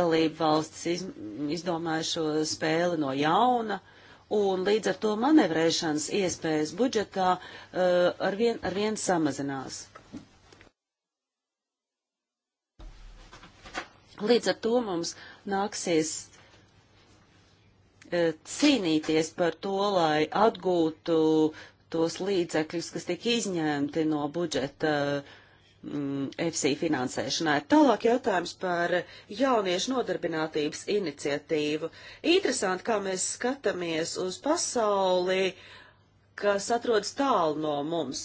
dalību valstis, iz, izdomāja šo spēli no jauna. Un līdz ar to manevrēšanas iespējas budžetā uh, arvien, arvien samazinās. Līdz ar to mums nāksies e, cīnīties par to, lai atgūtu tos līdzekļus, kas tika izņemti no budžeta e, EFSI mm, finansēšanai. Tālāk jautājums par jauniešu nodarbinātības iniciatīvu. Interesanti, kā mēs skatāmies uz pasauli, kas atrodas tālu no mums.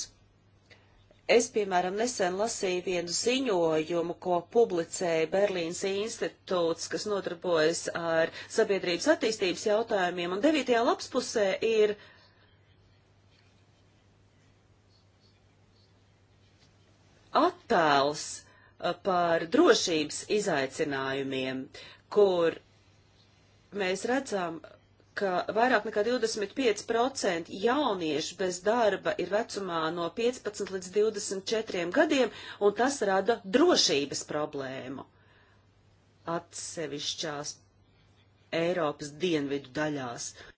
Es, piemēram, nesen lasīju vienu ziņojumu, ko publicēja Berlīnas institūts, kas nodarbojas ar sabiedrības attīstības jautājumiem, un devītajā lapspusē ir uh, attēls uh, par drošības izaicinājumiem, kur mēs redzam, ka vairāk nekā 25% jauniešu bez darba ir vecumā no 15 līdz 24 gadiem, un tas rada drošības problēmu. Atsevišķās Eiropas dienvidu daļās. Uh,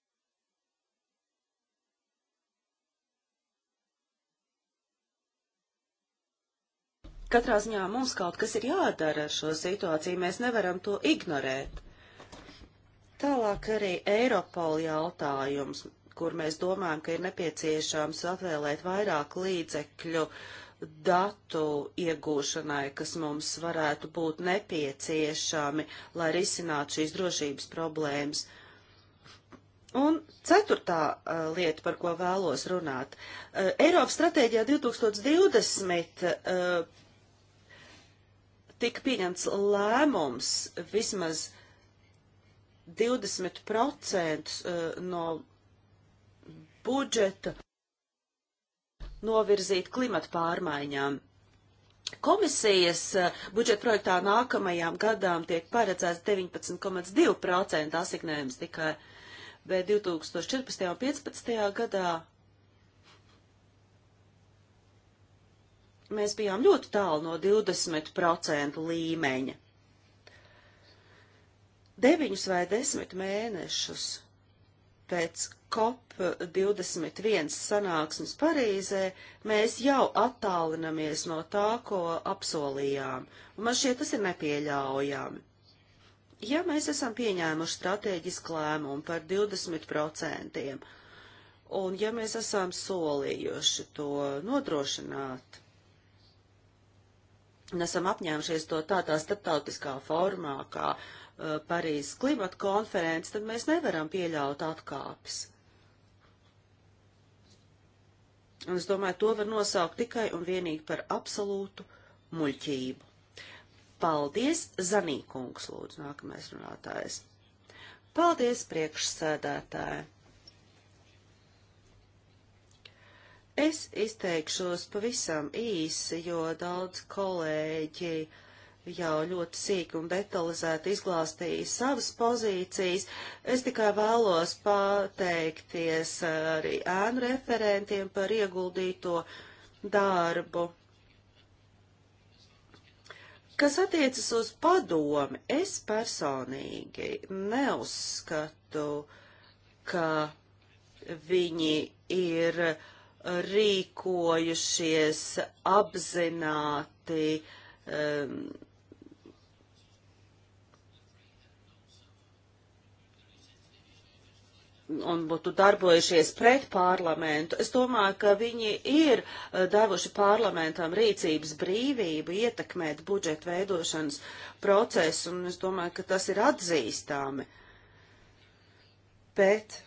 Katrā ziņā mums kaut kas ir jādara ar šo situāciju, mēs nevaram to ignorēt. Tālāk arī Eiropola jautājums, kur mēs domājam, ka ir nepieciešams atvēlēt vairāk līdzekļu datu iegūšanai, kas mums varētu būt nepieciešami, lai risinātu šīs drošības problēmas. Un ceturtā uh, lieta, par ko vēlos runāt. Uh, Eiropas stratēģijā 2020 uh, tika pieņemts lēmums vismaz 20% uh, no budžeta novirzīt klimata pārmaiņām. Komisijas uh, budžeta projektā nākamajām gadām tiek paredzēts 19,2% asignējums tikai, bet 2014. un 2015. gadā mēs bijām ļoti tālu no 20% līmeņa. Deviņus vai desmit mēnešus pēc COP21 sanāksmes Parīzē mēs jau attālinamies no tā, ko apsolījām, un man šķiet tas ir nepieļaujami. Ja mēs esam pieņēmuši strateģisku lēmumu par 20%, un ja mēs esam solījuši to nodrošināt, un esam apņēmušies to tādā starptautiskā formā, kā uh, Parīzes klimata konferences, tad mēs nevaram pieļaut atkāpes. Un es domāju, to var nosaukt tikai un vienīgi par absolūtu muļķību. Paldies, Zanīkungs, lūdzu, nākamais runātājs. Paldies, priekšsēdētāji. Es izteikšos pavisam īsi, jo daudz kolēģi jau ļoti sīk un detalizēti izglāstīja savas pozīcijas. Es tikai vēlos pateikties arī ēnu referentiem par ieguldīto darbu. Kas attiecas uz padomi, es personīgi neuzskatu, ka viņi ir uh, rīkojušies apzināti. Um, un būtu darbojušies pret parlamentu, es domāju, ka viņi ir uh, devuši parlamentam rīcības brīvību ietekmēt budžeta veidošanas procesu, un es domāju, ka tas ir atzīstāmi. Bet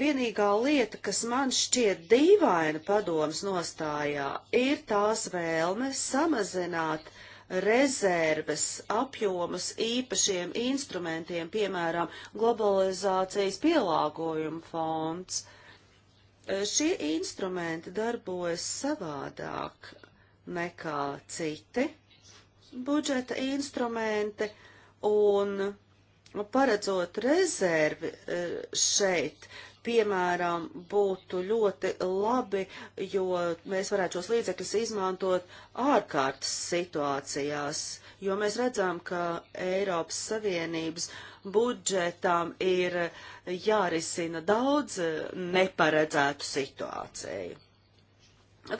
Vienīgā lieta, kas man šķiet dīvaina padomas nostājā, ir tās vēlme samazināt rezerves apjomus īpašiem instrumentiem, piemēram, globalizācijas pielāgojuma fonds. Šie instrumenti darbojas savādāk nekā citi budžeta instrumenti, un paredzot rezervi eh, šeit, piemēram, būtu ļoti labi, jo mēs varētu šos līdzekļus izmantot ārkārtas situācijās, jo mēs redzam, ka Eiropas Savienības budžetām ir jārisina daudz neparedzētu situāciju.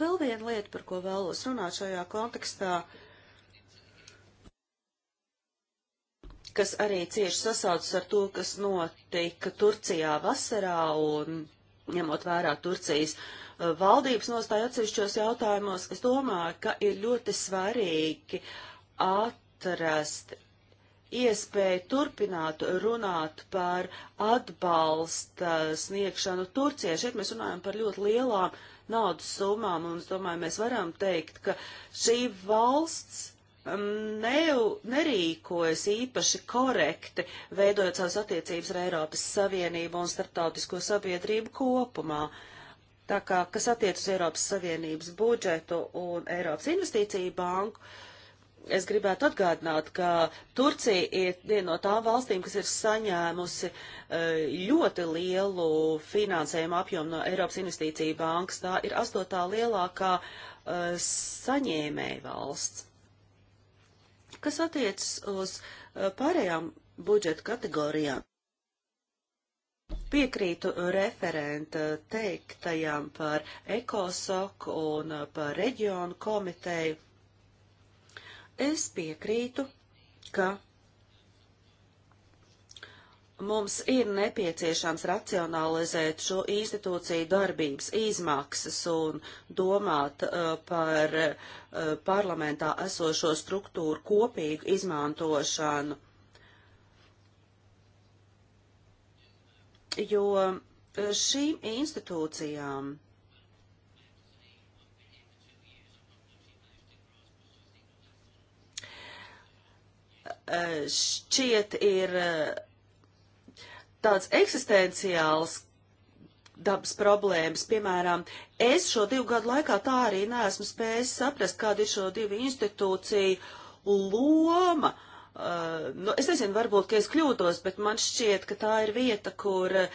Vēl viena lieta, par ko vēlos runāt šajā kontekstā, uh, kas arī cieši sasaucas ar to, kas notika Turcijā vasarā un ņemot vērā Turcijas uh, valdības nostāju atsevišķos jautājumos, es domāju, ka ir ļoti svarīgi atrast iespēju turpināt runāt par atbalsta sniegšanu Turcijai. Šeit mēs runājam par ļoti lielām naudas summām, un es domāju, mēs varam teikt, ka šī valsts ne, nerīkojas īpaši korekti, veidojot savas attiecības ar Eiropas Savienību un starptautisko sabiedrību kopumā. Tā kā, kas attiec uz Eiropas Savienības budžetu un Eiropas investīciju banku, es gribētu atgādināt, ka Turcija ir viena no tām valstīm, kas ir saņēmusi e, ļoti lielu finansējumu apjomu no Eiropas investīciju bankas. Tā ir astotā lielākā e, saņēmēja valsts. Kas attiecas uz eh, pārējām budžeta kategorijām? Piekrītu eh, referenta teiktajām par ECOSOC un eh, par reģionu komiteju. Es piekrītu, ka Mums ir nepieciešams racionalizēt šo institūciju darbības izmaksas un domāt uh, par uh, parlamentā esošo struktūru kopīgu izmantošanu. Jo uh, šīm institūcijām šķiet ir uh, tāds eksistenciāls dabas problēmas. Piemēram, es šo divu gadu laikā tā arī neesmu spējis saprast, kāda ir šo divu institūciju loma. Uh, nu, es nezinu, varbūt, ka es kļūdos, bet man šķiet, ka tā ir vieta, kur um,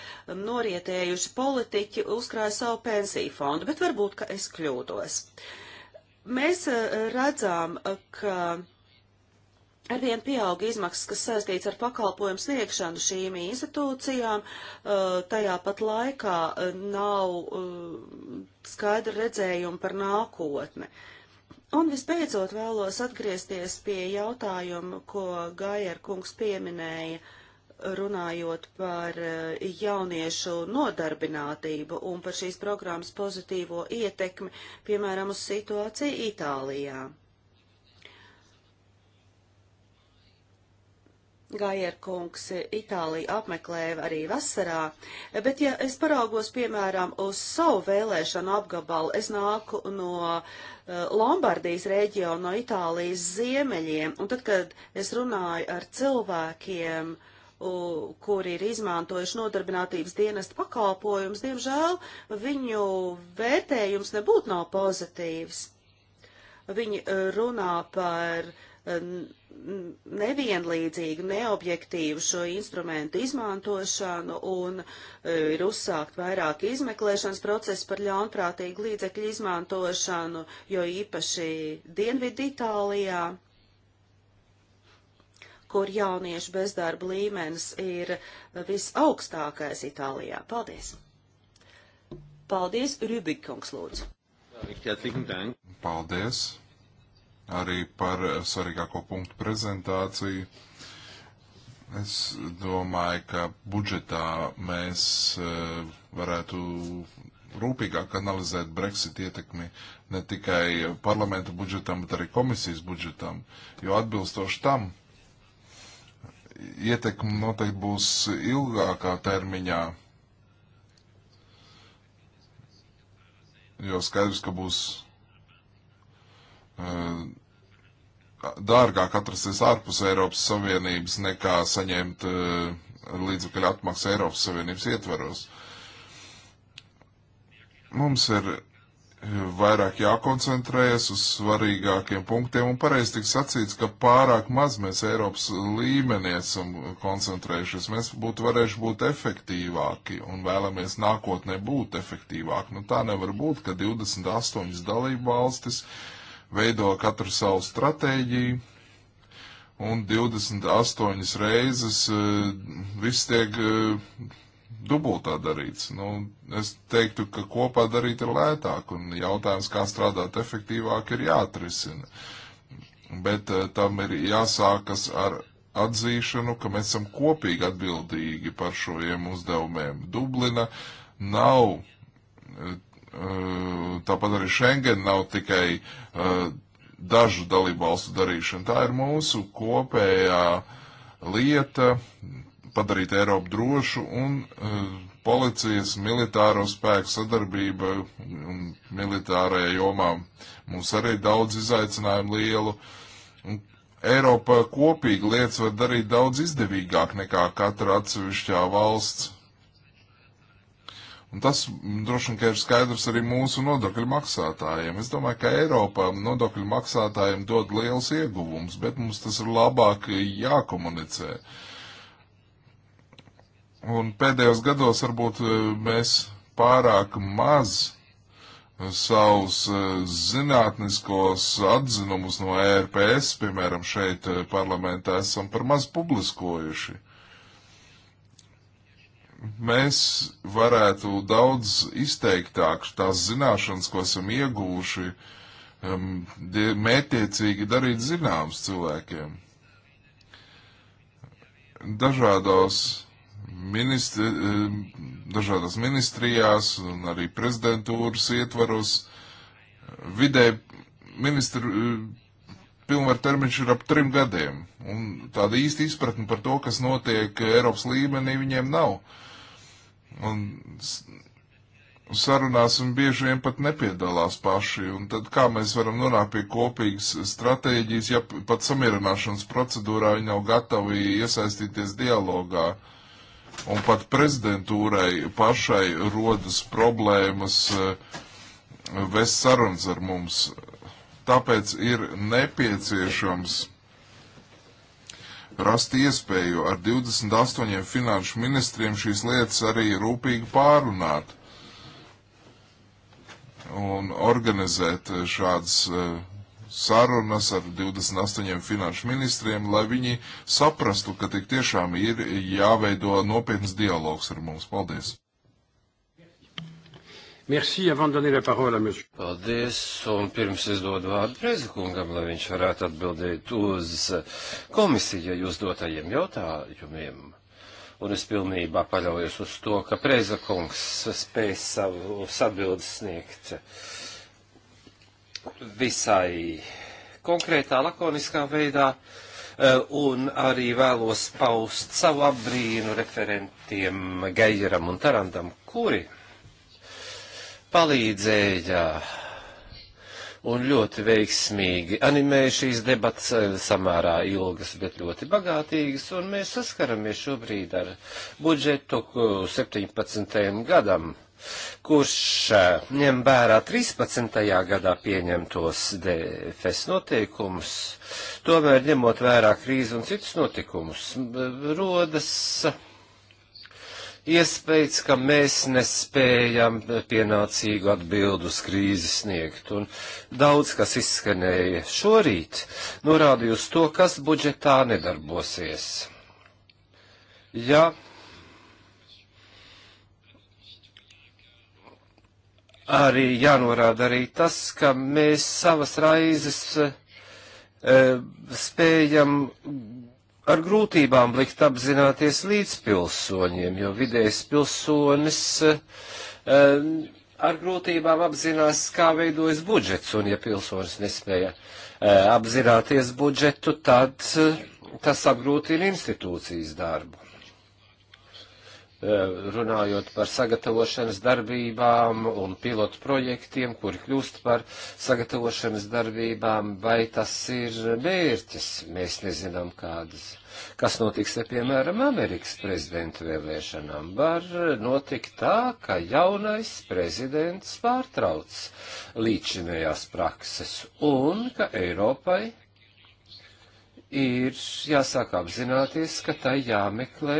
norietējuši politiķi uzkrāja savu pensiju fondu, bet varbūt, ka es kļūdos. Mēs uh, redzām, uh, ka uh, Arvien pieauga izmaksas, kas saistīts ar pakalpojumu sniegšanu šīm institūcijām, tajā pat laikā nav skaidra redzējuma par nākotni. Un visbeidzot vēlos atgriezties pie jautājuma, ko Gajer kungs pieminēja, runājot par jauniešu nodarbinātību un par šīs programmas pozitīvo ietekmi, piemēram, uz situāciju Itālijā. Gajerkungs Itāliju apmeklēja arī vasarā, bet ja es paraugos, piemēram, uz savu vēlēšanu apgabalu, es nāku no eh, Lombardijas reģiona, no Itālijas ziemeļiem, un tad, kad es runāju ar cilvēkiem, kuri ir izmantojuši nodarbinātības dienesta pakalpojumus, diemžēl viņu vērtējums nebūtu nav pozitīvs. Viņi eh, runā par uh, nevienlīdzīgu, neobjektīvu šo instrumentu izmantošanu un e, ir uzsākt vairāk izmeklēšanas procesu par ļaunprātīgu līdzekļu izmantošanu, jo īpaši Dienvidu Itālijā kur jauniešu bezdarba līmenis ir visaugstākais Itālijā. Paldies! Paldies, Rubikungs, lūdzu! Paldies! arī par svarīgāko punktu prezentāciju. Es domāju, ka budžetā mēs e, varētu rūpīgāk analizēt Brexit ietekmi ne tikai parlamenta budžetam, bet arī komisijas budžetam, jo atbilstoši tam ietekme noteikti būs ilgākā termiņā, jo skaidrs, ka būs dārgāk atrasties ārpus Eiropas Savienības nekā saņemt līdzekļu atmaksu Eiropas Savienības ietvaros. Mums ir vairāk jākoncentrējas uz svarīgākiem punktiem, un pareizi tik sacīts, ka pārāk maz mēs Eiropas līmenī esam koncentrējušies. Mēs būtu varējuši būt efektīvāki un vēlamies nākotnē būt efektīvāki. Nu, tā nevar būt, ka 28 dalību valstis uh, veido katru savu stratēģiju, un 28 reizes e, viss tiek e, dubultā darīts. Nu, es teiktu, ka kopā darīt ir lētāk, un jautājums, kā strādāt efektīvāk, ir jāatrisina. Bet e, tam ir jāsākas ar atzīšanu, ka mēs esam kopīgi atbildīgi par šiem uzdevumiem. Dublina nav tāpat arī Schengen nav tikai dažu dalību valstu darīšana. Tā ir mūsu kopējā lieta padarīt Eiropu drošu un policijas, militāro spēku sadarbība un militārajā jomā mums arī daudz izaicinājumu lielu. Un Eiropa kopīgi lietas var darīt daudz izdevīgāk nekā katra atsevišķā valsts Un tas droši vien ir skaidrs arī mūsu nodokļu maksātājiem. Es domāju, ka Eiropā nodokļu maksātājiem dod liels ieguvums, bet mums tas ir labāk jākomunicē. Un pēdējos gados varbūt e, mēs pārāk maz e, savus e, zinātniskos atzinumus no ERPS, piemēram, šeit parlamentā esam par maz publiskojuši mēs varētu daudz izteiktāk tās zināšanas, ko esam ieguvuši, um, mētiecīgi darīt zināms cilvēkiem. Dažādos ministri, um, dažādās ministrijās un arī prezidentūras ietvaros vidē ministru um, pilnvar termiņš ir ap trim gadiem, un tāda īsta izpratne par to, kas notiek Eiropas līmenī, viņiem nav. Uh, Un sarunās un bieži vien pat nepiedalās paši. Un tad kā mēs varam nonākt pie kopīgas stratēģijas, ja pat samierināšanas procedūrā viņi nav gatavi iesaistīties dialogā. Un pat prezidentūrai pašai rodas problēmas eh, vest sarunas ar mums. Tāpēc ir nepieciešams rast iespēju ar 28 finanšu ministriem šīs lietas arī rūpīgi pārunāt un organizēt eh, šādas eh, sarunas ar 28 finanšu ministriem, lai viņi saprastu, ka tik tiešām ir jāveido nopietnas dialogs ar mums. Paldies! Merci, avant de donner la parole à monsieur. Paldies, un pirms es dodu vārdu prezikungam, lai viņš varētu atbildēt uz komisijai uzdotajiem jautājumiem. Un es pilnībā paļaujos uz to, ka prezikungs spēs savu atbildes sniegt visai konkrētā, lakoniskā veidā, un arī vēlos paust savu apbrīnu referentiem Geijeram un Tarandam, kuri palīdzēja un ļoti veiksmīgi animēja šīs debats eh, samērā ilgas, bet ļoti bagātīgas, un mēs saskaramies šobrīd ar budžetu 17. gadam, kurš eh, ņem vērā 13. gadā pieņemtos DFS noteikumus, tomēr ņemot vērā krīzi un citus notikumus, rodas iespējas, ka mēs nespējam pienācīgu atbildu uz krīzi sniegt. Un daudz, kas izskanēja šorīt, norādīja uz to, kas budžetā nedarbosies. Ja arī jānorāda arī tas, ka mēs savas raizes e, spējam ar grūtībām likt apzināties līdzpilsoņiem, jo vidējs pilsonis ehm, ar grūtībām apzinās, kā veidojas budžets, un ja pilsonis nespēja ehm, apzināties budžetu, tad eh, tas apgrūtina institūcijas darbu. Eh, runājot par sagatavošanas darbībām un pilotu projektiem, kuri kļūst par sagatavošanas darbībām, vai tas ir mērķis? Mēs nezinām, kādas. Kas notiks, ja, piemēram, Amerikas prezidentu vēlēšanām? Var notikt tā, ka jaunais prezidents pārtrauc līdzinējās prakses un ka Eiropai ir jāsāk apzināties, ka tai jāmeklē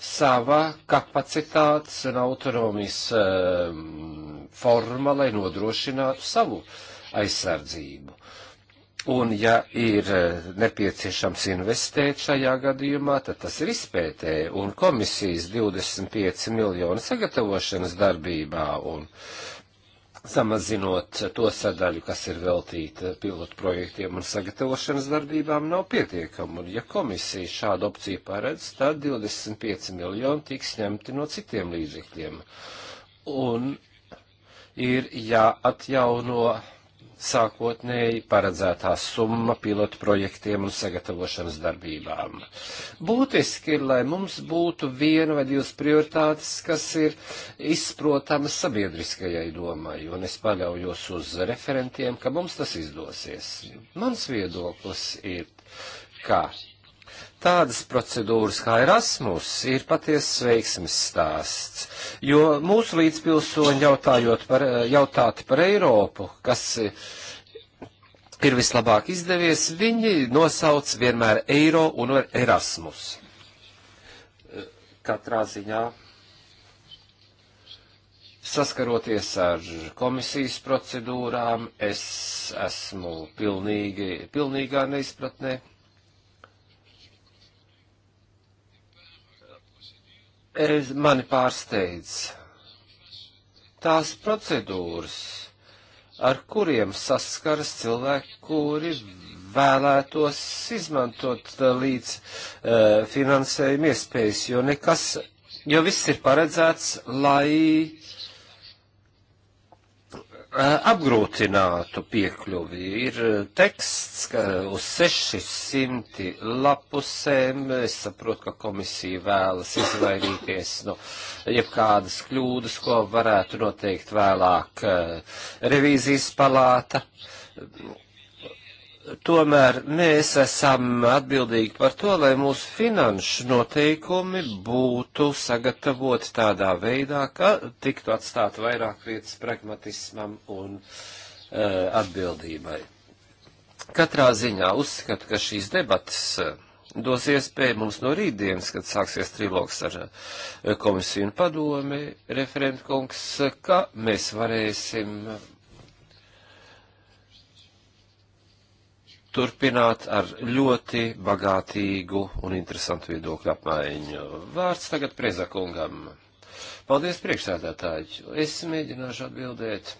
savā kapacitātes un autonomijas um, forma, lai nodrošinātu savu aizsardzību. Un, ja ir eh, nepieciešams investēt šajā gadījumā, tad tas ir izpētē un komisijas 25 miljonu sagatavošanas darbībā un uh, samazinot to sadaļu, kas ir veltīta pilotu projektiem un sagatavošanas darbībām, nav pietiekama. Un ja komisija šādu opciju paredz, tad 25 miljoni tiks ņemti no citiem līdzekļiem. Un ir jāatjauno. Ja sākotnēji paredzētā summa pilotu projektiem un sagatavošanas darbībām. Būtiski ir, lai mums būtu viena vai divas prioritātes, kas ir izprotamas sabiedriskajai domai, un es paļaujos uz referentiem, ka mums tas izdosies. Mans viedoklis ir, ka tādas procedūras kā Erasmus ir patiesas veiksmes stāsts, jo mūsu līdzpilsoņi jautājot par, jautāti par Eiropu, kas ir vislabāk izdevies, viņi nosauc vienmēr Eiro un Erasmus. Katrā ziņā Saskaroties ar komisijas procedūrām, es esmu pilnīgi, pilnīgā neizpratnē es, mani pārsteidz tās procedūras, ar kuriem saskaras cilvēki, kuri vēlētos izmantot uh, līdz uh, finansējuma iespējas, jo nekas, jo viss ir paredzēts, lai apgrūtinātu piekļuvi. Ir teksts uz 600 lapusēm. Es saprotu, ka komisija vēlas izvairīties no jebkādas kļūdas, ko varētu noteikt vēlāk revīzijas palāta tomēr mēs esam atbildīgi par to, lai mūsu finanšu noteikumi būtu sagatavoti tādā veidā, ka tiktu atstāt vairāk vietas pragmatismam un uh, atbildībai. Katrā ziņā uzskatu, ka šīs debatas eh, dos iespēju mums no rītdienas, kad sāksies trilogs ar eh, komisiju un padomi, referentkungs, ka mēs varēsim turpināt ar ļoti bagātīgu un interesantu viedokļu apmaiņu. Vārds tagad prezakungam. Paldies priekšsēdētāji. Es mēģināšu atbildēt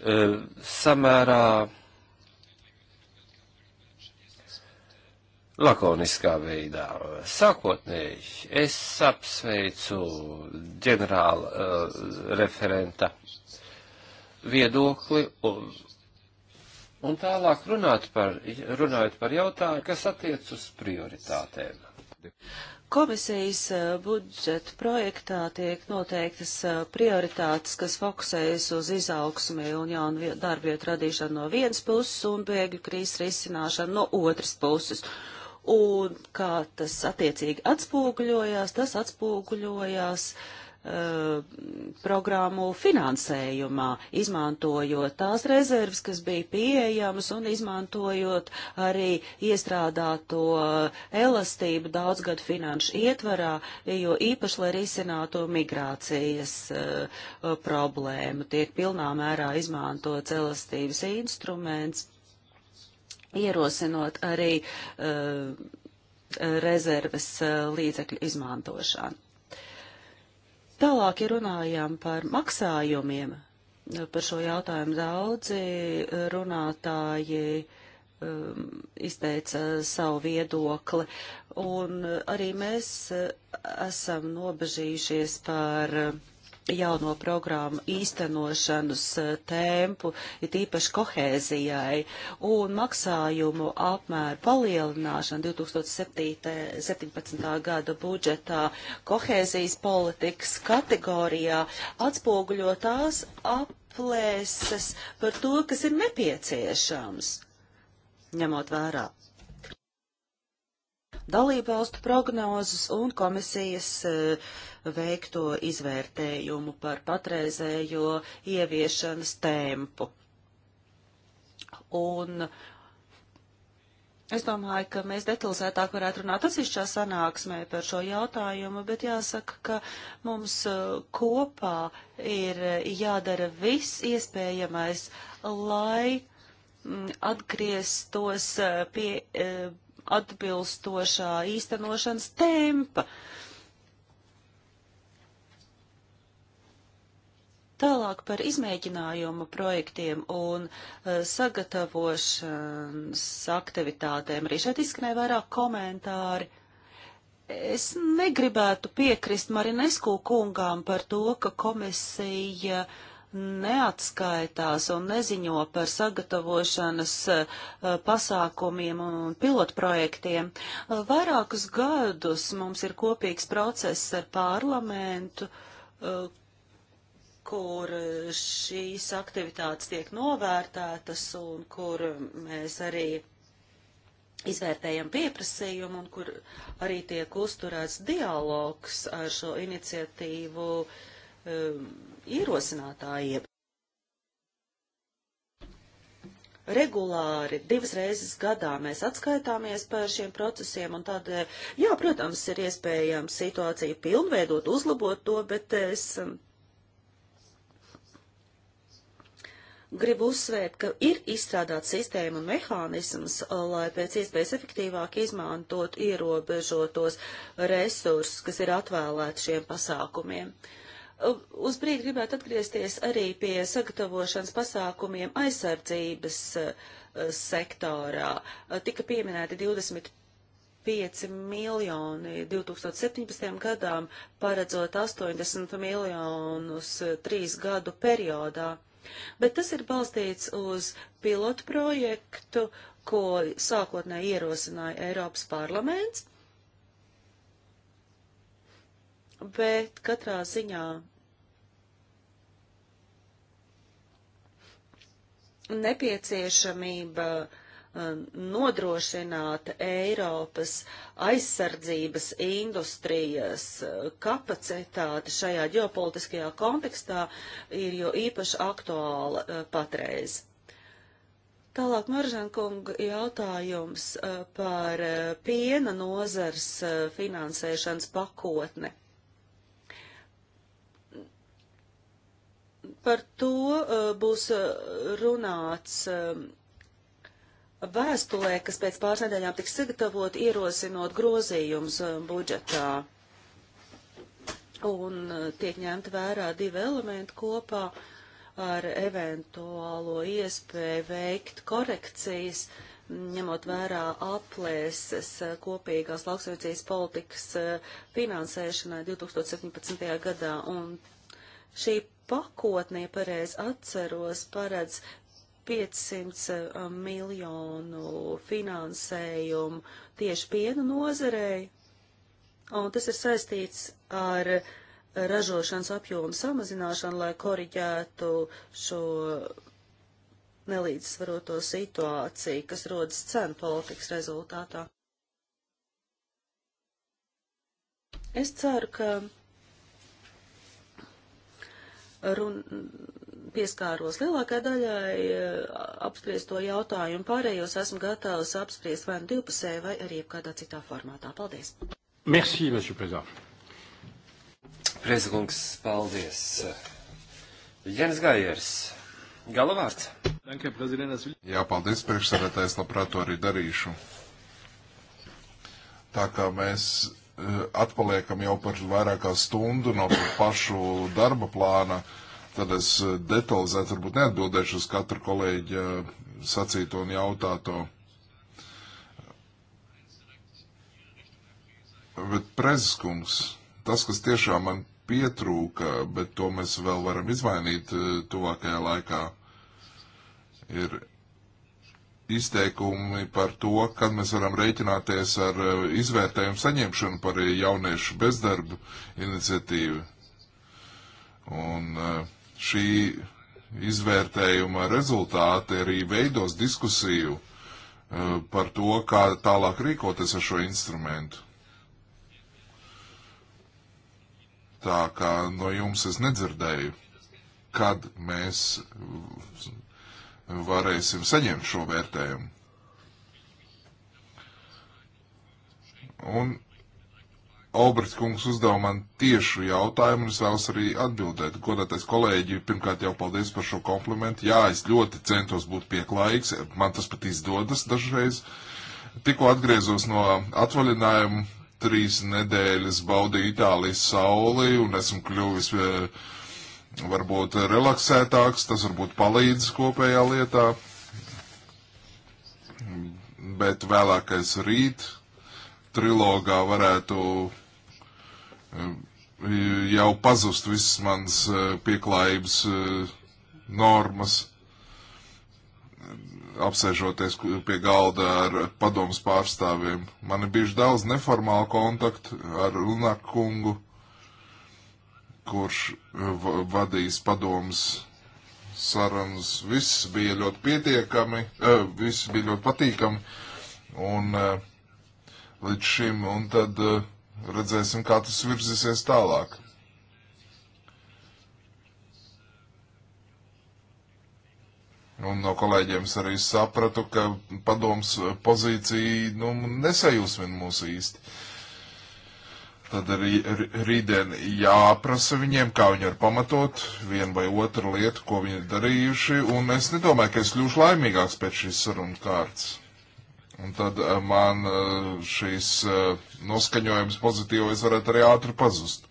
e, samērā lakoniskā veidā. Sākotnēji es apsveicu ģenerāla uh, referenta viedokli. Un, Un tālāk runāt par, runājot par jautājumu, kas attiec uz prioritātēm. Komisijas budžeta projektā tiek noteiktas prioritātes, kas fokusējas uz izaugsmi un jaunu darbvietu radīšanu no vienas puses un bēgļu krīzes risināšanu no otras puses. Un kā tas attiecīgi atspūguļojās, tas atspūguļojās uh, Eh, programmu finansējumā, izmantojot tās rezerves, kas bija pieejamas un izmantojot arī iestrādāto elastību daudzgadu finanšu ietvarā, jo īpaši, lai risinātu migrācijas uh, problēmu, tiek pilnā mērā izmantots elastības instruments, ierosinot arī uh, rezerves uh, līdzekļu izmantošanu. Tālāk, ja runājām par maksājumiem, eh, par šo jautājumu daudzi runātāji um, izteica savu viedokli, un eh, arī mēs esam nobežījušies par uh, jauno programmu īstenošanas eh, tempu, ir tīpaši kohēzijai, un maksājumu apmēru palielināšana 2017. gada budžetā kohēzijas politikas kategorijā atspoguļo tās aplēses par to, kas ir nepieciešams, ņemot vērā dalībvalstu prognozes un komisijas eh, veikto izvērtējumu par patreizējo ieviešanas tempu. Un Es domāju, ka mēs detalizētāk varētu runāt atsevišķā sanāksmē par šo jautājumu, bet jāsaka, ka mums eh, kopā ir jādara viss iespējamais, lai mm, atgrieztos eh, pie atbilstošā īstenošanas tempa. Tālāk par izmēģinājumu projektiem un uh, sagatavošanas aktivitātēm. Arī šeit izskanēja vairāk komentāri. Es negribētu piekrist Marinesku kungām par to, ka komisija uh, neatskaitās un neziņo par sagatavošanas eh, pasākumiem un pilotprojektiem. Eh, vairākus gadus mums ir kopīgs process ar parlamentu, eh, kur šīs aktivitātes tiek novērtētas un kur mēs arī izvērtējam pieprasījumu un kur arī tiek uzturēts dialogs ar šo iniciatīvu uh, Um, ierosinātājiem. regulāri, divas reizes gadā mēs atskaitāmies par šiem procesiem, un tad, eh, jā, protams, ir iespējams situāciju pilnveidot, uzlabot to, bet es um, gribu uzsvērt, ka ir izstrādāta sistēma un mehānisms, lai pēc iespējas efektīvāk izmantot ierobežotos resursus, kas ir atvēlēti šiem pasākumiem. Uh, Uz brīdi gribētu atgriezties arī pie sagatavošanas pasākumiem aizsardzības eh, sektorā. Eh, tika pieminēti 25 miljoni 2017. gadām, paredzot 80 miljonus eh, trīs gadu periodā. Bet tas ir balstīts uz pilotu projektu, ko sākotnēji ierosināja Eiropas parlaments. Bet katrā ziņā nepieciešamība um, nodrošināt Eiropas aizsardzības industrijas uh, kapacitāti šajā ģeopolitiskajā kontekstā ir jo īpaši aktuāla uh, patreiz. Tālāk Maržankunga jautājums uh, par piena nozars finansēšanas pakotni. Par to e, būs e, runāts e, vēstulē, kas pēc pāris nedēļām tiks sagatavot, ierosinot grozījumus budžetā. Un tiek ņemta vērā divi elementi kopā ar eventuālo iespēju veikt korekcijas, ņemot vērā aplēses kopīgās lauksaimniecības politikas finansēšanai 2017. gadā. Un šī pakotnie, pareizi atceros, paredz 500 eh, miljonu finansējumu tieši piena nozarei, un tas ir saistīts ar ražošanas apjomu samazināšanu, lai koriģētu šo nelīdzsvaroto situāciju, kas rodas cenu politikas rezultātā. Es ceru, ka run, pieskāros lielākai daļai eh, apspriesto jautājumu. Pārējos esmu gatavs apspriest vai nu divpusē, vai arī kādā citā formātā. Paldies! Merci, monsieur Prezidents! Prezidents, paldies! Jens Gaiers, galavārds! Jā, paldies, priekšsēdētājs, labprāt to arī darīšu. Tā kā mēs Eh, atpaliekam jau par vairāk kā stundu no pašu darba plāna, tad es eh, detalizēti varbūt neatbildēšu uz katru kolēģi sacīto un jautāto. Bet preziskungs, tas, kas tiešām man pietrūka, bet to mēs vēl varam izmainīt eh, tuvākajā laikā, ir izteikumi par to, kad mēs varam rēķināties ar eh, izvērtējumu saņemšanu par eh, jauniešu bezdarbu iniciatīvu. Un eh, šī izvērtējuma rezultāti arī veidos diskusiju par to, kā tālāk rīkoties ar šo instrumentu. Tā kā no jums es nedzirdēju, kad mēs varēsim saņemt šo vērtējumu. Un Albrecht kungs uzdeva man tiešu jautājumu, un es vēlos arī atbildēt. Godātais kolēģi, pirmkārt jau paldies par šo komplimentu. Jā, es ļoti centos būt pieklājīgs, man tas pat izdodas dažreiz. Tikko atgriezos no atvaļinājuma, trīs nedēļas baudīju Itālijas sauli, un esmu kļuvis uh, varbūt relaksētāks, tas varbūt palīdz kopējā lietā, bet vēlākais rīt trilogā varētu eh, jau pazust visas manas eh, pieklājības eh, normas, apsēžoties pie galda ar padomus pārstāvjiem. Man ir bijuši daudz neformālu kontaktu ar Lunaku kungu kurš eh, vadīs padomus sarunas. Viss bija ļoti pietiekami, eh, viss bija ļoti patīkami un eh, līdz šim, un tad redzēsim, kā tas virzīsies tālāk. Un no kolēģiem es arī sapratu, ka padoms pozīcija nu, nesajūsmina mūs īsti. Uh, Tad arī rītdien jāprasa viņiem, kā viņi var pamatot vienu vai otru lietu, ko viņi ir darījuši, un es nedomāju, ka es kļūšu laimīgāks pēc šīs sarunas kārtas. Un tad eh, man eh, šīs eh, noskaņojums pozitīvais varētu arī ātri pazust.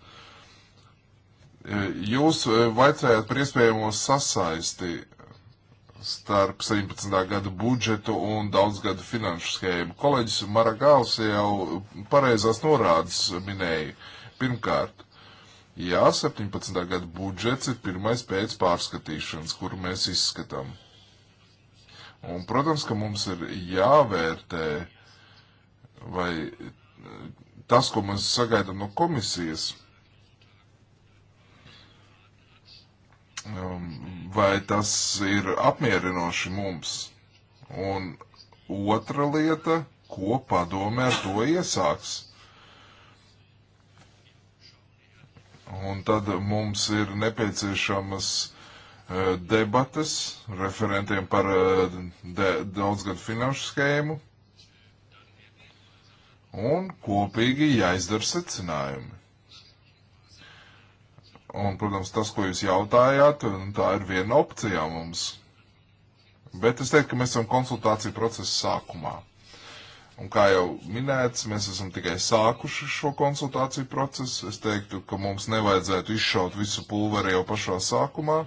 Jūs vaicājāt par iespējamo sasaisti starp 17. gada budžetu un daudzgadu finanšu schēmu. Kolēģis Maragāls jau pareizās norādes minēja. Pirmkārt, jā, 17. gada budžets ir pirmais pēc pārskatīšanas, kuru mēs izskatām. Un, protams, ka mums ir jāvērtē, vai tas, ko mēs sagaidām no komisijas, Um, vai tas ir apmierinoši mums. Un otra lieta, ko padomē ar to iesāks. Un tad mums ir nepieciešamas uh, debates referentiem par uh, daudzgadu finanšu schēmu un kopīgi jāizdara secinājumi. Un, protams, tas, ko jūs jautājāt, tā ir viena opcija mums. Bet es teiktu, ka mēs esam konsultāciju procesa sākumā. Un kā jau minēts, mēs esam tikai sākuši šo konsultāciju procesu. Es teiktu, ka mums nevajadzētu izšaut visu pulveri jau pašā sākumā,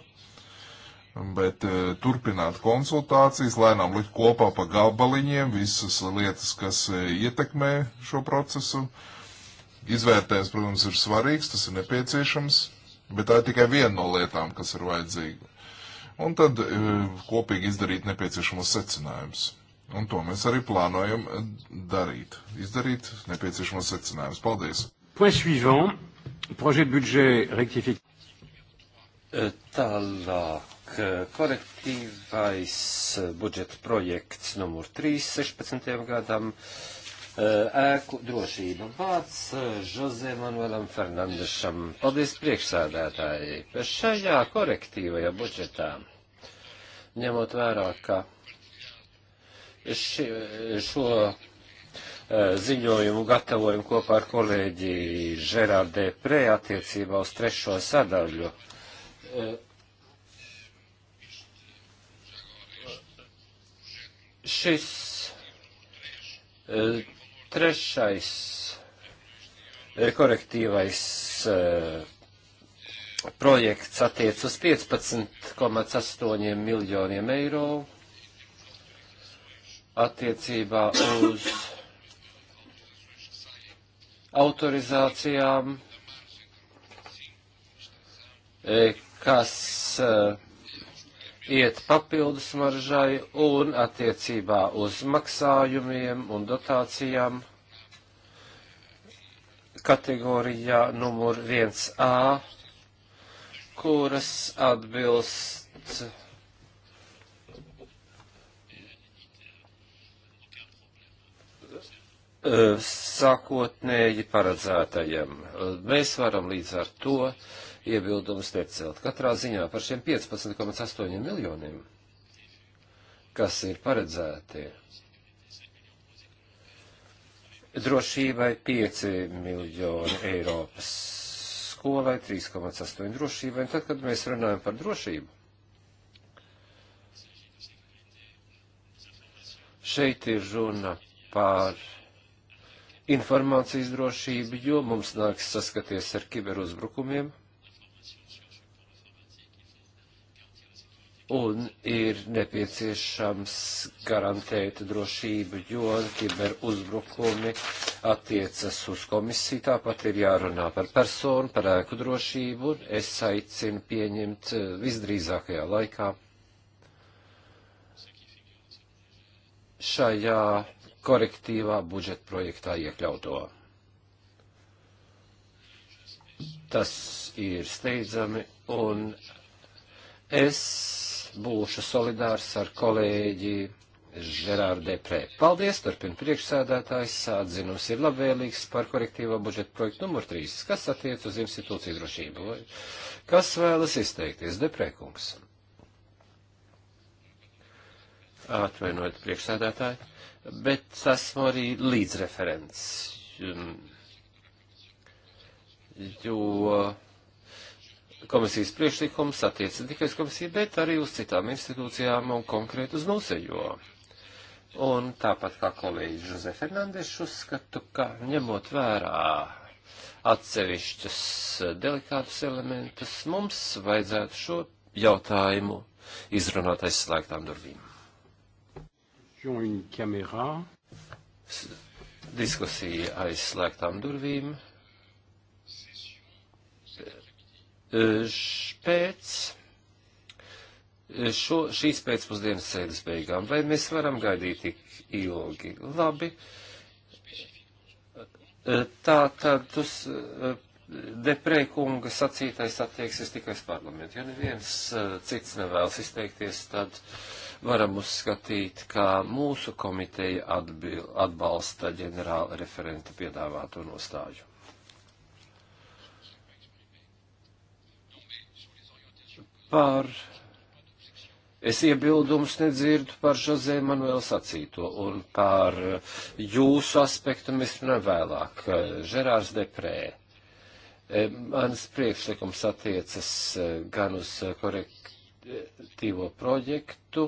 bet e, turpināt konsultācijas, lēnām likt kopā pa gabaliņiem visas lietas, kas e, ietekmē šo procesu. Izvērtējums, protams, ir svarīgs, tas ir nepieciešams. Bet tā ir tikai viena no lietām, kas ir vajadzīga. Un tad e, kopīgi izdarīt nepieciešamos secinājumus. Un to mēs arī plānojam e, darīt. Izdarīt nepieciešamos secinājumus. Paldies! Point suivant, projet budget rectific. E, tālāk, korektīvais budžeta projekts numur 3 16. gadam. Uh, Eh, ēku drošību. Vārds Žozē eh, Manuelam Fernandešam. Paldies priekšsādātāji. Šajā korektīvajā budžetā, ņemot vērā, ka ši, šo eh, ziņojumu gatavojam kopā ar kolēģi Žerārdē Prē attiecībā uz trešo sadaļu. Šis Trešais eh, korektīvais eh, projekts attiec uz 15,8 miljoniem eiro attiecībā uz autorizācijām, eh, kas uh, iet papildus maržai un attiecībā uz maksājumiem un dotācijām kategorijā numur 1A, kuras atbilst sākotnēji paredzētajam. Mēs varam līdz ar to uh, iebildumus necelt. Katrā ziņā par šiem 15,8 miljoniem, kas ir paredzēti drošībai 5 miljoni Eiropas skolai, 3,8 drošībai, un tad, kad mēs runājam par drošību, šeit ir runa par informācijas drošību, jo mums nāks saskaties ar kiberuzbrukumiem. un ir nepieciešams garantēt drošību, jo kiberuzbrukumi attiecas uz komisiju, tāpat ir jārunā par personu, par ēku drošību, un es aicinu pieņemt eh, visdrīzākajā laikā šajā korektīvā budžeta projektā iekļauto. Tas ir steidzami, un es būšu solidārs ar kolēģi Žerāru Deprē. Paldies, turpina priekšsēdētājs, atzinums ir labvēlīgs par korektīvo budžetu projektu numur 3, kas attiec uz institūciju drošību. Kas vēlas izteikties, Deprē kungs? Atvainojiet, priekšsēdētāji, bet esmu arī līdzreferents, jo komisijas priekšlikums attiec ne tikai uz komisiju, bet arī uz citām institūcijām un konkrēti uz muzejo. Un tāpat kā kolēģis Žoze Fernandes uzskatu, ka ņemot vērā atsevišķus delikātus elementus, mums vajadzētu šo jautājumu izrunāt aizslēgtām durvīm. Diskusija aizslēgtām durvīm. Pēc šo, šīs pēcpusdienas sēdes beigām, vai mēs varam gaidīt tik ilgi? Labi. Tā tad tas deprēkunga sacītais attieksies tikai uz parlamentu. Ja neviens eh, cits nevēlas izteikties, tad varam uzskatīt, ka mūsu komiteja atbil, atbalsta ģenerāla referenta piedāvāto nostāju. par Es iebildumus nedzirdu par Žozē Manuēlu sacīto un par jūsu aspektu mēs runājam vēlāk. Žerārs Deprē. E, mans priekšlikums attiecas e, gan uz korektīvo projektu,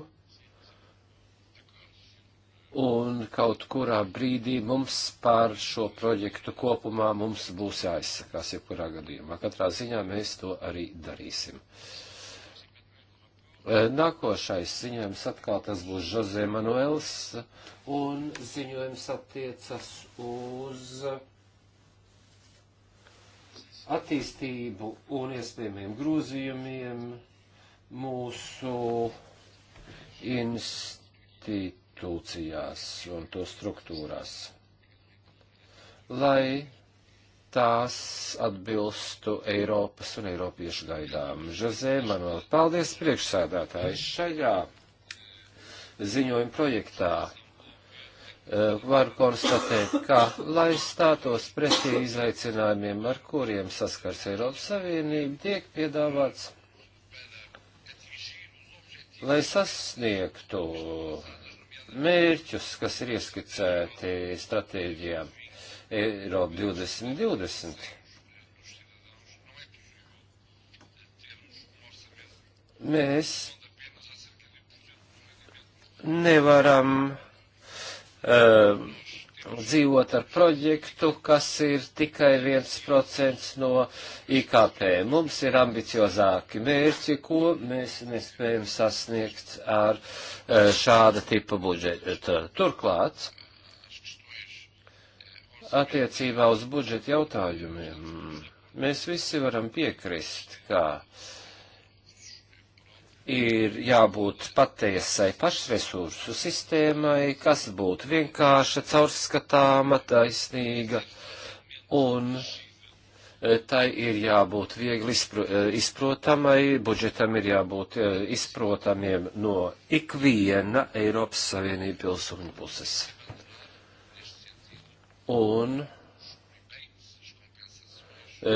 un kaut kurā brīdī mums par šo projektu kopumā mums būs jāizsakās, ja kurā gadījumā. Katrā ziņā mēs to arī darīsim. Uh, Eh, nākošais ziņojums atkal tas būs Žozē Manuels, un ziņojums attiecas uz attīstību un iespējamiem grozījumiem mūsu institūcijās un to struktūrās. Lai tās atbilstu Eiropas un Eiropiešu gaidām. Žazē, Manuel, paldies priekšsēdētāji šajā ziņojuma projektā. E, var konstatēt, ka, lai stātos pretī izaicinājumiem, ar kuriem saskars Eiropas Savienība, tiek piedāvāts, lai sasniegtu mērķus, kas ir ieskicēti stratēģijām Eiropa 2020. Mēs nevaram uh, dzīvot ar projektu, kas ir tikai 1% no IKP. Mums ir ambiciozāki mērķi, ko mēs nespējam sasniegt ar eh, šāda tipa budžetu. Turklāt, attiecībā uz budžeta jautājumiem. Mēs visi varam piekrist, ka ir jābūt patiesai pašresursu sistēmai, kas būtu vienkārša, caurskatāma, taisnīga, un tai ir jābūt viegli izpro, izprotamai, budžetam ir jābūt e, izprotamiem no ikviena Eiropas Savienība pilsoņu puses. Un e,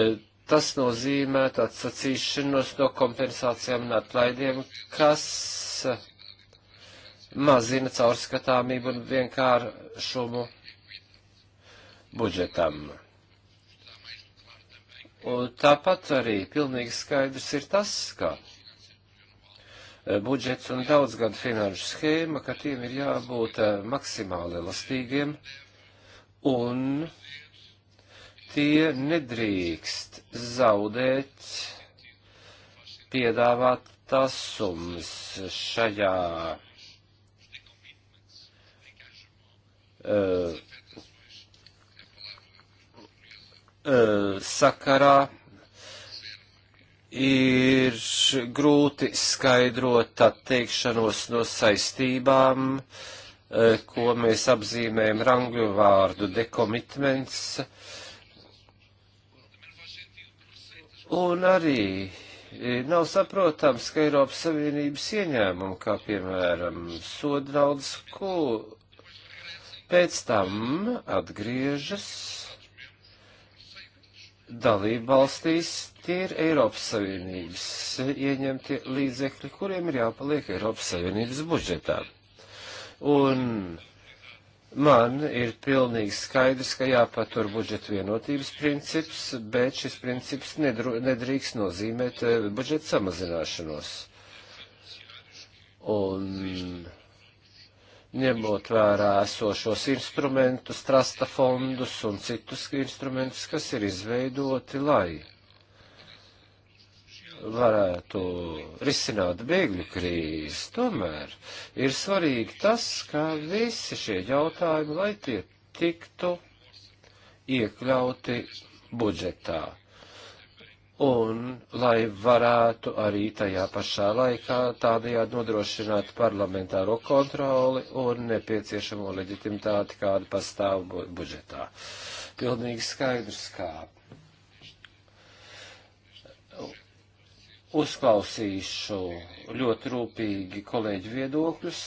tas nozīmē atsacīšanos no kompensācijām un atlaidiem, kas mazina caurskatāmību un vienkāršumu budžetam. Un tāpat arī pilnīgi skaidrs ir tas, ka e, budžets un daudzgad finanšu schēma, ka tiem ir jābūt e, maksimāli elastīgiem. Uh, un tie nedrīkst zaudēt piedāvātās summas šajā uh, uh, sakarā ir grūti skaidrot atteikšanos no saistībām uh, Eh, ko mēs apzīmējam ar angļu vārdu dekomitments. Un arī eh, nav saprotams, ka Eiropas Savienības ieņēmumi, kā piemēram sodrauds, ko pēc tam atgriežas dalību valstīs, tie ir Eiropas Savienības ieņemtie līdzekļi, kuriem ir jāpaliek Eiropas Savienības budžetā. Un man ir pilnīgi skaidrs, ka jāpatur budžeta vienotības princips, bet šis princips nedru, nedrīkst nozīmēt e, budžeta samazināšanos. Un ņemot vērā esošos instrumentus, trasta fondus un citus instrumentus, kas ir izveidoti, lai varētu risināt bēgļu krīzi. Tomēr ir svarīgi tas, ka visi šie jautājumi, lai tie tiktu iekļauti budžetā. Un lai varētu arī tajā pašā laikā tādējādi nodrošināt parlamentāro kontroli un nepieciešamo leģitimitāti, kāda pastāv budžetā. Pilnīgi skaidrs, kā uzklausīšu ļoti rūpīgi kolēģu viedokļus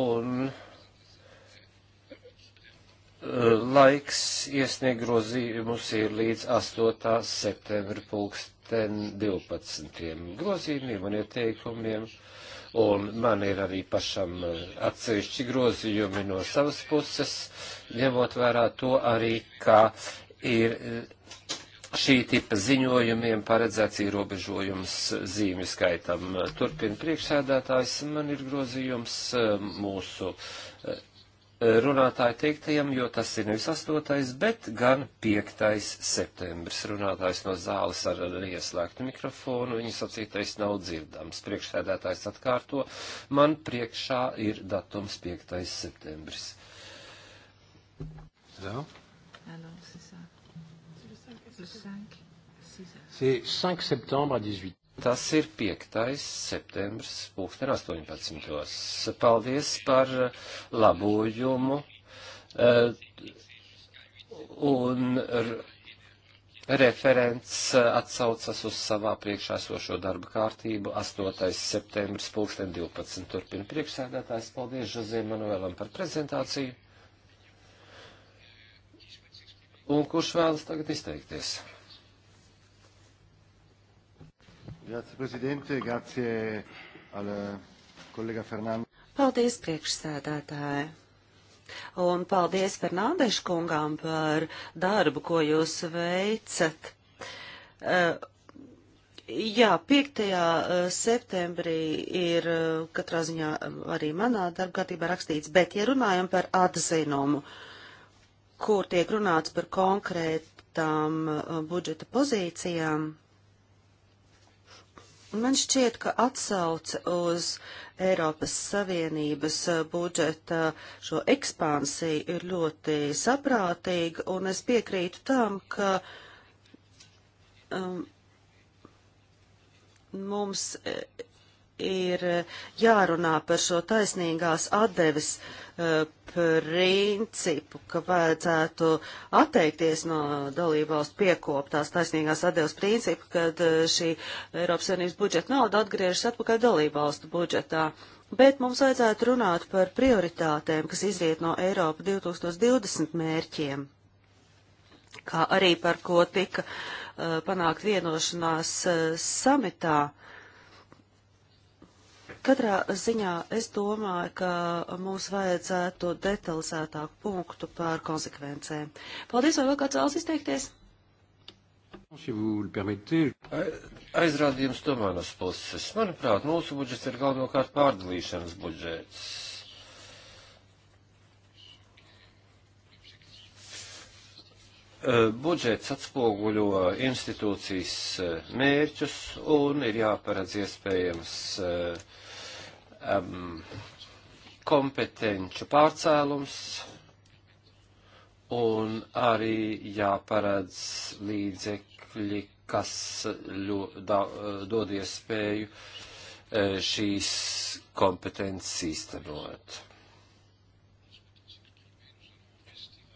un eh, laiks iesniegt grozījumus ir līdz 8. septembra pulksten 12. grozījumiem un ieteikumiem. Un man ir arī pašam eh, atsevišķi grozījumi no savas puses, ņemot vērā to arī, ka ir eh, šī tipa ziņojumiem paredzēts ierobežojums zīmju skaitam. Turpin priekšsēdētājs, man ir grozījums eh, mūsu eh, runātāju teiktajam, jo tas ir nevis 8., bet gan 5. septembris. Runātājs no zāles ar ieslēgtu mikrofonu, viņa sacītais nav dzirdams. Priekšsēdētājs atkārto, man priekšā ir datums 5. septembris. Hello. Hello. 5 septembre à 18. Tas ir 5. septembris, 2018. Paldies par eh, labojumu eh, un referents eh, atsaucas uz savā priekšā sošo darba kārtību 8. septembris, 2012. Turpina priekšsēdētājs. Paldies Žozē Manuēlam par prezentāciju. Un kurš vēlas tagad izteikties? Grazie, prezidente, grazie al kolega Fernando. Paldies, priekšsēdētāji. Un paldies Fernandešu kungām par darbu, ko jūs veicat. Uh, jā, 5. Eh, septembrī ir eh, katrā ziņā arī manā darbgatībā rakstīts, bet ja runājam par atzinumu, uh, kur tiek runāts par konkrētām uh, budžeta pozīcijām, man šķiet, ka atsauce uz Eiropas Savienības uh, budžeta šo ekspansiju ir ļoti saprātīga, un es piekrītu tam, ka um, mums e, ir eh, jārunā par šo taisnīgās atdevis uh, eh, principu, ka vajadzētu atteikties no dalībvalstu piekoptās taisnīgās atdevis principu, kad uh, šī Eiropas Savienības budžeta nauda atgriežas atpakaļ dalībvalstu budžetā. Bet mums vajadzētu runāt par prioritātēm, kas izriet no Eiropa 2020 mērķiem, kā arī par ko tika uh, panākt vienošanās samitā Katrā ziņā es domāju, ka mums vajadzētu detalizētāku punktu par konsekvencēm. Paldies, vai vēl kāds vēlas izteikties? Aizrādījums no manas puses. Manuprāt, mūsu budžets ir galvenokārt pārdalīšanas budžets. Eh, budžets atspoguļo institūcijas eh, mērķus un ir jāparedz iespējams uh, um, kompetenču pārcēlums un arī jāparedz līdzekļi, kas ļo, da, dod iespēju eh, šīs kompetences īstenot.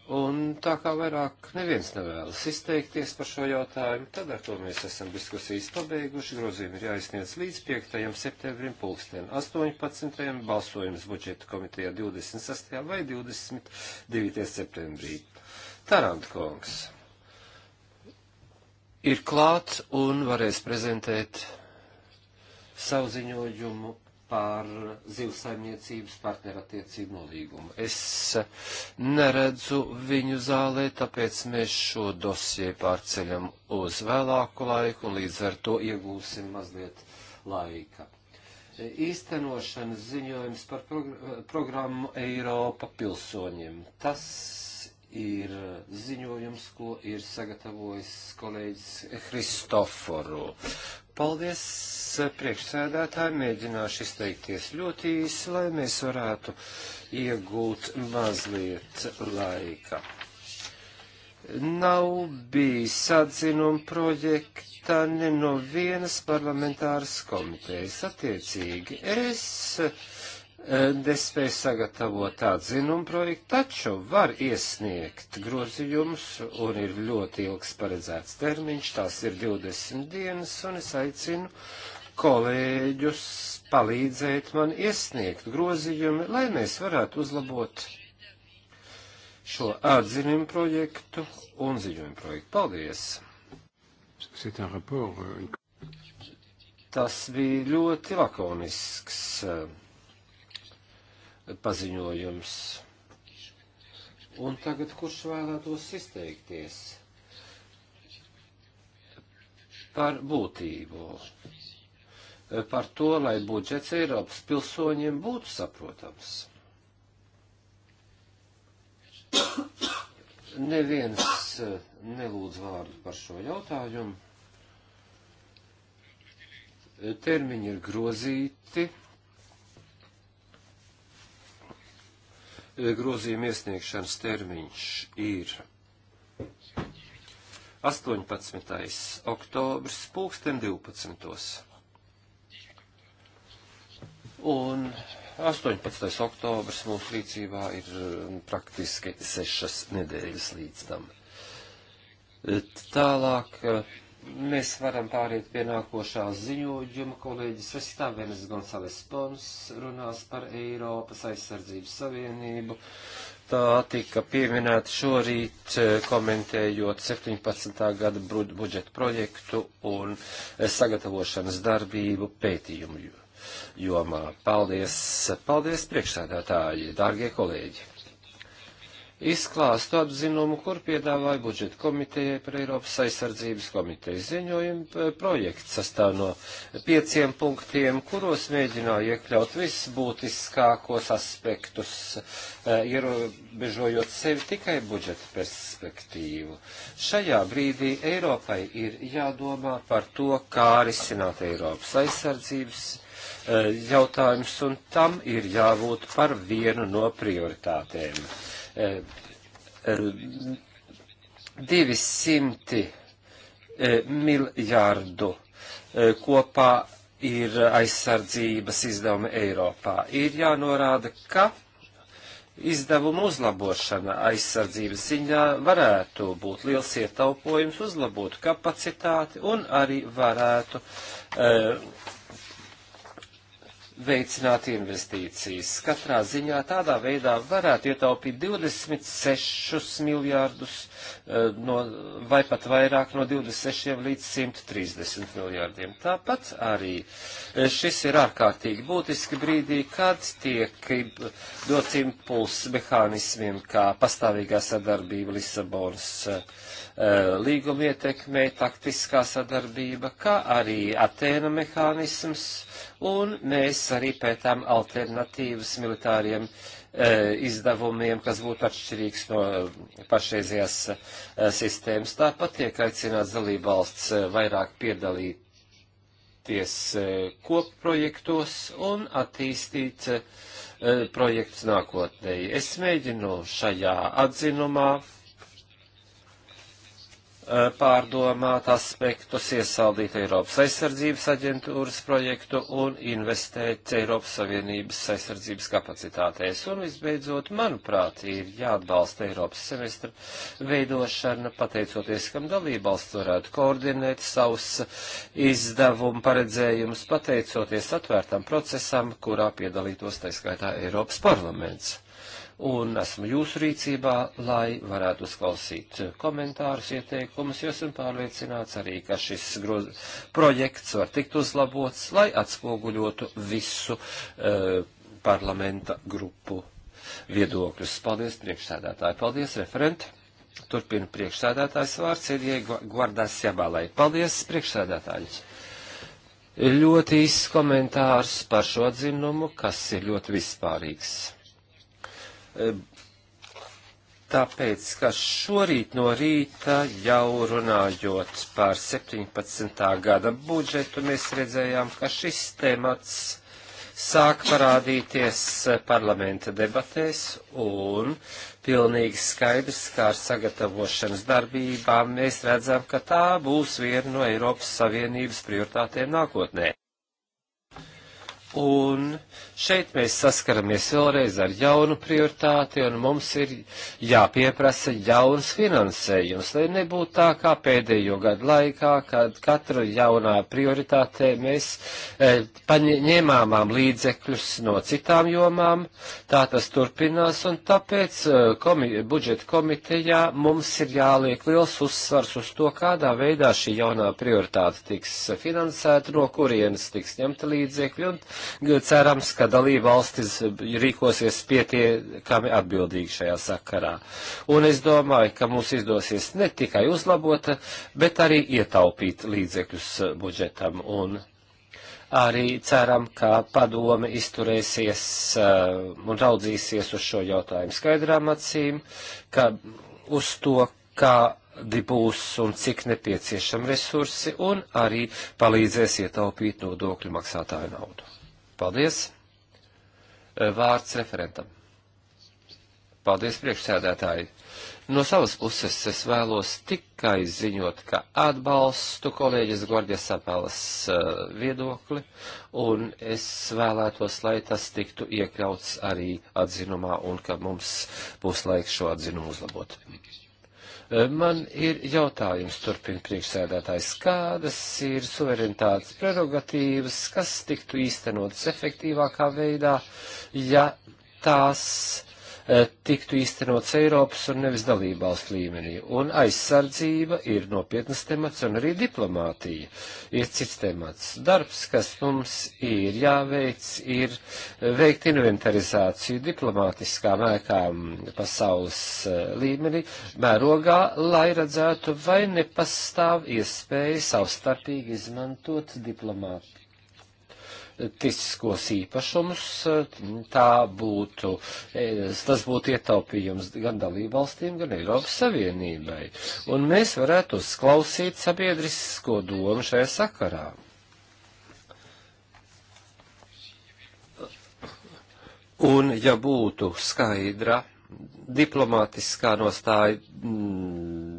Un tā kā vairāk neviens nevēlas izteikties par šo jautājumu, tad ar to mēs esam diskusijas pabeiguši. Grozījumi ir jāizsniedz līdz 5. septembrim pulksten 18. balsojums budžeta komitejā 26. vai 22. septembrī. Tarant kungs ir klāts un varēs prezentēt savu ziņojumu par zivsaimniecības partnerattiecību nolīgumu. Es neredzu viņu zālē, tāpēc mēs šo dosie pārceļam uz vēlāku laiku un līdz ar to iegūsim mazliet laika. Īstenošanas ziņojums par progr programmu Eiropa pilsoņiem. Tas ir ziņojums, ko ir sagatavojis kolēģis Kristoforu, Paldies, eh, priekšsēdētāji, mēģināšu izteikties ļoti īsi, lai mēs varētu iegūt mazliet laika. Nav bijis atzinuma projekta ne no vienas parlamentāras komitejas. Attiecīgi, es Eh, nespēja sagatavot atzinumu projektu, taču var iesniegt grozījumus un ir ļoti ilgs paredzēts termiņš, tās ir 20 dienas, un es aicinu kolēģus palīdzēt man iesniegt grozījumi, lai mēs varētu uzlabot šo atzinumu projektu un ziņojumu projektu. Paldies! Euh, Tas bija ļoti lakonisks. Uh, paziņojums. Un tagad kurš vēlētos izteikties par būtību, par to, lai budžets Eiropas pilsoņiem būtu saprotams. Neviens eh, nelūdz vārdu par šo jautājumu. Termiņi ir grozīti grozījuma iesniegšanas termiņš ir 18. oktobris, pulksten 12. Un 18. oktobris mūsu rīcībā ir um, praktiski sešas nedēļas līdz tam. Tālāk uh, Mēs varam pāriet pie nākošā ziņojuma. Kolēģis Estāvenes Gonzales Pons runās par Eiropas aizsardzības savienību. Tā tika pieminēta šorīt, eh, komentējot 17. gada budžeta projektu un eh, sagatavošanas darbību pētījumu jomā. Paldies, paldies priekšsēdētāji, dārgie kolēģi! izklāstu apzinumu, kur piedāvāja budžeta komitejai par Eiropas aizsardzības komiteju. Ziņojuma projekts sastāv no pieciem punktiem, kuros mēģināja iekļaut viss būtiskākos aspektus, e, ierobežojot sevi tikai budžeta perspektīvu. Šajā brīdī Eiropai ir jādomā par to, kā risināt Eiropas aizsardzības e, jautājums, un tam ir jābūt par vienu no prioritātēm. 200 eh, miljārdu eh, kopā ir aizsardzības izdevumi Eiropā. Ir jānorāda, ka izdevumu uzlabošana aizsardzības ziņā varētu būt liels ietaupojums, uzlabotu kapacitāti un arī varētu uh, veicināt investīcijas. Katrā ziņā tādā veidā varētu ietaupīt 26 miljārdus eh, no, vai pat vairāk no 26 līdz 130 miljārdiem. Tāpat arī eh, šis ir ārkārtīgi būtiski brīdī, kad tiek dots impuls mehānismiem kā pastāvīgā sadarbība Lisabonas eh, līguma ietekmē, taktiskā sadarbība, kā arī Atēna mehānisms, un mēs arī pētām alternatīvas militāriem e, izdevumiem, kas būtu atšķirīgs no pašreizējās e, sistēmas. Tāpat tiek aicināts dalībvalsts e, vairāk piedalīties kopprojektos un attīstīt projektus nākotnēji. Es mēģinu šajā atzinumā Eh, pārdomāt aspektus, iesaldīt Eiropas aizsardzības aģentūras projektu un investēt Eiropas Savienības aizsardzības kapacitātēs. Un visbeidzot, manuprāt, ir jāatbalsta Eiropas semestra veidošana, pateicoties, kam dalībvalsts varētu koordinēt savus izdevumu paredzējumus, pateicoties atvērtam procesam, kurā piedalītos taiskaitā Eiropas parlaments un esmu jūsu rīcībā, lai varētu uzklausīt komentārus, ieteikumus, jo esmu pārliecināts arī, ka šis groz... projekts var tikt uzlabots, lai atspoguļotu visu uh, parlamenta grupu viedokļus. Paldies, priekšsēdētāji, paldies, referenti. Turpina priekšsēdētājs vārds ir Iegvardās Jabalai. Paldies, priekšsēdētāji. Ļoti īsts komentārs par šo dzinumu, kas ir ļoti vispārīgs tāpēc, ka šorīt no rīta jau runājot par 17. gada budžetu, mēs redzējām, ka šis temats sāk parādīties parlamenta debatēs un pilnīgi skaidrs, kā ar sagatavošanas darbībām mēs redzam, ka tā būs viena no Eiropas Savienības prioritātēm nākotnē. Un Šeit mēs saskaramies vēlreiz ar jaunu prioritāti, un mums ir jāpieprasa jauns finansējums, lai nebūtu tā kā pēdējo gadu laikā, kad katra jaunā prioritātē mēs e, paņēmām līdzekļus no citām jomām. Tā tas turpinās, un tāpēc e, komi budžeta komitejā mums ir jāliek liels uzsvars uz to, kādā veidā šī jaunā prioritāte tiks finansēta, no kurienes tiks ņemta līdzekļi, un cerams, ka ka dalība valstis rīkosies pietiekami atbildīgi šajā sakarā. Un es domāju, ka mums izdosies ne tikai uzlabot, bet arī ietaupīt līdzekļus budžetam. Un arī ceram, ka padome izturēsies eh, un raudzīsies uz šo jautājumu skaidrām acīm, ka uz to, kā dibūs un cik nepieciešami resursi, un arī palīdzēs ietaupīt nodokļu maksātāju naudu. Paldies! Eh, vārds referentam. Paldies, priekšsēdētāji. No savas puses es vēlos tikai ziņot, ka atbalstu kolēģis Gorģes Sapelas eh, viedokli, un es vēlētos, lai tas tiktu iekļauts arī atzinumā, un ka mums būs laiks šo atzinumu uzlabot. Man ir jautājums, turpina priekšsēdētājs, kādas ir suverenitātes prerogatīvas, kas tiktu īstenotas efektīvākā veidā, ja tās Eh, tiktu īstenots Eiropas un nevis dalībvalstu līmenī. Un aizsardzība ir nopietnas temats, un arī diplomātija ir cits temats. Darbs, kas mums ir jāveic, ir veikt inventarizāciju diplomātiskām ēkām pasaules eh, līmenī, mērogā, lai redzētu, vai nepastāv iespēja savstarpīgi izmantot diplomātiju tiskos īpašumus, tā būtu, e, tas būtu ietaupījums gan dalībvalstīm, gan Eiropas Savienībai. Un mēs varētu uzklausīt sabiedrisko domu šajā sakarā. Un ja būtu skaidra diplomātiskā nostāja. Mm,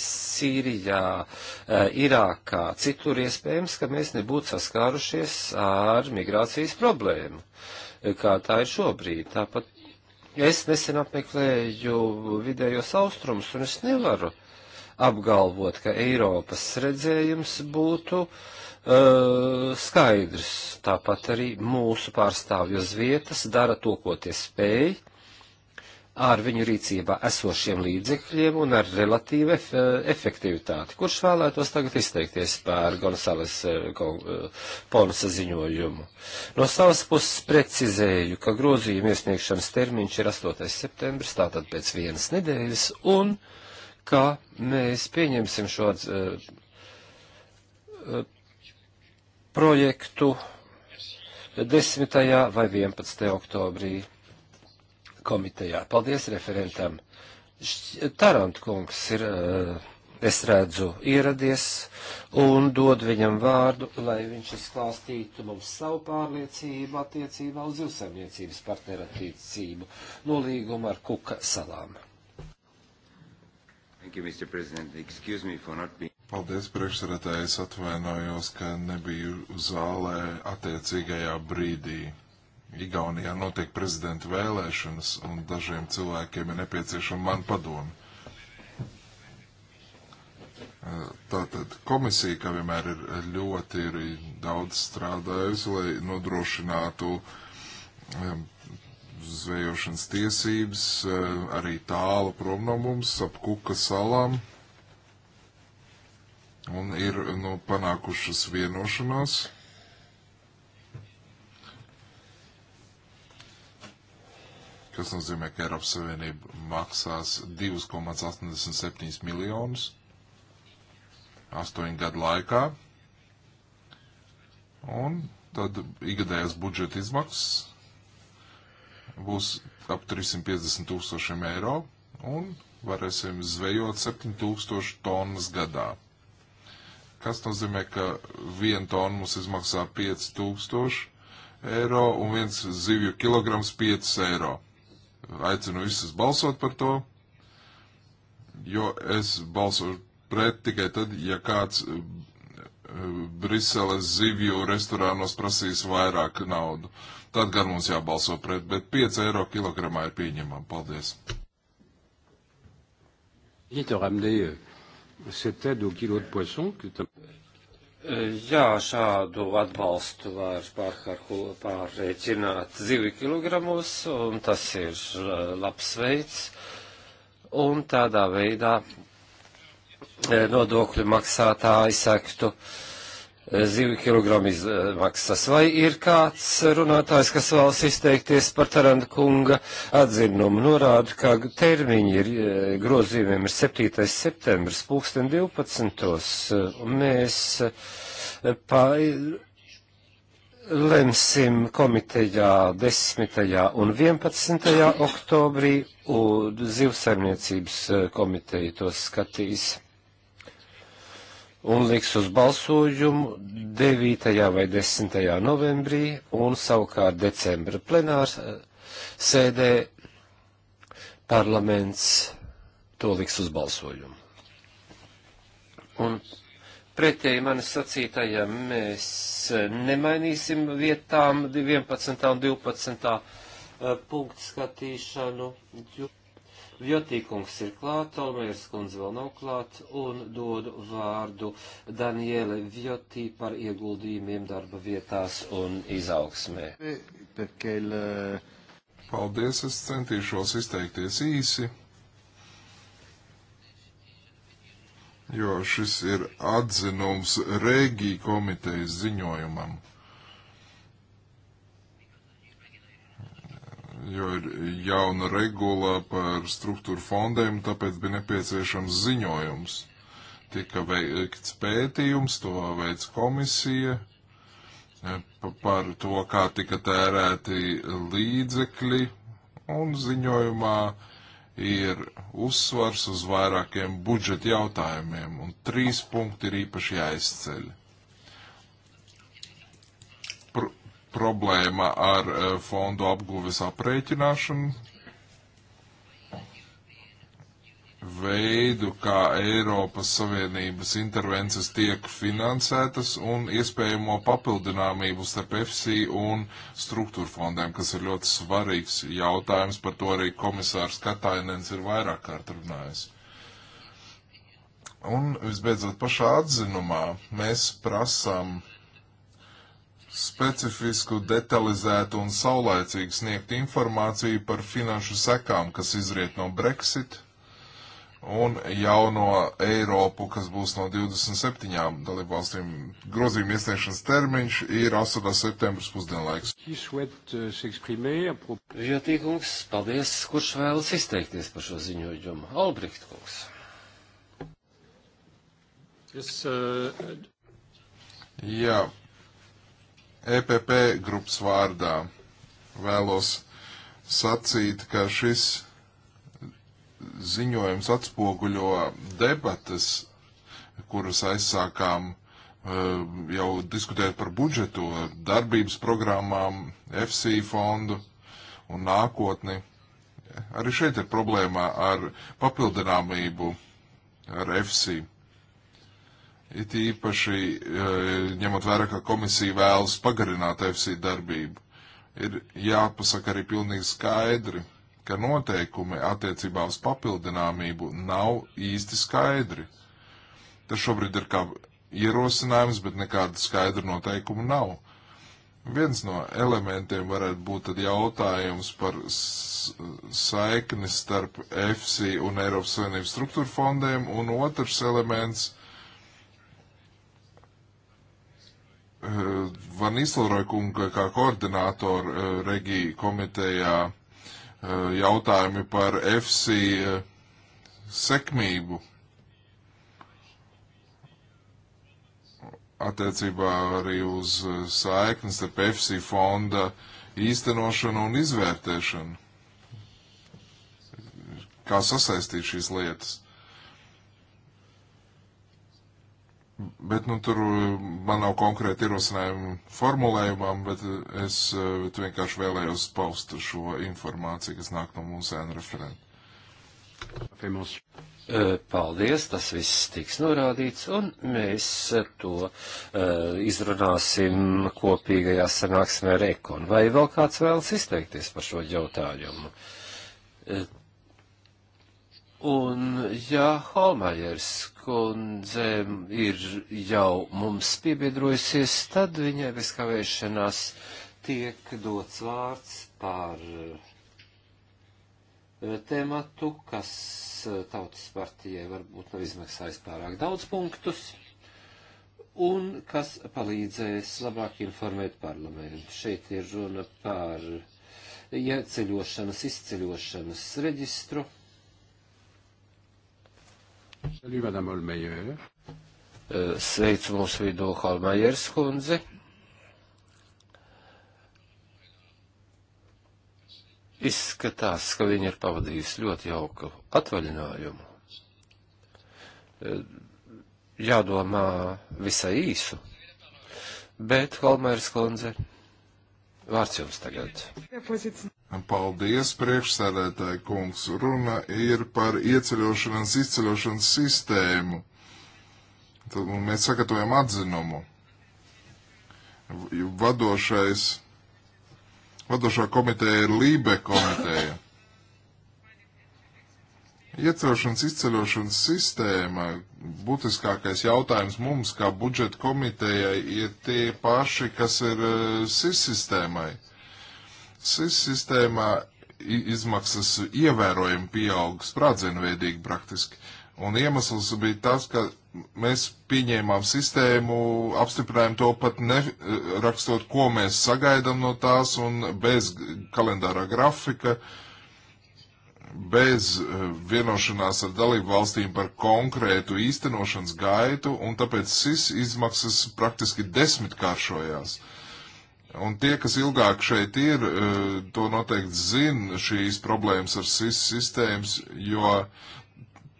Sīrijā, e, Irākā, citur iespējams, ka mēs nebūtu saskārušies ar migrācijas problēmu, e, kā tā ir šobrīd. Tāpat es nesen apmeklēju vidējos austrumus, un es nevaru apgalvot, ka Eiropas redzējums būtu uh, skaidrs. Tāpat arī mūsu pārstāvju uz vietas dara to, ko tie spēj ar viņu rīcībā esošiem līdzekļiem un ar relatīvu ef eh, efektivitāti. Kurš vēlētos tagad izteikties par Gonzales eh, eh, Ponsa ziņojumu? No savas puses precizēju, ka grozījuma iesniegšanas termiņš ir 8. septembris, tātad pēc vienas nedēļas, un ka mēs pieņemsim šo uh, uh, projektu 10. vai 11. oktobrī komitejā. Paldies referentam. Tarant kungs ir, eh, es redzu, ieradies un dod viņam vārdu, lai viņš izklāstītu mums savu pārliecību attiecībā uz zivsaimniecības partnerattiecību nolīgumu ar kuka salām. Thank you, Mr. President. Excuse me for not being. Paldies, priekšsarētāji, es atvainojos, ka nebiju zālē attiecīgajā brīdī. Igaunijā notiek prezidenta vēlēšanas, un dažiem cilvēkiem ir nepieciešama man padomi. Tātad komisija, kā vienmēr, ir ļoti ir daudz strādājusi, lai nodrošinātu um, zvejošanas tiesības um, arī tālu prom no mums, ap kuka salām, un ir nu, panākušas vienošanās. kas nozīmē, ka Eiropas Savienība maksās 2,87 miljonus astoņu gadu laikā. Un tad ikgadējās budžeta izmaksas būs ap 350 tūkstošiem eiro un varēsim zvejot 7000 tonnas gadā. Kas nozīmē, ka viena tonna mums izmaksā 5000 eiro un viens zivju kilograms 5 eiro. Aicinu visus balsot par to, jo es balsoju pret tikai tad, ja kāds eh, Briseles zivju restorānos prasīs vairāk naudu. Tad gan mums jābalso pret, bet 5 eiro kilogramā ir pieņemama. Paldies! Vite ramener cette aide au kilo de poisson que tu as... Jā, šādu atbalstu var pārreikināt zivi kilogramos, un tas ir uh, labs veids. Un tādā veidā eh, nodokļu maksātāji sektu uh, zivju kilogramu izmaksas. Vai ir kāds runātājs, kas vēlas izteikties par Taranda kunga atzinumu? Norāda, ka termiņi ir, e, grozījumiem ir 7. septembris, pulksten 12. Mēs e, pa, lemsim komitejā 10. un 11. oktobrī, un zivsaimniecības e, komiteja tos skatīs un liks uz balsojumu 9. vai 10. novembrī un savukārt decembra plenārs eh, sēdē parlaments to liks uz balsojumu. Un Pretēji manis sacītajam mēs nemainīsim vietām 11. un 12. Eh, punktu skatīšanu. Jo... Jotīkungs ir klāt, Olmērs kundze vēl nav klāt, un dodu vārdu Daniele Vjotī par ieguldījumiem darba vietās un izaugsmē. Eh, Paldies, es centīšos izteikties īsi, jo šis ir atzinums Rēgī komitejas ziņojumam. jo ir jauna regula par struktūru fondiem, tāpēc bija nepieciešams ziņojums. Tika veikts pētījums, to veids komisija eh, par to, kā tika tērēti līdzekļi, un ziņojumā ir uzsvars uz vairākiem budžeta jautājumiem, un trīs punkti ir īpaši jāizceļ. Pr problēma ar e, fondu apguves aprēķināšanu, veidu, kā Eiropas Savienības intervences tiek finansētas un iespējamo papildināmību starp FC un struktūra fondiem, kas ir ļoti svarīgs jautājums, par to arī komisārs Katainens ir vairāk kārt runājis. Un visbeidzot pašā atzinumā mēs prasām specifisku, detalizētu un saulēcīgu sniegt informāciju par finanšu sekām, kas izriet no Brexit un jauno Eiropu, kas būs no 27 dalībvalstīm. Grozījuma iesniegšanas termiņš ir 8. septembris pusdienlaiks. Euh, Rietīkungs, paldies, kurš vēlas izteikties par šo ziņojumu? Albrikt kungs. Yes, uh... Jā, EPP grupas vārdā vēlos sacīt, ka šis ziņojums atspoguļo debatas, kuras aizsākām e, jau diskutēt par budžetu, darbības programmām, FC fondu un nākotni. Arī šeit ir problēma ar papildināmību ar FC. It īpaši e, ņemot vērā, ka komisija vēlas pagarināt FC darbību. Ir jāpasaka arī pilnīgi skaidri, ka noteikumi attiecībā uz papildināmību nav īsti skaidri. Tas šobrīd ir kā ierosinājums, bet nekāda skaidra noteikuma nav. Viens no elementiem varētu būt tad jautājums par saikni starp EFSI un Eiropas Savienības struktūra fondiem, un otrs elements Eh, Van Isleroja kunga kā koordinātoru eh, regiju komitejā eh, jautājumi par FC sekmību attiecībā arī uz saiknes ar FC fonda īstenošanu un izvērtēšanu. Kā sasaistīt šīs lietas? Bet nu, tur eh, man nav konkrēti ierosinājumu formulējumam, bet eh, es eh, bet vienkārši vēlējos paust šo informāciju, kas nāk no mūsu ēnu referenta. Paldies, tas viss tiks norādīts, un mēs to uh, izrunāsim kopīgajā sanāksmē ar Ekonu. Vai vēl kāds vēlas izteikties par šo jautājumu? Uh, Un, ja Holmajers kundze ir jau mums piebiedrojusies, tad viņai bez kavēšanās tiek dots vārds par eh, tēmatu, kas eh, tautas partijai varbūt nav izmaksājis pārāk daudz punktus, un kas palīdzēs labāk informēt parlamentu. Šeit ir runa par eh, ieceļošanas, izceļošanas reģistru Sveicu mūsu vidū Holmajers kundzi. Izskatās, ka viņa ir pavadījusi ļoti jauku atvaļinājumu. Jādomā visai īsu. Bet, Holmajers kundze, vārds jums tagad. Paldies, priekšsēdētāji kungs. Runa ir par ieceļošanas, izceļošanas sistēmu. Tad mēs sagatavojam atzinumu. Vadošais, vadošā komiteja ir Lībe komiteja. Ieceļošanas, izceļošanas sistēma, būtiskākais jautājums mums, kā budžeta komitejai, ir tie paši, kas ir eh, SIS sistēmai. Uh, SIS sistēmā izmaksas ievērojami pieauga sprādzienveidīgi praktiski. Un iemesls bija tas, ka mēs pieņēmām sistēmu, apstiprinājām to pat ne, rakstot, ko mēs sagaidām no tās un bez kalendārā grafika, bez e, vienošanās ar dalību valstīm par konkrētu īstenošanas gaitu, un tāpēc SIS izmaksas praktiski desmitkāršojās. Uh, Un tie, kas ilgāk šeit ir, e, to noteikti zina šīs problēmas ar SIS sistēmas, jo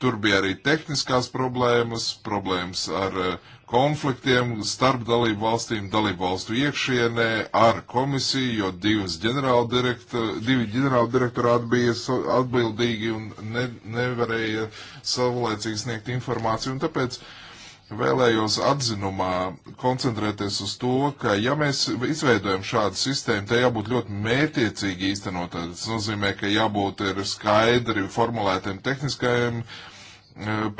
tur bija arī tehniskās problēmas, problēmas ar e, konfliktiem starp dalību valstīm, dalību valstu iekšienē, ar komisiju, jo divas ģenerāldirektu, divi ģenerāldirektorāti bija atbildīgi un ne, nevarēja savlaicīgi sniegt informāciju. Un tāpēc uh, vēlējos atzinumā koncentrēties uz to, ka ja mēs izveidojam šādu sistēmu, tai jābūt ļoti mērķiecīgi īstenotā. Tas nozīmē, ka jābūt ir skaidri formulētiem tehniskajiem e,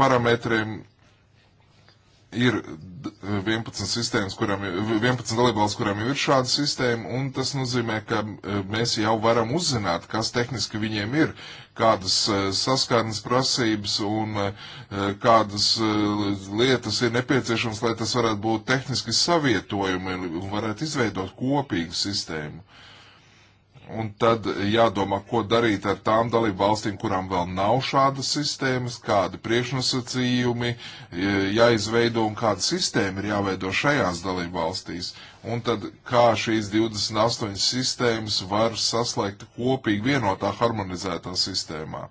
parametriem. Ir 11 sistēmas, kurām, 11 dalībvalsts, kurām jau ir šāda sistēma, un tas nozīmē, ka e, mēs jau varam uzzināt, kas tehniski viņiem ir, kādas eh, saskarnes prasības un eh, kādas eh, lietas ir nepieciešams, lai tas varētu būt tehniski savietojumi un varētu izveidot kopīgu sistēmu. Un tad jādomā, ko darīt ar tām dalību valstīm, kurām vēl nav šādas sistēmas, kādi priekšnosacījumi e, jāizveido un kāda sistēma ir jāveido šajās dalību valstīs. Un tad kā šīs 28 sistēmas var saslēgt kopīgi vienotā harmonizētā sistēmā.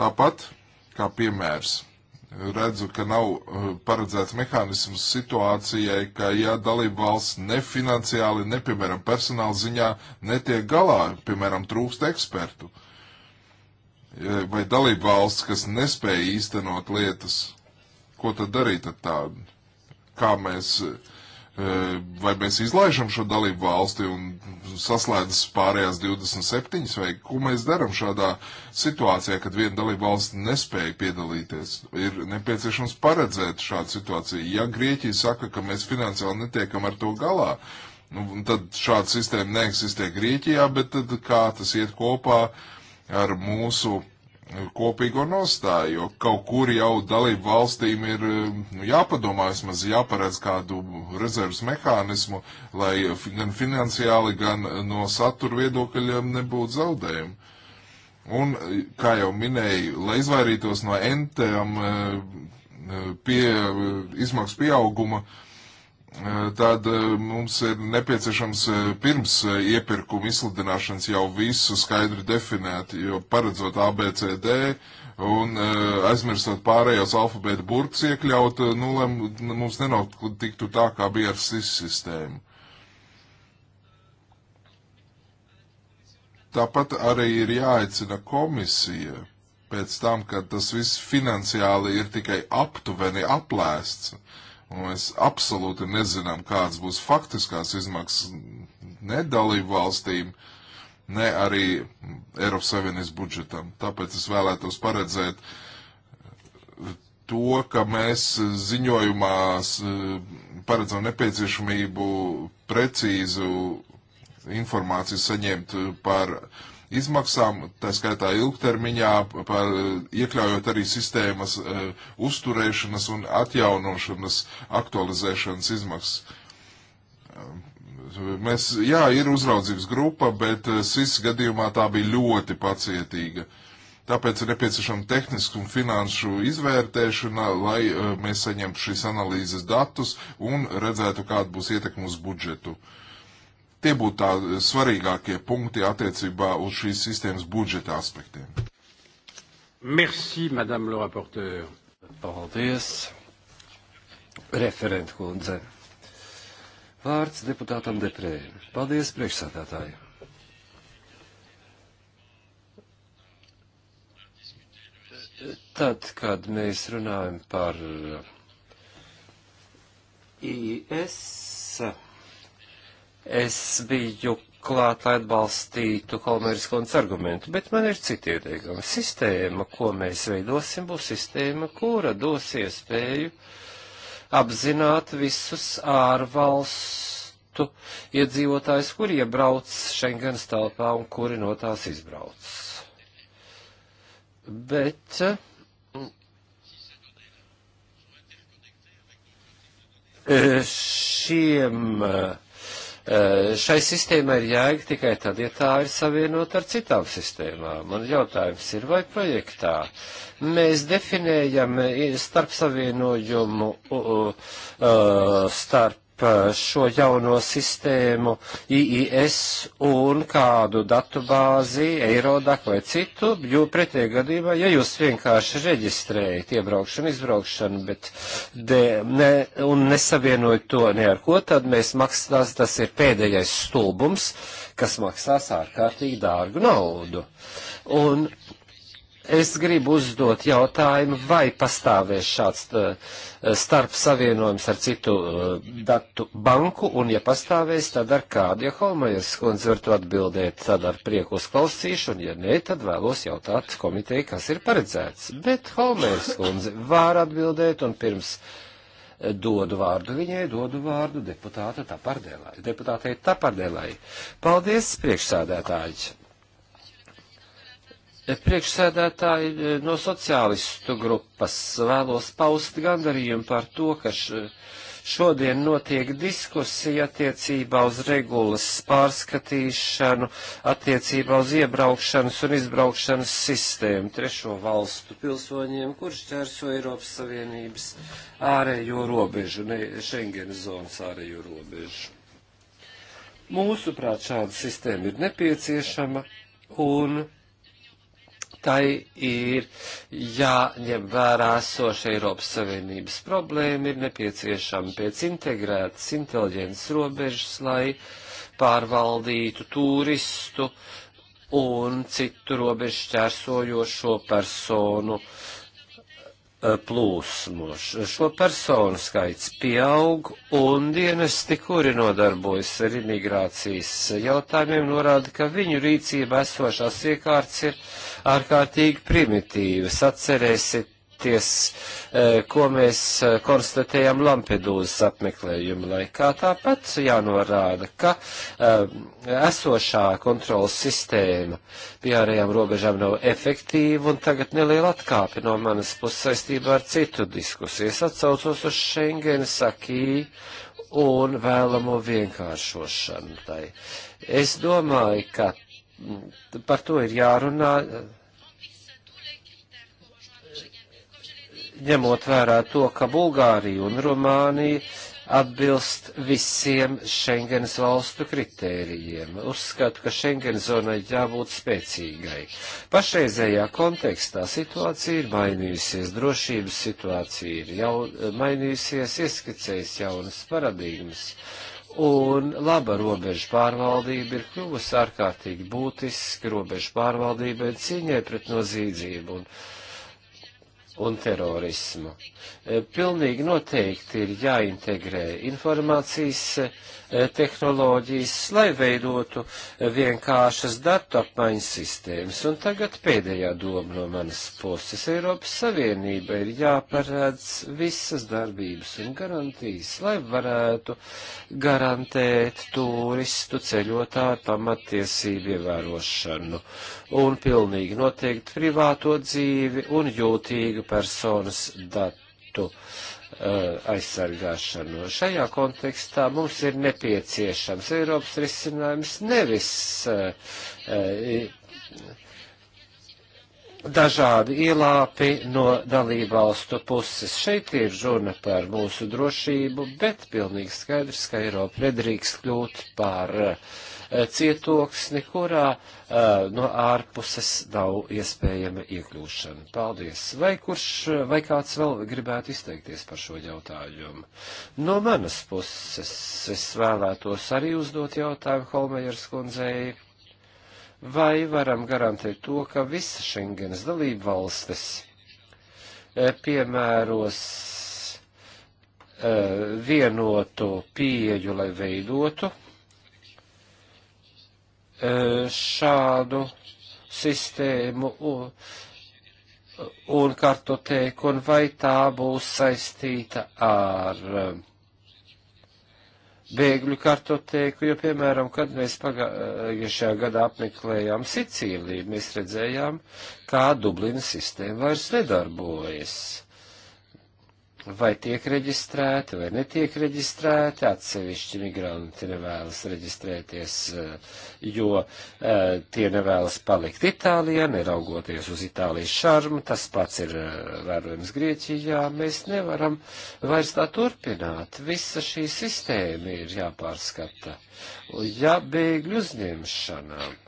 Tāpat, kā piemērs, redzu, ka nav eh, paredzēts mehānisms situācijai, ka ja dalība valsts nefinanciāli, ne, piemēram, personāla ziņā netiek galā, piemēram, trūkst ekspertu, vai dalība valsts, kas nespēja īstenot lietas, ko tad darīt ar tādu? Kā mēs uh, Eh, vai mēs izlaižam šo dalību valsti un saslēdzas pārējās 27, vai ko mēs darām šādā situācijā, kad viena dalība valsts nespēja piedalīties. Ir nepieciešams paredzēt šādu situāciju. Ja Grieķija saka, ka mēs finansiāli netiekam ar to galā, nu, tad šāda sistēma neeksistē Grieķijā, bet tad kā tas iet kopā ar mūsu kopīgo nostāju, jo kaut kur jau dalību valstīm ir nu, jāpadomā, vismaz jāparedz kādu rezerves mehānismu, lai gan finansiāli, gan eh, no satura viedokļa nebūtu zaudējumi. Un, eh, kā jau minēju, lai izvairītos no entēm pie izmaksu pieauguma, uh, Eh, tad eh, mums ir nepieciešams eh, pirms iepirkuma izsludināšanas jau visu skaidri definēt, jo paredzot ABCD un aizmirstot pārējos alfabēta burts iekļaut, nu, lai mums nenotiktu tā, kā bija ar SIS sistēmu. Tāpat arī ir jāaicina komisija pēc tam, kad tas viss finansiāli ir tikai aptuveni aplēsts. Uh, un mēs absolūti nezinām, kādas būs faktiskās izmaksas ne dalību valstīm, ne arī Eiropas Savienības budžetam. Tāpēc es vēlētos paredzēt eh, to, ka mēs ziņojumā eh, paredzam nepieciešamību precīzu informāciju saņemt par uh, izmaksām, tā skaitā ilgtermiņā, par, iekļaujot arī sistēmas uh, uzturēšanas un atjaunošanas aktualizēšanas izmaksas. Uh, mēs, jā, ir uzraudzības grupa, bet eh, SIS gadījumā tā bija ļoti pacietīga. Tāpēc ir nepieciešama tehniska un finanšu izvērtēšana, lai uh, mēs saņemtu šīs analīzes datus un redzētu, kāda būs ietekme uz budžetu. Uh, Tie būtu tā svarīgākie punkti attiecībā uz šīs sistēmas budžeta aspektiem. Merci, madame le rapporteur. Paldies, referent kundze. Vārds deputātam Deprē. Paldies, priekšsādātāji. Tad, kad mēs runājam par IS Es biju klāt, lai atbalstītu Holmēras kundzes argumentu, bet man ir citi ieteikumi. Sistēma, ko mēs veidosim, būs sistēma, kura dos iespēju apzināt visus ārvalstu iedzīvotājus, kuri iebrauc Schengens telpā un kuri no tās izbrauc. Bet eh, šiem eh, Eh, šai sistēmai ir jēga tikai tad, ja tā ir savienota ar citām sistēmām. Man jautājums ir, vai projektā mēs definējam eh, starp savienojumu starp šo jauno sistēmu IIS un kādu datubāzi, Eirodak vai citu, jo pretie gadījumā, ja jūs vienkārši reģistrējat iebraukšanu, izbraukšanu, bet de, ne, un nesavienojat to ne ar ko, tad mēs maksās, tas ir pēdējais stulbums, kas maksās ārkārtīgi dārgu naudu. Un Es gribu uzdot jautājumu, vai pastāvēs šāds eh, starp savienojums ar citu eh, datu banku, un ja pastāvēs, tad ar kādu, ja Holmajers kundze var to atbildēt, tad ar prieku uzklausīšu, un ja nē, tad vēlos jautāt komiteju, kas ir paredzēts. Bet Holmajers kundze var atbildēt, un pirms eh, dodu vārdu viņai, dodu vārdu deputāta tapardēlai. Deputātei tapardēlai. Paldies, priekšsādētāji! Priekšsēdētāji eh, no sociālistu grupas vēlos paust gandarījumu par to, ka šodien notiek diskusija attiecībā uz regulas pārskatīšanu, attiecībā uz iebraukšanas un izbraukšanas sistēmu trešo valstu pilsoņiem, kurš ķērso Eiropas Savienības ārējo robežu, ne Schengen zonas ārējo robežu. Mūsuprāt, šāda sistēma ir nepieciešama un tai ir jāņem vērā soša Eiropas Savienības problēma, ir nepieciešama pēc integrētas inteliģences robežas, lai pārvaldītu turistu un citu robežu šķērsojošo personu uh, plūsmu. Šo personu skaits pieaug, un dienesti, kuri nodarbojas ar imigrācijas jautājumiem, norāda, ka viņu rīcība esošās iekārts ir ārkārtīgi primitīvas. Atcerēsit atcerēties, e, ko mēs e, konstatējam Lampedūzas apmeklējuma laikā. Tāpat jānorāda, ka e, esošā kontrolas sistēma pie ārējām robežām nav efektīva un tagad neliela atkāpe no manas puses saistībā ar citu diskusiju. Es atsaucos uz Schengen sakī un vēlamo vienkāršošanu. Tai. Es domāju, ka par to ir jārunā ņemot vērā to, ka Bulgārija un Rumānija atbilst visiem Schengenas valstu kritērijiem. Uzskatu, ka Schengen zonai jābūt spēcīgai. Pašreizējā kontekstā situācija ir mainījusies, drošības situācija ir jau mainījusies, ieskicējis jaunas paradigmas, un laba robeža pārvaldība ir kļuvusi ārkārtīgi būtiska robeža pārvaldībai cīņai pret nozīdzību. Un, un terorismu. Pilnīgi noteikti ir jāintegrē informācijas E, tehnoloģijas, lai veidotu vienkāršas datu apmaiņas sistēmas. Un tagad pēdējā doma no manas puses. Eiropas Savienība ir jāparēdz visas darbības un garantijas, lai varētu garantēt turistu ceļotāju pamattiesību ievērošanu un pilnīgi noteikti privāto dzīvi un jūtīgu personas datu. Uh, Eh, aizsargāšanu. Šajā kontekstā mums ir nepieciešams Eiropas risinājums nevis eh, eh, dažādi ielāpi no dalībvalstu puses. Šeit ir runa par mūsu drošību, bet pilnīgi skaidrs, ka Eiropa nedrīkst kļūt par eh, cietoksni, kurā uh, no ārpuses nav iespējama iekļūšana. Paldies. Vai kurš, vai kāds vēl gribētu izteikties par šo jautājumu? No manas puses es vēlētos arī uzdot jautājumu Holmejers kundzei vai varam garantēt to, ka visas Schengenas dalība valstis eh, piemēros eh, vienotu pieeju, lai veidotu eh, šādu sistēmu un kartotēku, un vai tā būs saistīta ar uh, bēgļu kartotēku, jo, piemēram, kad mēs pagājušajā gadā apmeklējām Sicīliju, mēs redzējām, kā Dublinas sistēma vairs nedarbojas vai tiek reģistrēti vai netiek reģistrēti. Atsevišķi migranti nevēlas reģistrēties, eh, jo eh, tie nevēlas palikt Itālijā, neraugoties uz Itālijas šarmu. Tas pats ir eh, vērojams Grieķijā. Mēs nevaram vairs tā turpināt. Visa šī sistēma ir jāpārskata. Ja bēgļu uzņemšanām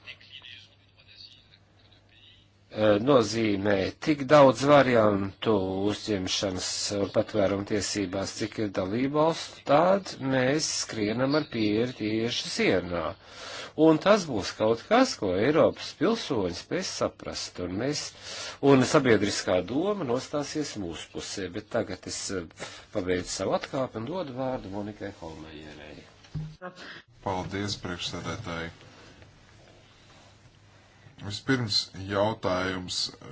nozīmē tik daudz variantu uzņemšanas un patvērumu tiesībās, cik ir dalībvalstu, tad mēs skrienam ar pieri tieši sienā. Un tas būs kaut kas, ko Eiropas pilsoņi spēs saprast, un mēs, un sabiedriskā doma nostāsies mūsu pusē, bet tagad es eh, pabeidzu savu atkāpu un dodu vārdu Monikai Holmējērēji. Paldies, priekšsēdētāji! Vispirms jautājums eh,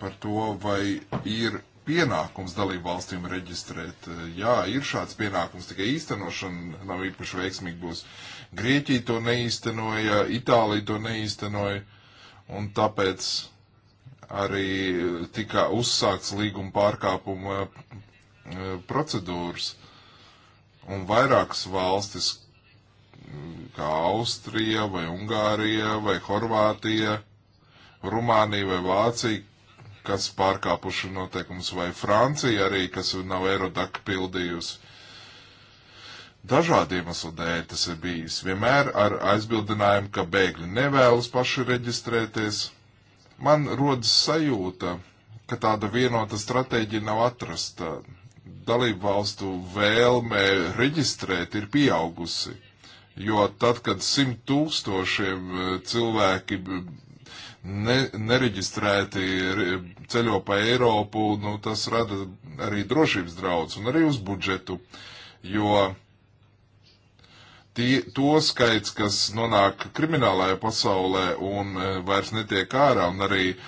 par to, vai ir pienākums dalību valstīm reģistrēt. Eh, jā, ir šāds pienākums, tikai īstenošana nav īpaši veiksmīga būs. Grieķija to neīstenoja, Itālija to neīstenoja, un tāpēc arī tika uzsākts līguma pārkāpuma eh, procedūras. Un vairākas valstis, kā Austrija vai Ungārija vai Horvātija, Rumānija vai Vācija, kas pārkāpuši noteikumus, vai Francija arī, kas nav Eirodak pildījusi. Dažādiem iemeslu dēļ tas ir bijis. Vienmēr ar aizbildinājumu, ka bēgļi nevēlas paši reģistrēties. Man rodas sajūta, ka tāda vienota stratēģija nav atrasta. Dalību valstu vēlme reģistrēt ir pieaugusi. Jo tad, kad simt tūkstošiem e, cilvēki ne, nereģistrēti ceļo pa Eiropu, nu, tas rada arī drošības draudz un arī uz budžetu. Jo tie, to skaits, kas nonāk kriminālajā pasaulē un e, vairs netiek ārā, un arī uh,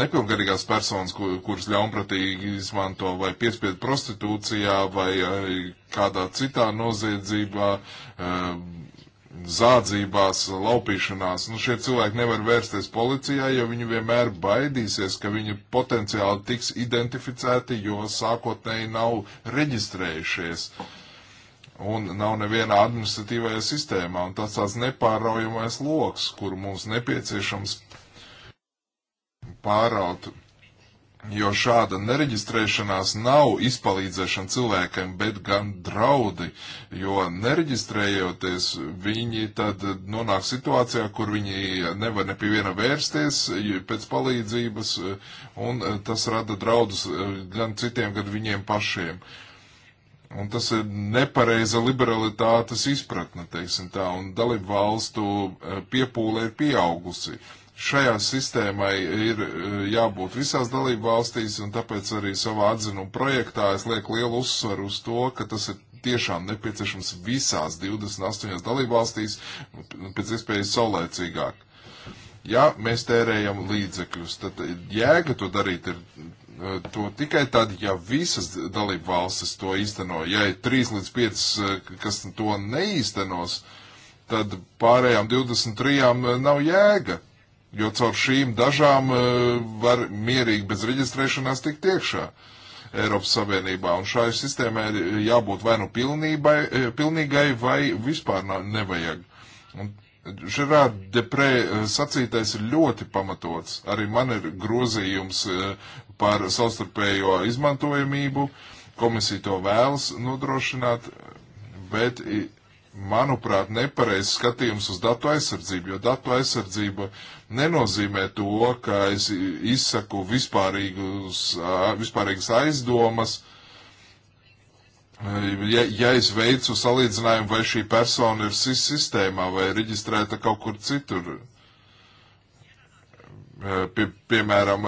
nepilngadīgās personas, kur, kuras ļaunprātīgi izmanto vai piespiedu prostitūcijā vai kādā citā noziedzībā, zādzībās, laupīšanās. Nu, šie cilvēki nevar vērsties policijā, jo viņi vienmēr baidīsies, ka viņi potenciāli tiks identificēti, jo sākotnēji nav reģistrējušies. Un nav nevienā administratīvajā sistēmā, un tas tāds nepārraujamais loks, kur mums nepieciešams pāraut. Jo šāda nereģistrēšanās nav izpalīdzēšana cilvēkiem, bet gan draudi, jo nereģistrējoties viņi tad nonāk situācijā, kur viņi nevar ne pie viena vērsties pēc palīdzības, un tas rada draudus e, gan citiem, gan viņiem pašiem. Un tas ir nepareiza liberalitātes izpratne, teiksim tā, un dalību valstu e, piepūle ir pieaugusi. Šajā sistēmai ir eh, jābūt visās dalību valstīs, un tāpēc arī savā atzinuma projektā es lieku lielu uzsvaru uz to, ka tas ir tiešām nepieciešams visās 28 dalību valstīs nu, nu, pēc iespējas saulēcīgāk. Ja mēs tērējam līdzekļus, tad jēga to darīt ir eh, to tikai tad, ja visas dalību valstis to īsteno. Ja ir 3 līdz 5, eh, kas to neīstenos, tad pārējām 23 nav jēga jo caur šīm dažām e, var mierīgi bez reģistrēšanās tikt iekšā Eiropas Savienībā. Un šai sistēmai ir jābūt vai nu pilnībai, e, pilnīgai, vai vispār nevajag. Un Žerāda Deprē e, sacītais ir ļoti pamatots. Arī man ir grozījums par savstarpējo izmantojamību. Komisija to vēlas nodrošināt, bet manuprāt, nepareizs skatījums uz datu aizsardzību, jo datu aizsardzība nenozīmē to, ka es izsaku vispārīgas aizdomas, ja, ja es veicu salīdzinājumu, vai šī persona ir SIS sistēmā vai reģistrēta kaut kur citur. Pie, piemēram,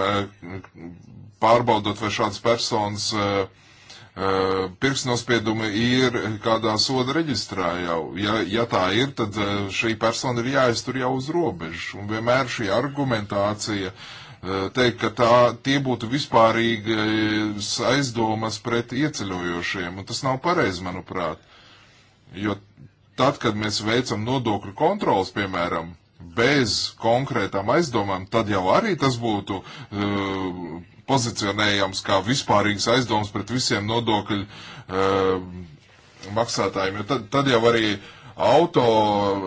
pārbaudot, vai šāds personas uh, pirksnospiedumi ir kādā soda reģistrā jau. Ja, ja tā ir, tad šī persona ir jāiztur jau uz robežas. Un vienmēr šī argumentācija teikt, ka tā, tie būtu vispārīgas aizdomas pret ieceļojošiem. Un tas nav pareizi, manuprāt. Jo tad, kad mēs veicam nodokļu kontrolas, piemēram, bez konkrētām aizdomām, tad jau arī tas būtu uh, pozicionējams kā vispārīgs aizdoms pret visiem nodokļu uh, maksātājiem. Jo tad, tad jau arī auto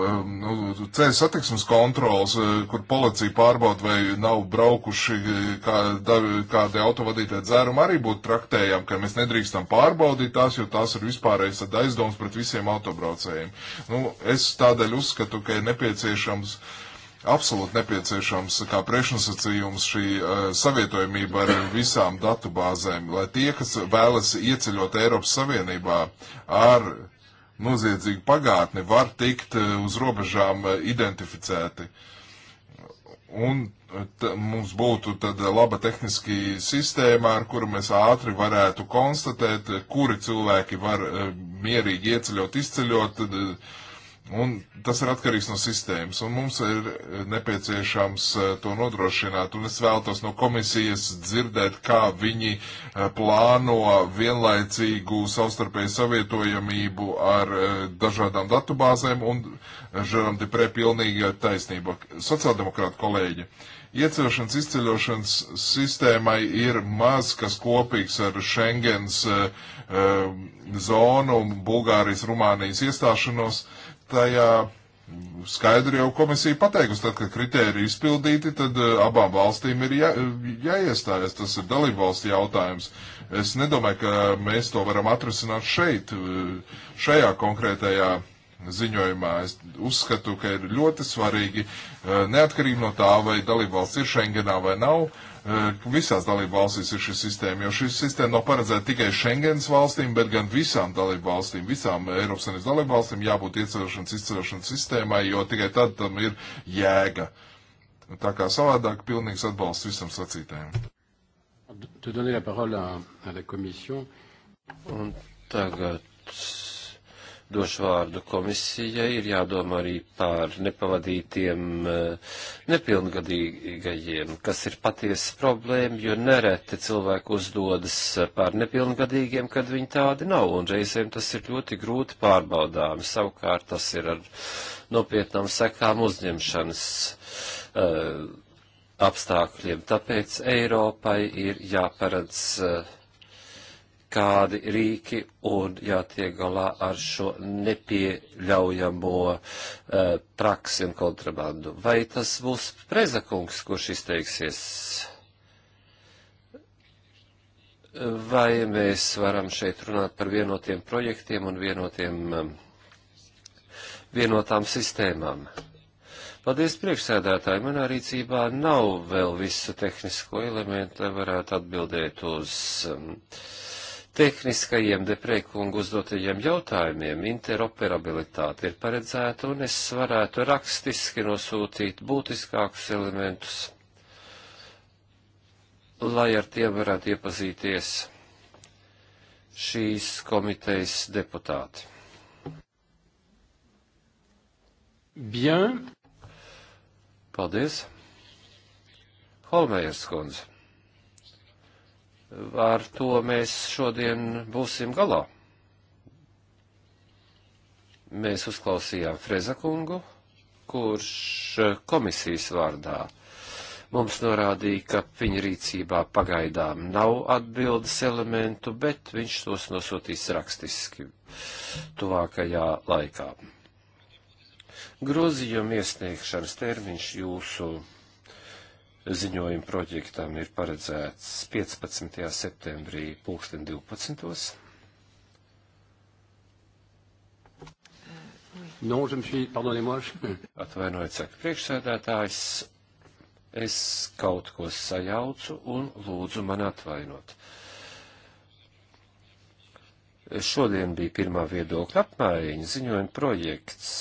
eh, nu, uh, ceļu satiksmes kontrols, uh, kur policija pārbauda, vai nav braukuši kā, da, kādi autovadītāji dzērumi, arī būtu traktējami, ka mēs nedrīkstam pārbaudīt tās, jo tās ir vispārējais aizdoms pret visiem autobraucējiem. Nu, es tādēļ uzskatu, ka ir nepieciešams uh, absolūti nepieciešams kā priekšnosacījums šī uh, savietojamība ar visām datubāzēm, lai tie, kas vēlas ieceļot Eiropas Savienībā ar noziedzīgu pagātni, var tikt uh, uz robežām uh, identificēti. Un uh, mums būtu tad uh, laba tehniski sistēma, ar kuru mēs ātri varētu konstatēt, kuri cilvēki var uh, mierīgi ieceļot, izceļot, tad, Un tas ir atkarīgs no sistēmas, un mums ir eh, nepieciešams eh, to nodrošināt. Un es vēlos no komisijas dzirdēt, kā viņi eh, plāno vienlaicīgu savstarpēju savietojamību ar dažādām datubāzēm, un Žeram Deprē pilnīga taisnība. Sociāldemokrāta kolēģi, iecelšanas izceļošanas sistēmai ir maz kas kopīgs ar Schengens uh, zonu, Bulgārijas, Rumānijas iestāšanos. Uh, tajā skaidri jau komisija pateikusi, tad, kad kritēriji izpildīti, tad eh, abām valstīm ir jā, jāiestājas. Tas ir dalībvalsts jautājums. Es nedomāju, ka mēs to varam atrisināt šeit, eh, šajā konkrētajā ziņojumā. Es uzskatu, ka ir ļoti svarīgi, eh, neatkarīgi no tā, vai dalībvalsts ir Schengenā vai nav, uh, visās dalību valstīs ir šī sistēma, jo šī sistēma nav paredzēta tikai Schengens valstīm, bet gan visām dalību valstīm, visām Eiropas Savienības dalību valstīm jābūt iecerošanas, izcerošanas sistēmai, jo tikai tad tam ir jēga. Tā kā savādāk pilnīgs atbalsts visam sacītājiem. Un tagad došu vārdu komisijai, ir jādomā arī par nepavadītiem eh, nepilngadīgajiem, kas ir patiesa problēma, jo nereti cilvēki uzdodas par nepilngadīgiem, kad viņi tādi nav, un reizēm tas ir ļoti grūti pārbaudāmi. Savukārt tas ir ar nopietnām sekām uzņemšanas. Uh, apstākļiem. Tāpēc Eiropai ir jāparedz uh, kādi rīki un jātiek galā ar šo nepieļaujamo uh, praksi un kontrabandu. Vai tas būs prezakungs, kurš izteiksies? Vai mēs varam šeit runāt par vienotiem projektiem un vienotiem, eh, vienotām sistēmām? Paldies priekšsēdētāji, manā rīcībā nav vēl visu tehnisko elementu, lai varētu atbildēt uz uh, tehniskajiem deprēkungu uzdotajiem jautājumiem interoperabilitāte ir paredzēta, un es varētu rakstiski nosūtīt būtiskākus elementus, lai ar tiem varētu iepazīties šīs komitejas deputāti. Bien. Paldies. Holmējers kundze ar to mēs šodien būsim galā. Mēs uzklausījām Frezakungu, kurš komisijas vārdā mums norādīja, ka viņa rīcībā pagaidām nav atbildes elementu, bet viņš tos nosūtīs rakstiski tuvākajā laikā. Grozījuma iesniegšanas termiņš jūsu ziņojuma projektam ir paredzēts 15. septembrī 2012. Non, je me suis, pardonnez-moi. Je... Atvainojiet, saka priekšsēdētājs, es kaut ko sajaucu un lūdzu man atvainot. Šodien bija pirmā viedokļa apmaiņa, ziņojuma projekts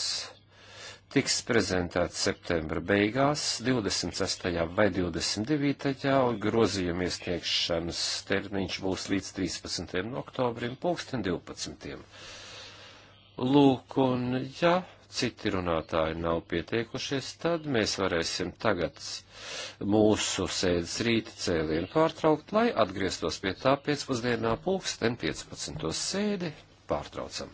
tiks prezentēts septembra beigās, 26. vai 29. un grozījuma iesniegšanas termiņš būs līdz 13. oktobrim, pulksten 12. Lūk, un ja citi runātāji nav pietiekušies, tad mēs varēsim tagad mūsu sēdes rīta cēlienu pārtraukt, lai atgrieztos pie tā pēcpusdienā pulksten 15. sēdi pārtraucam.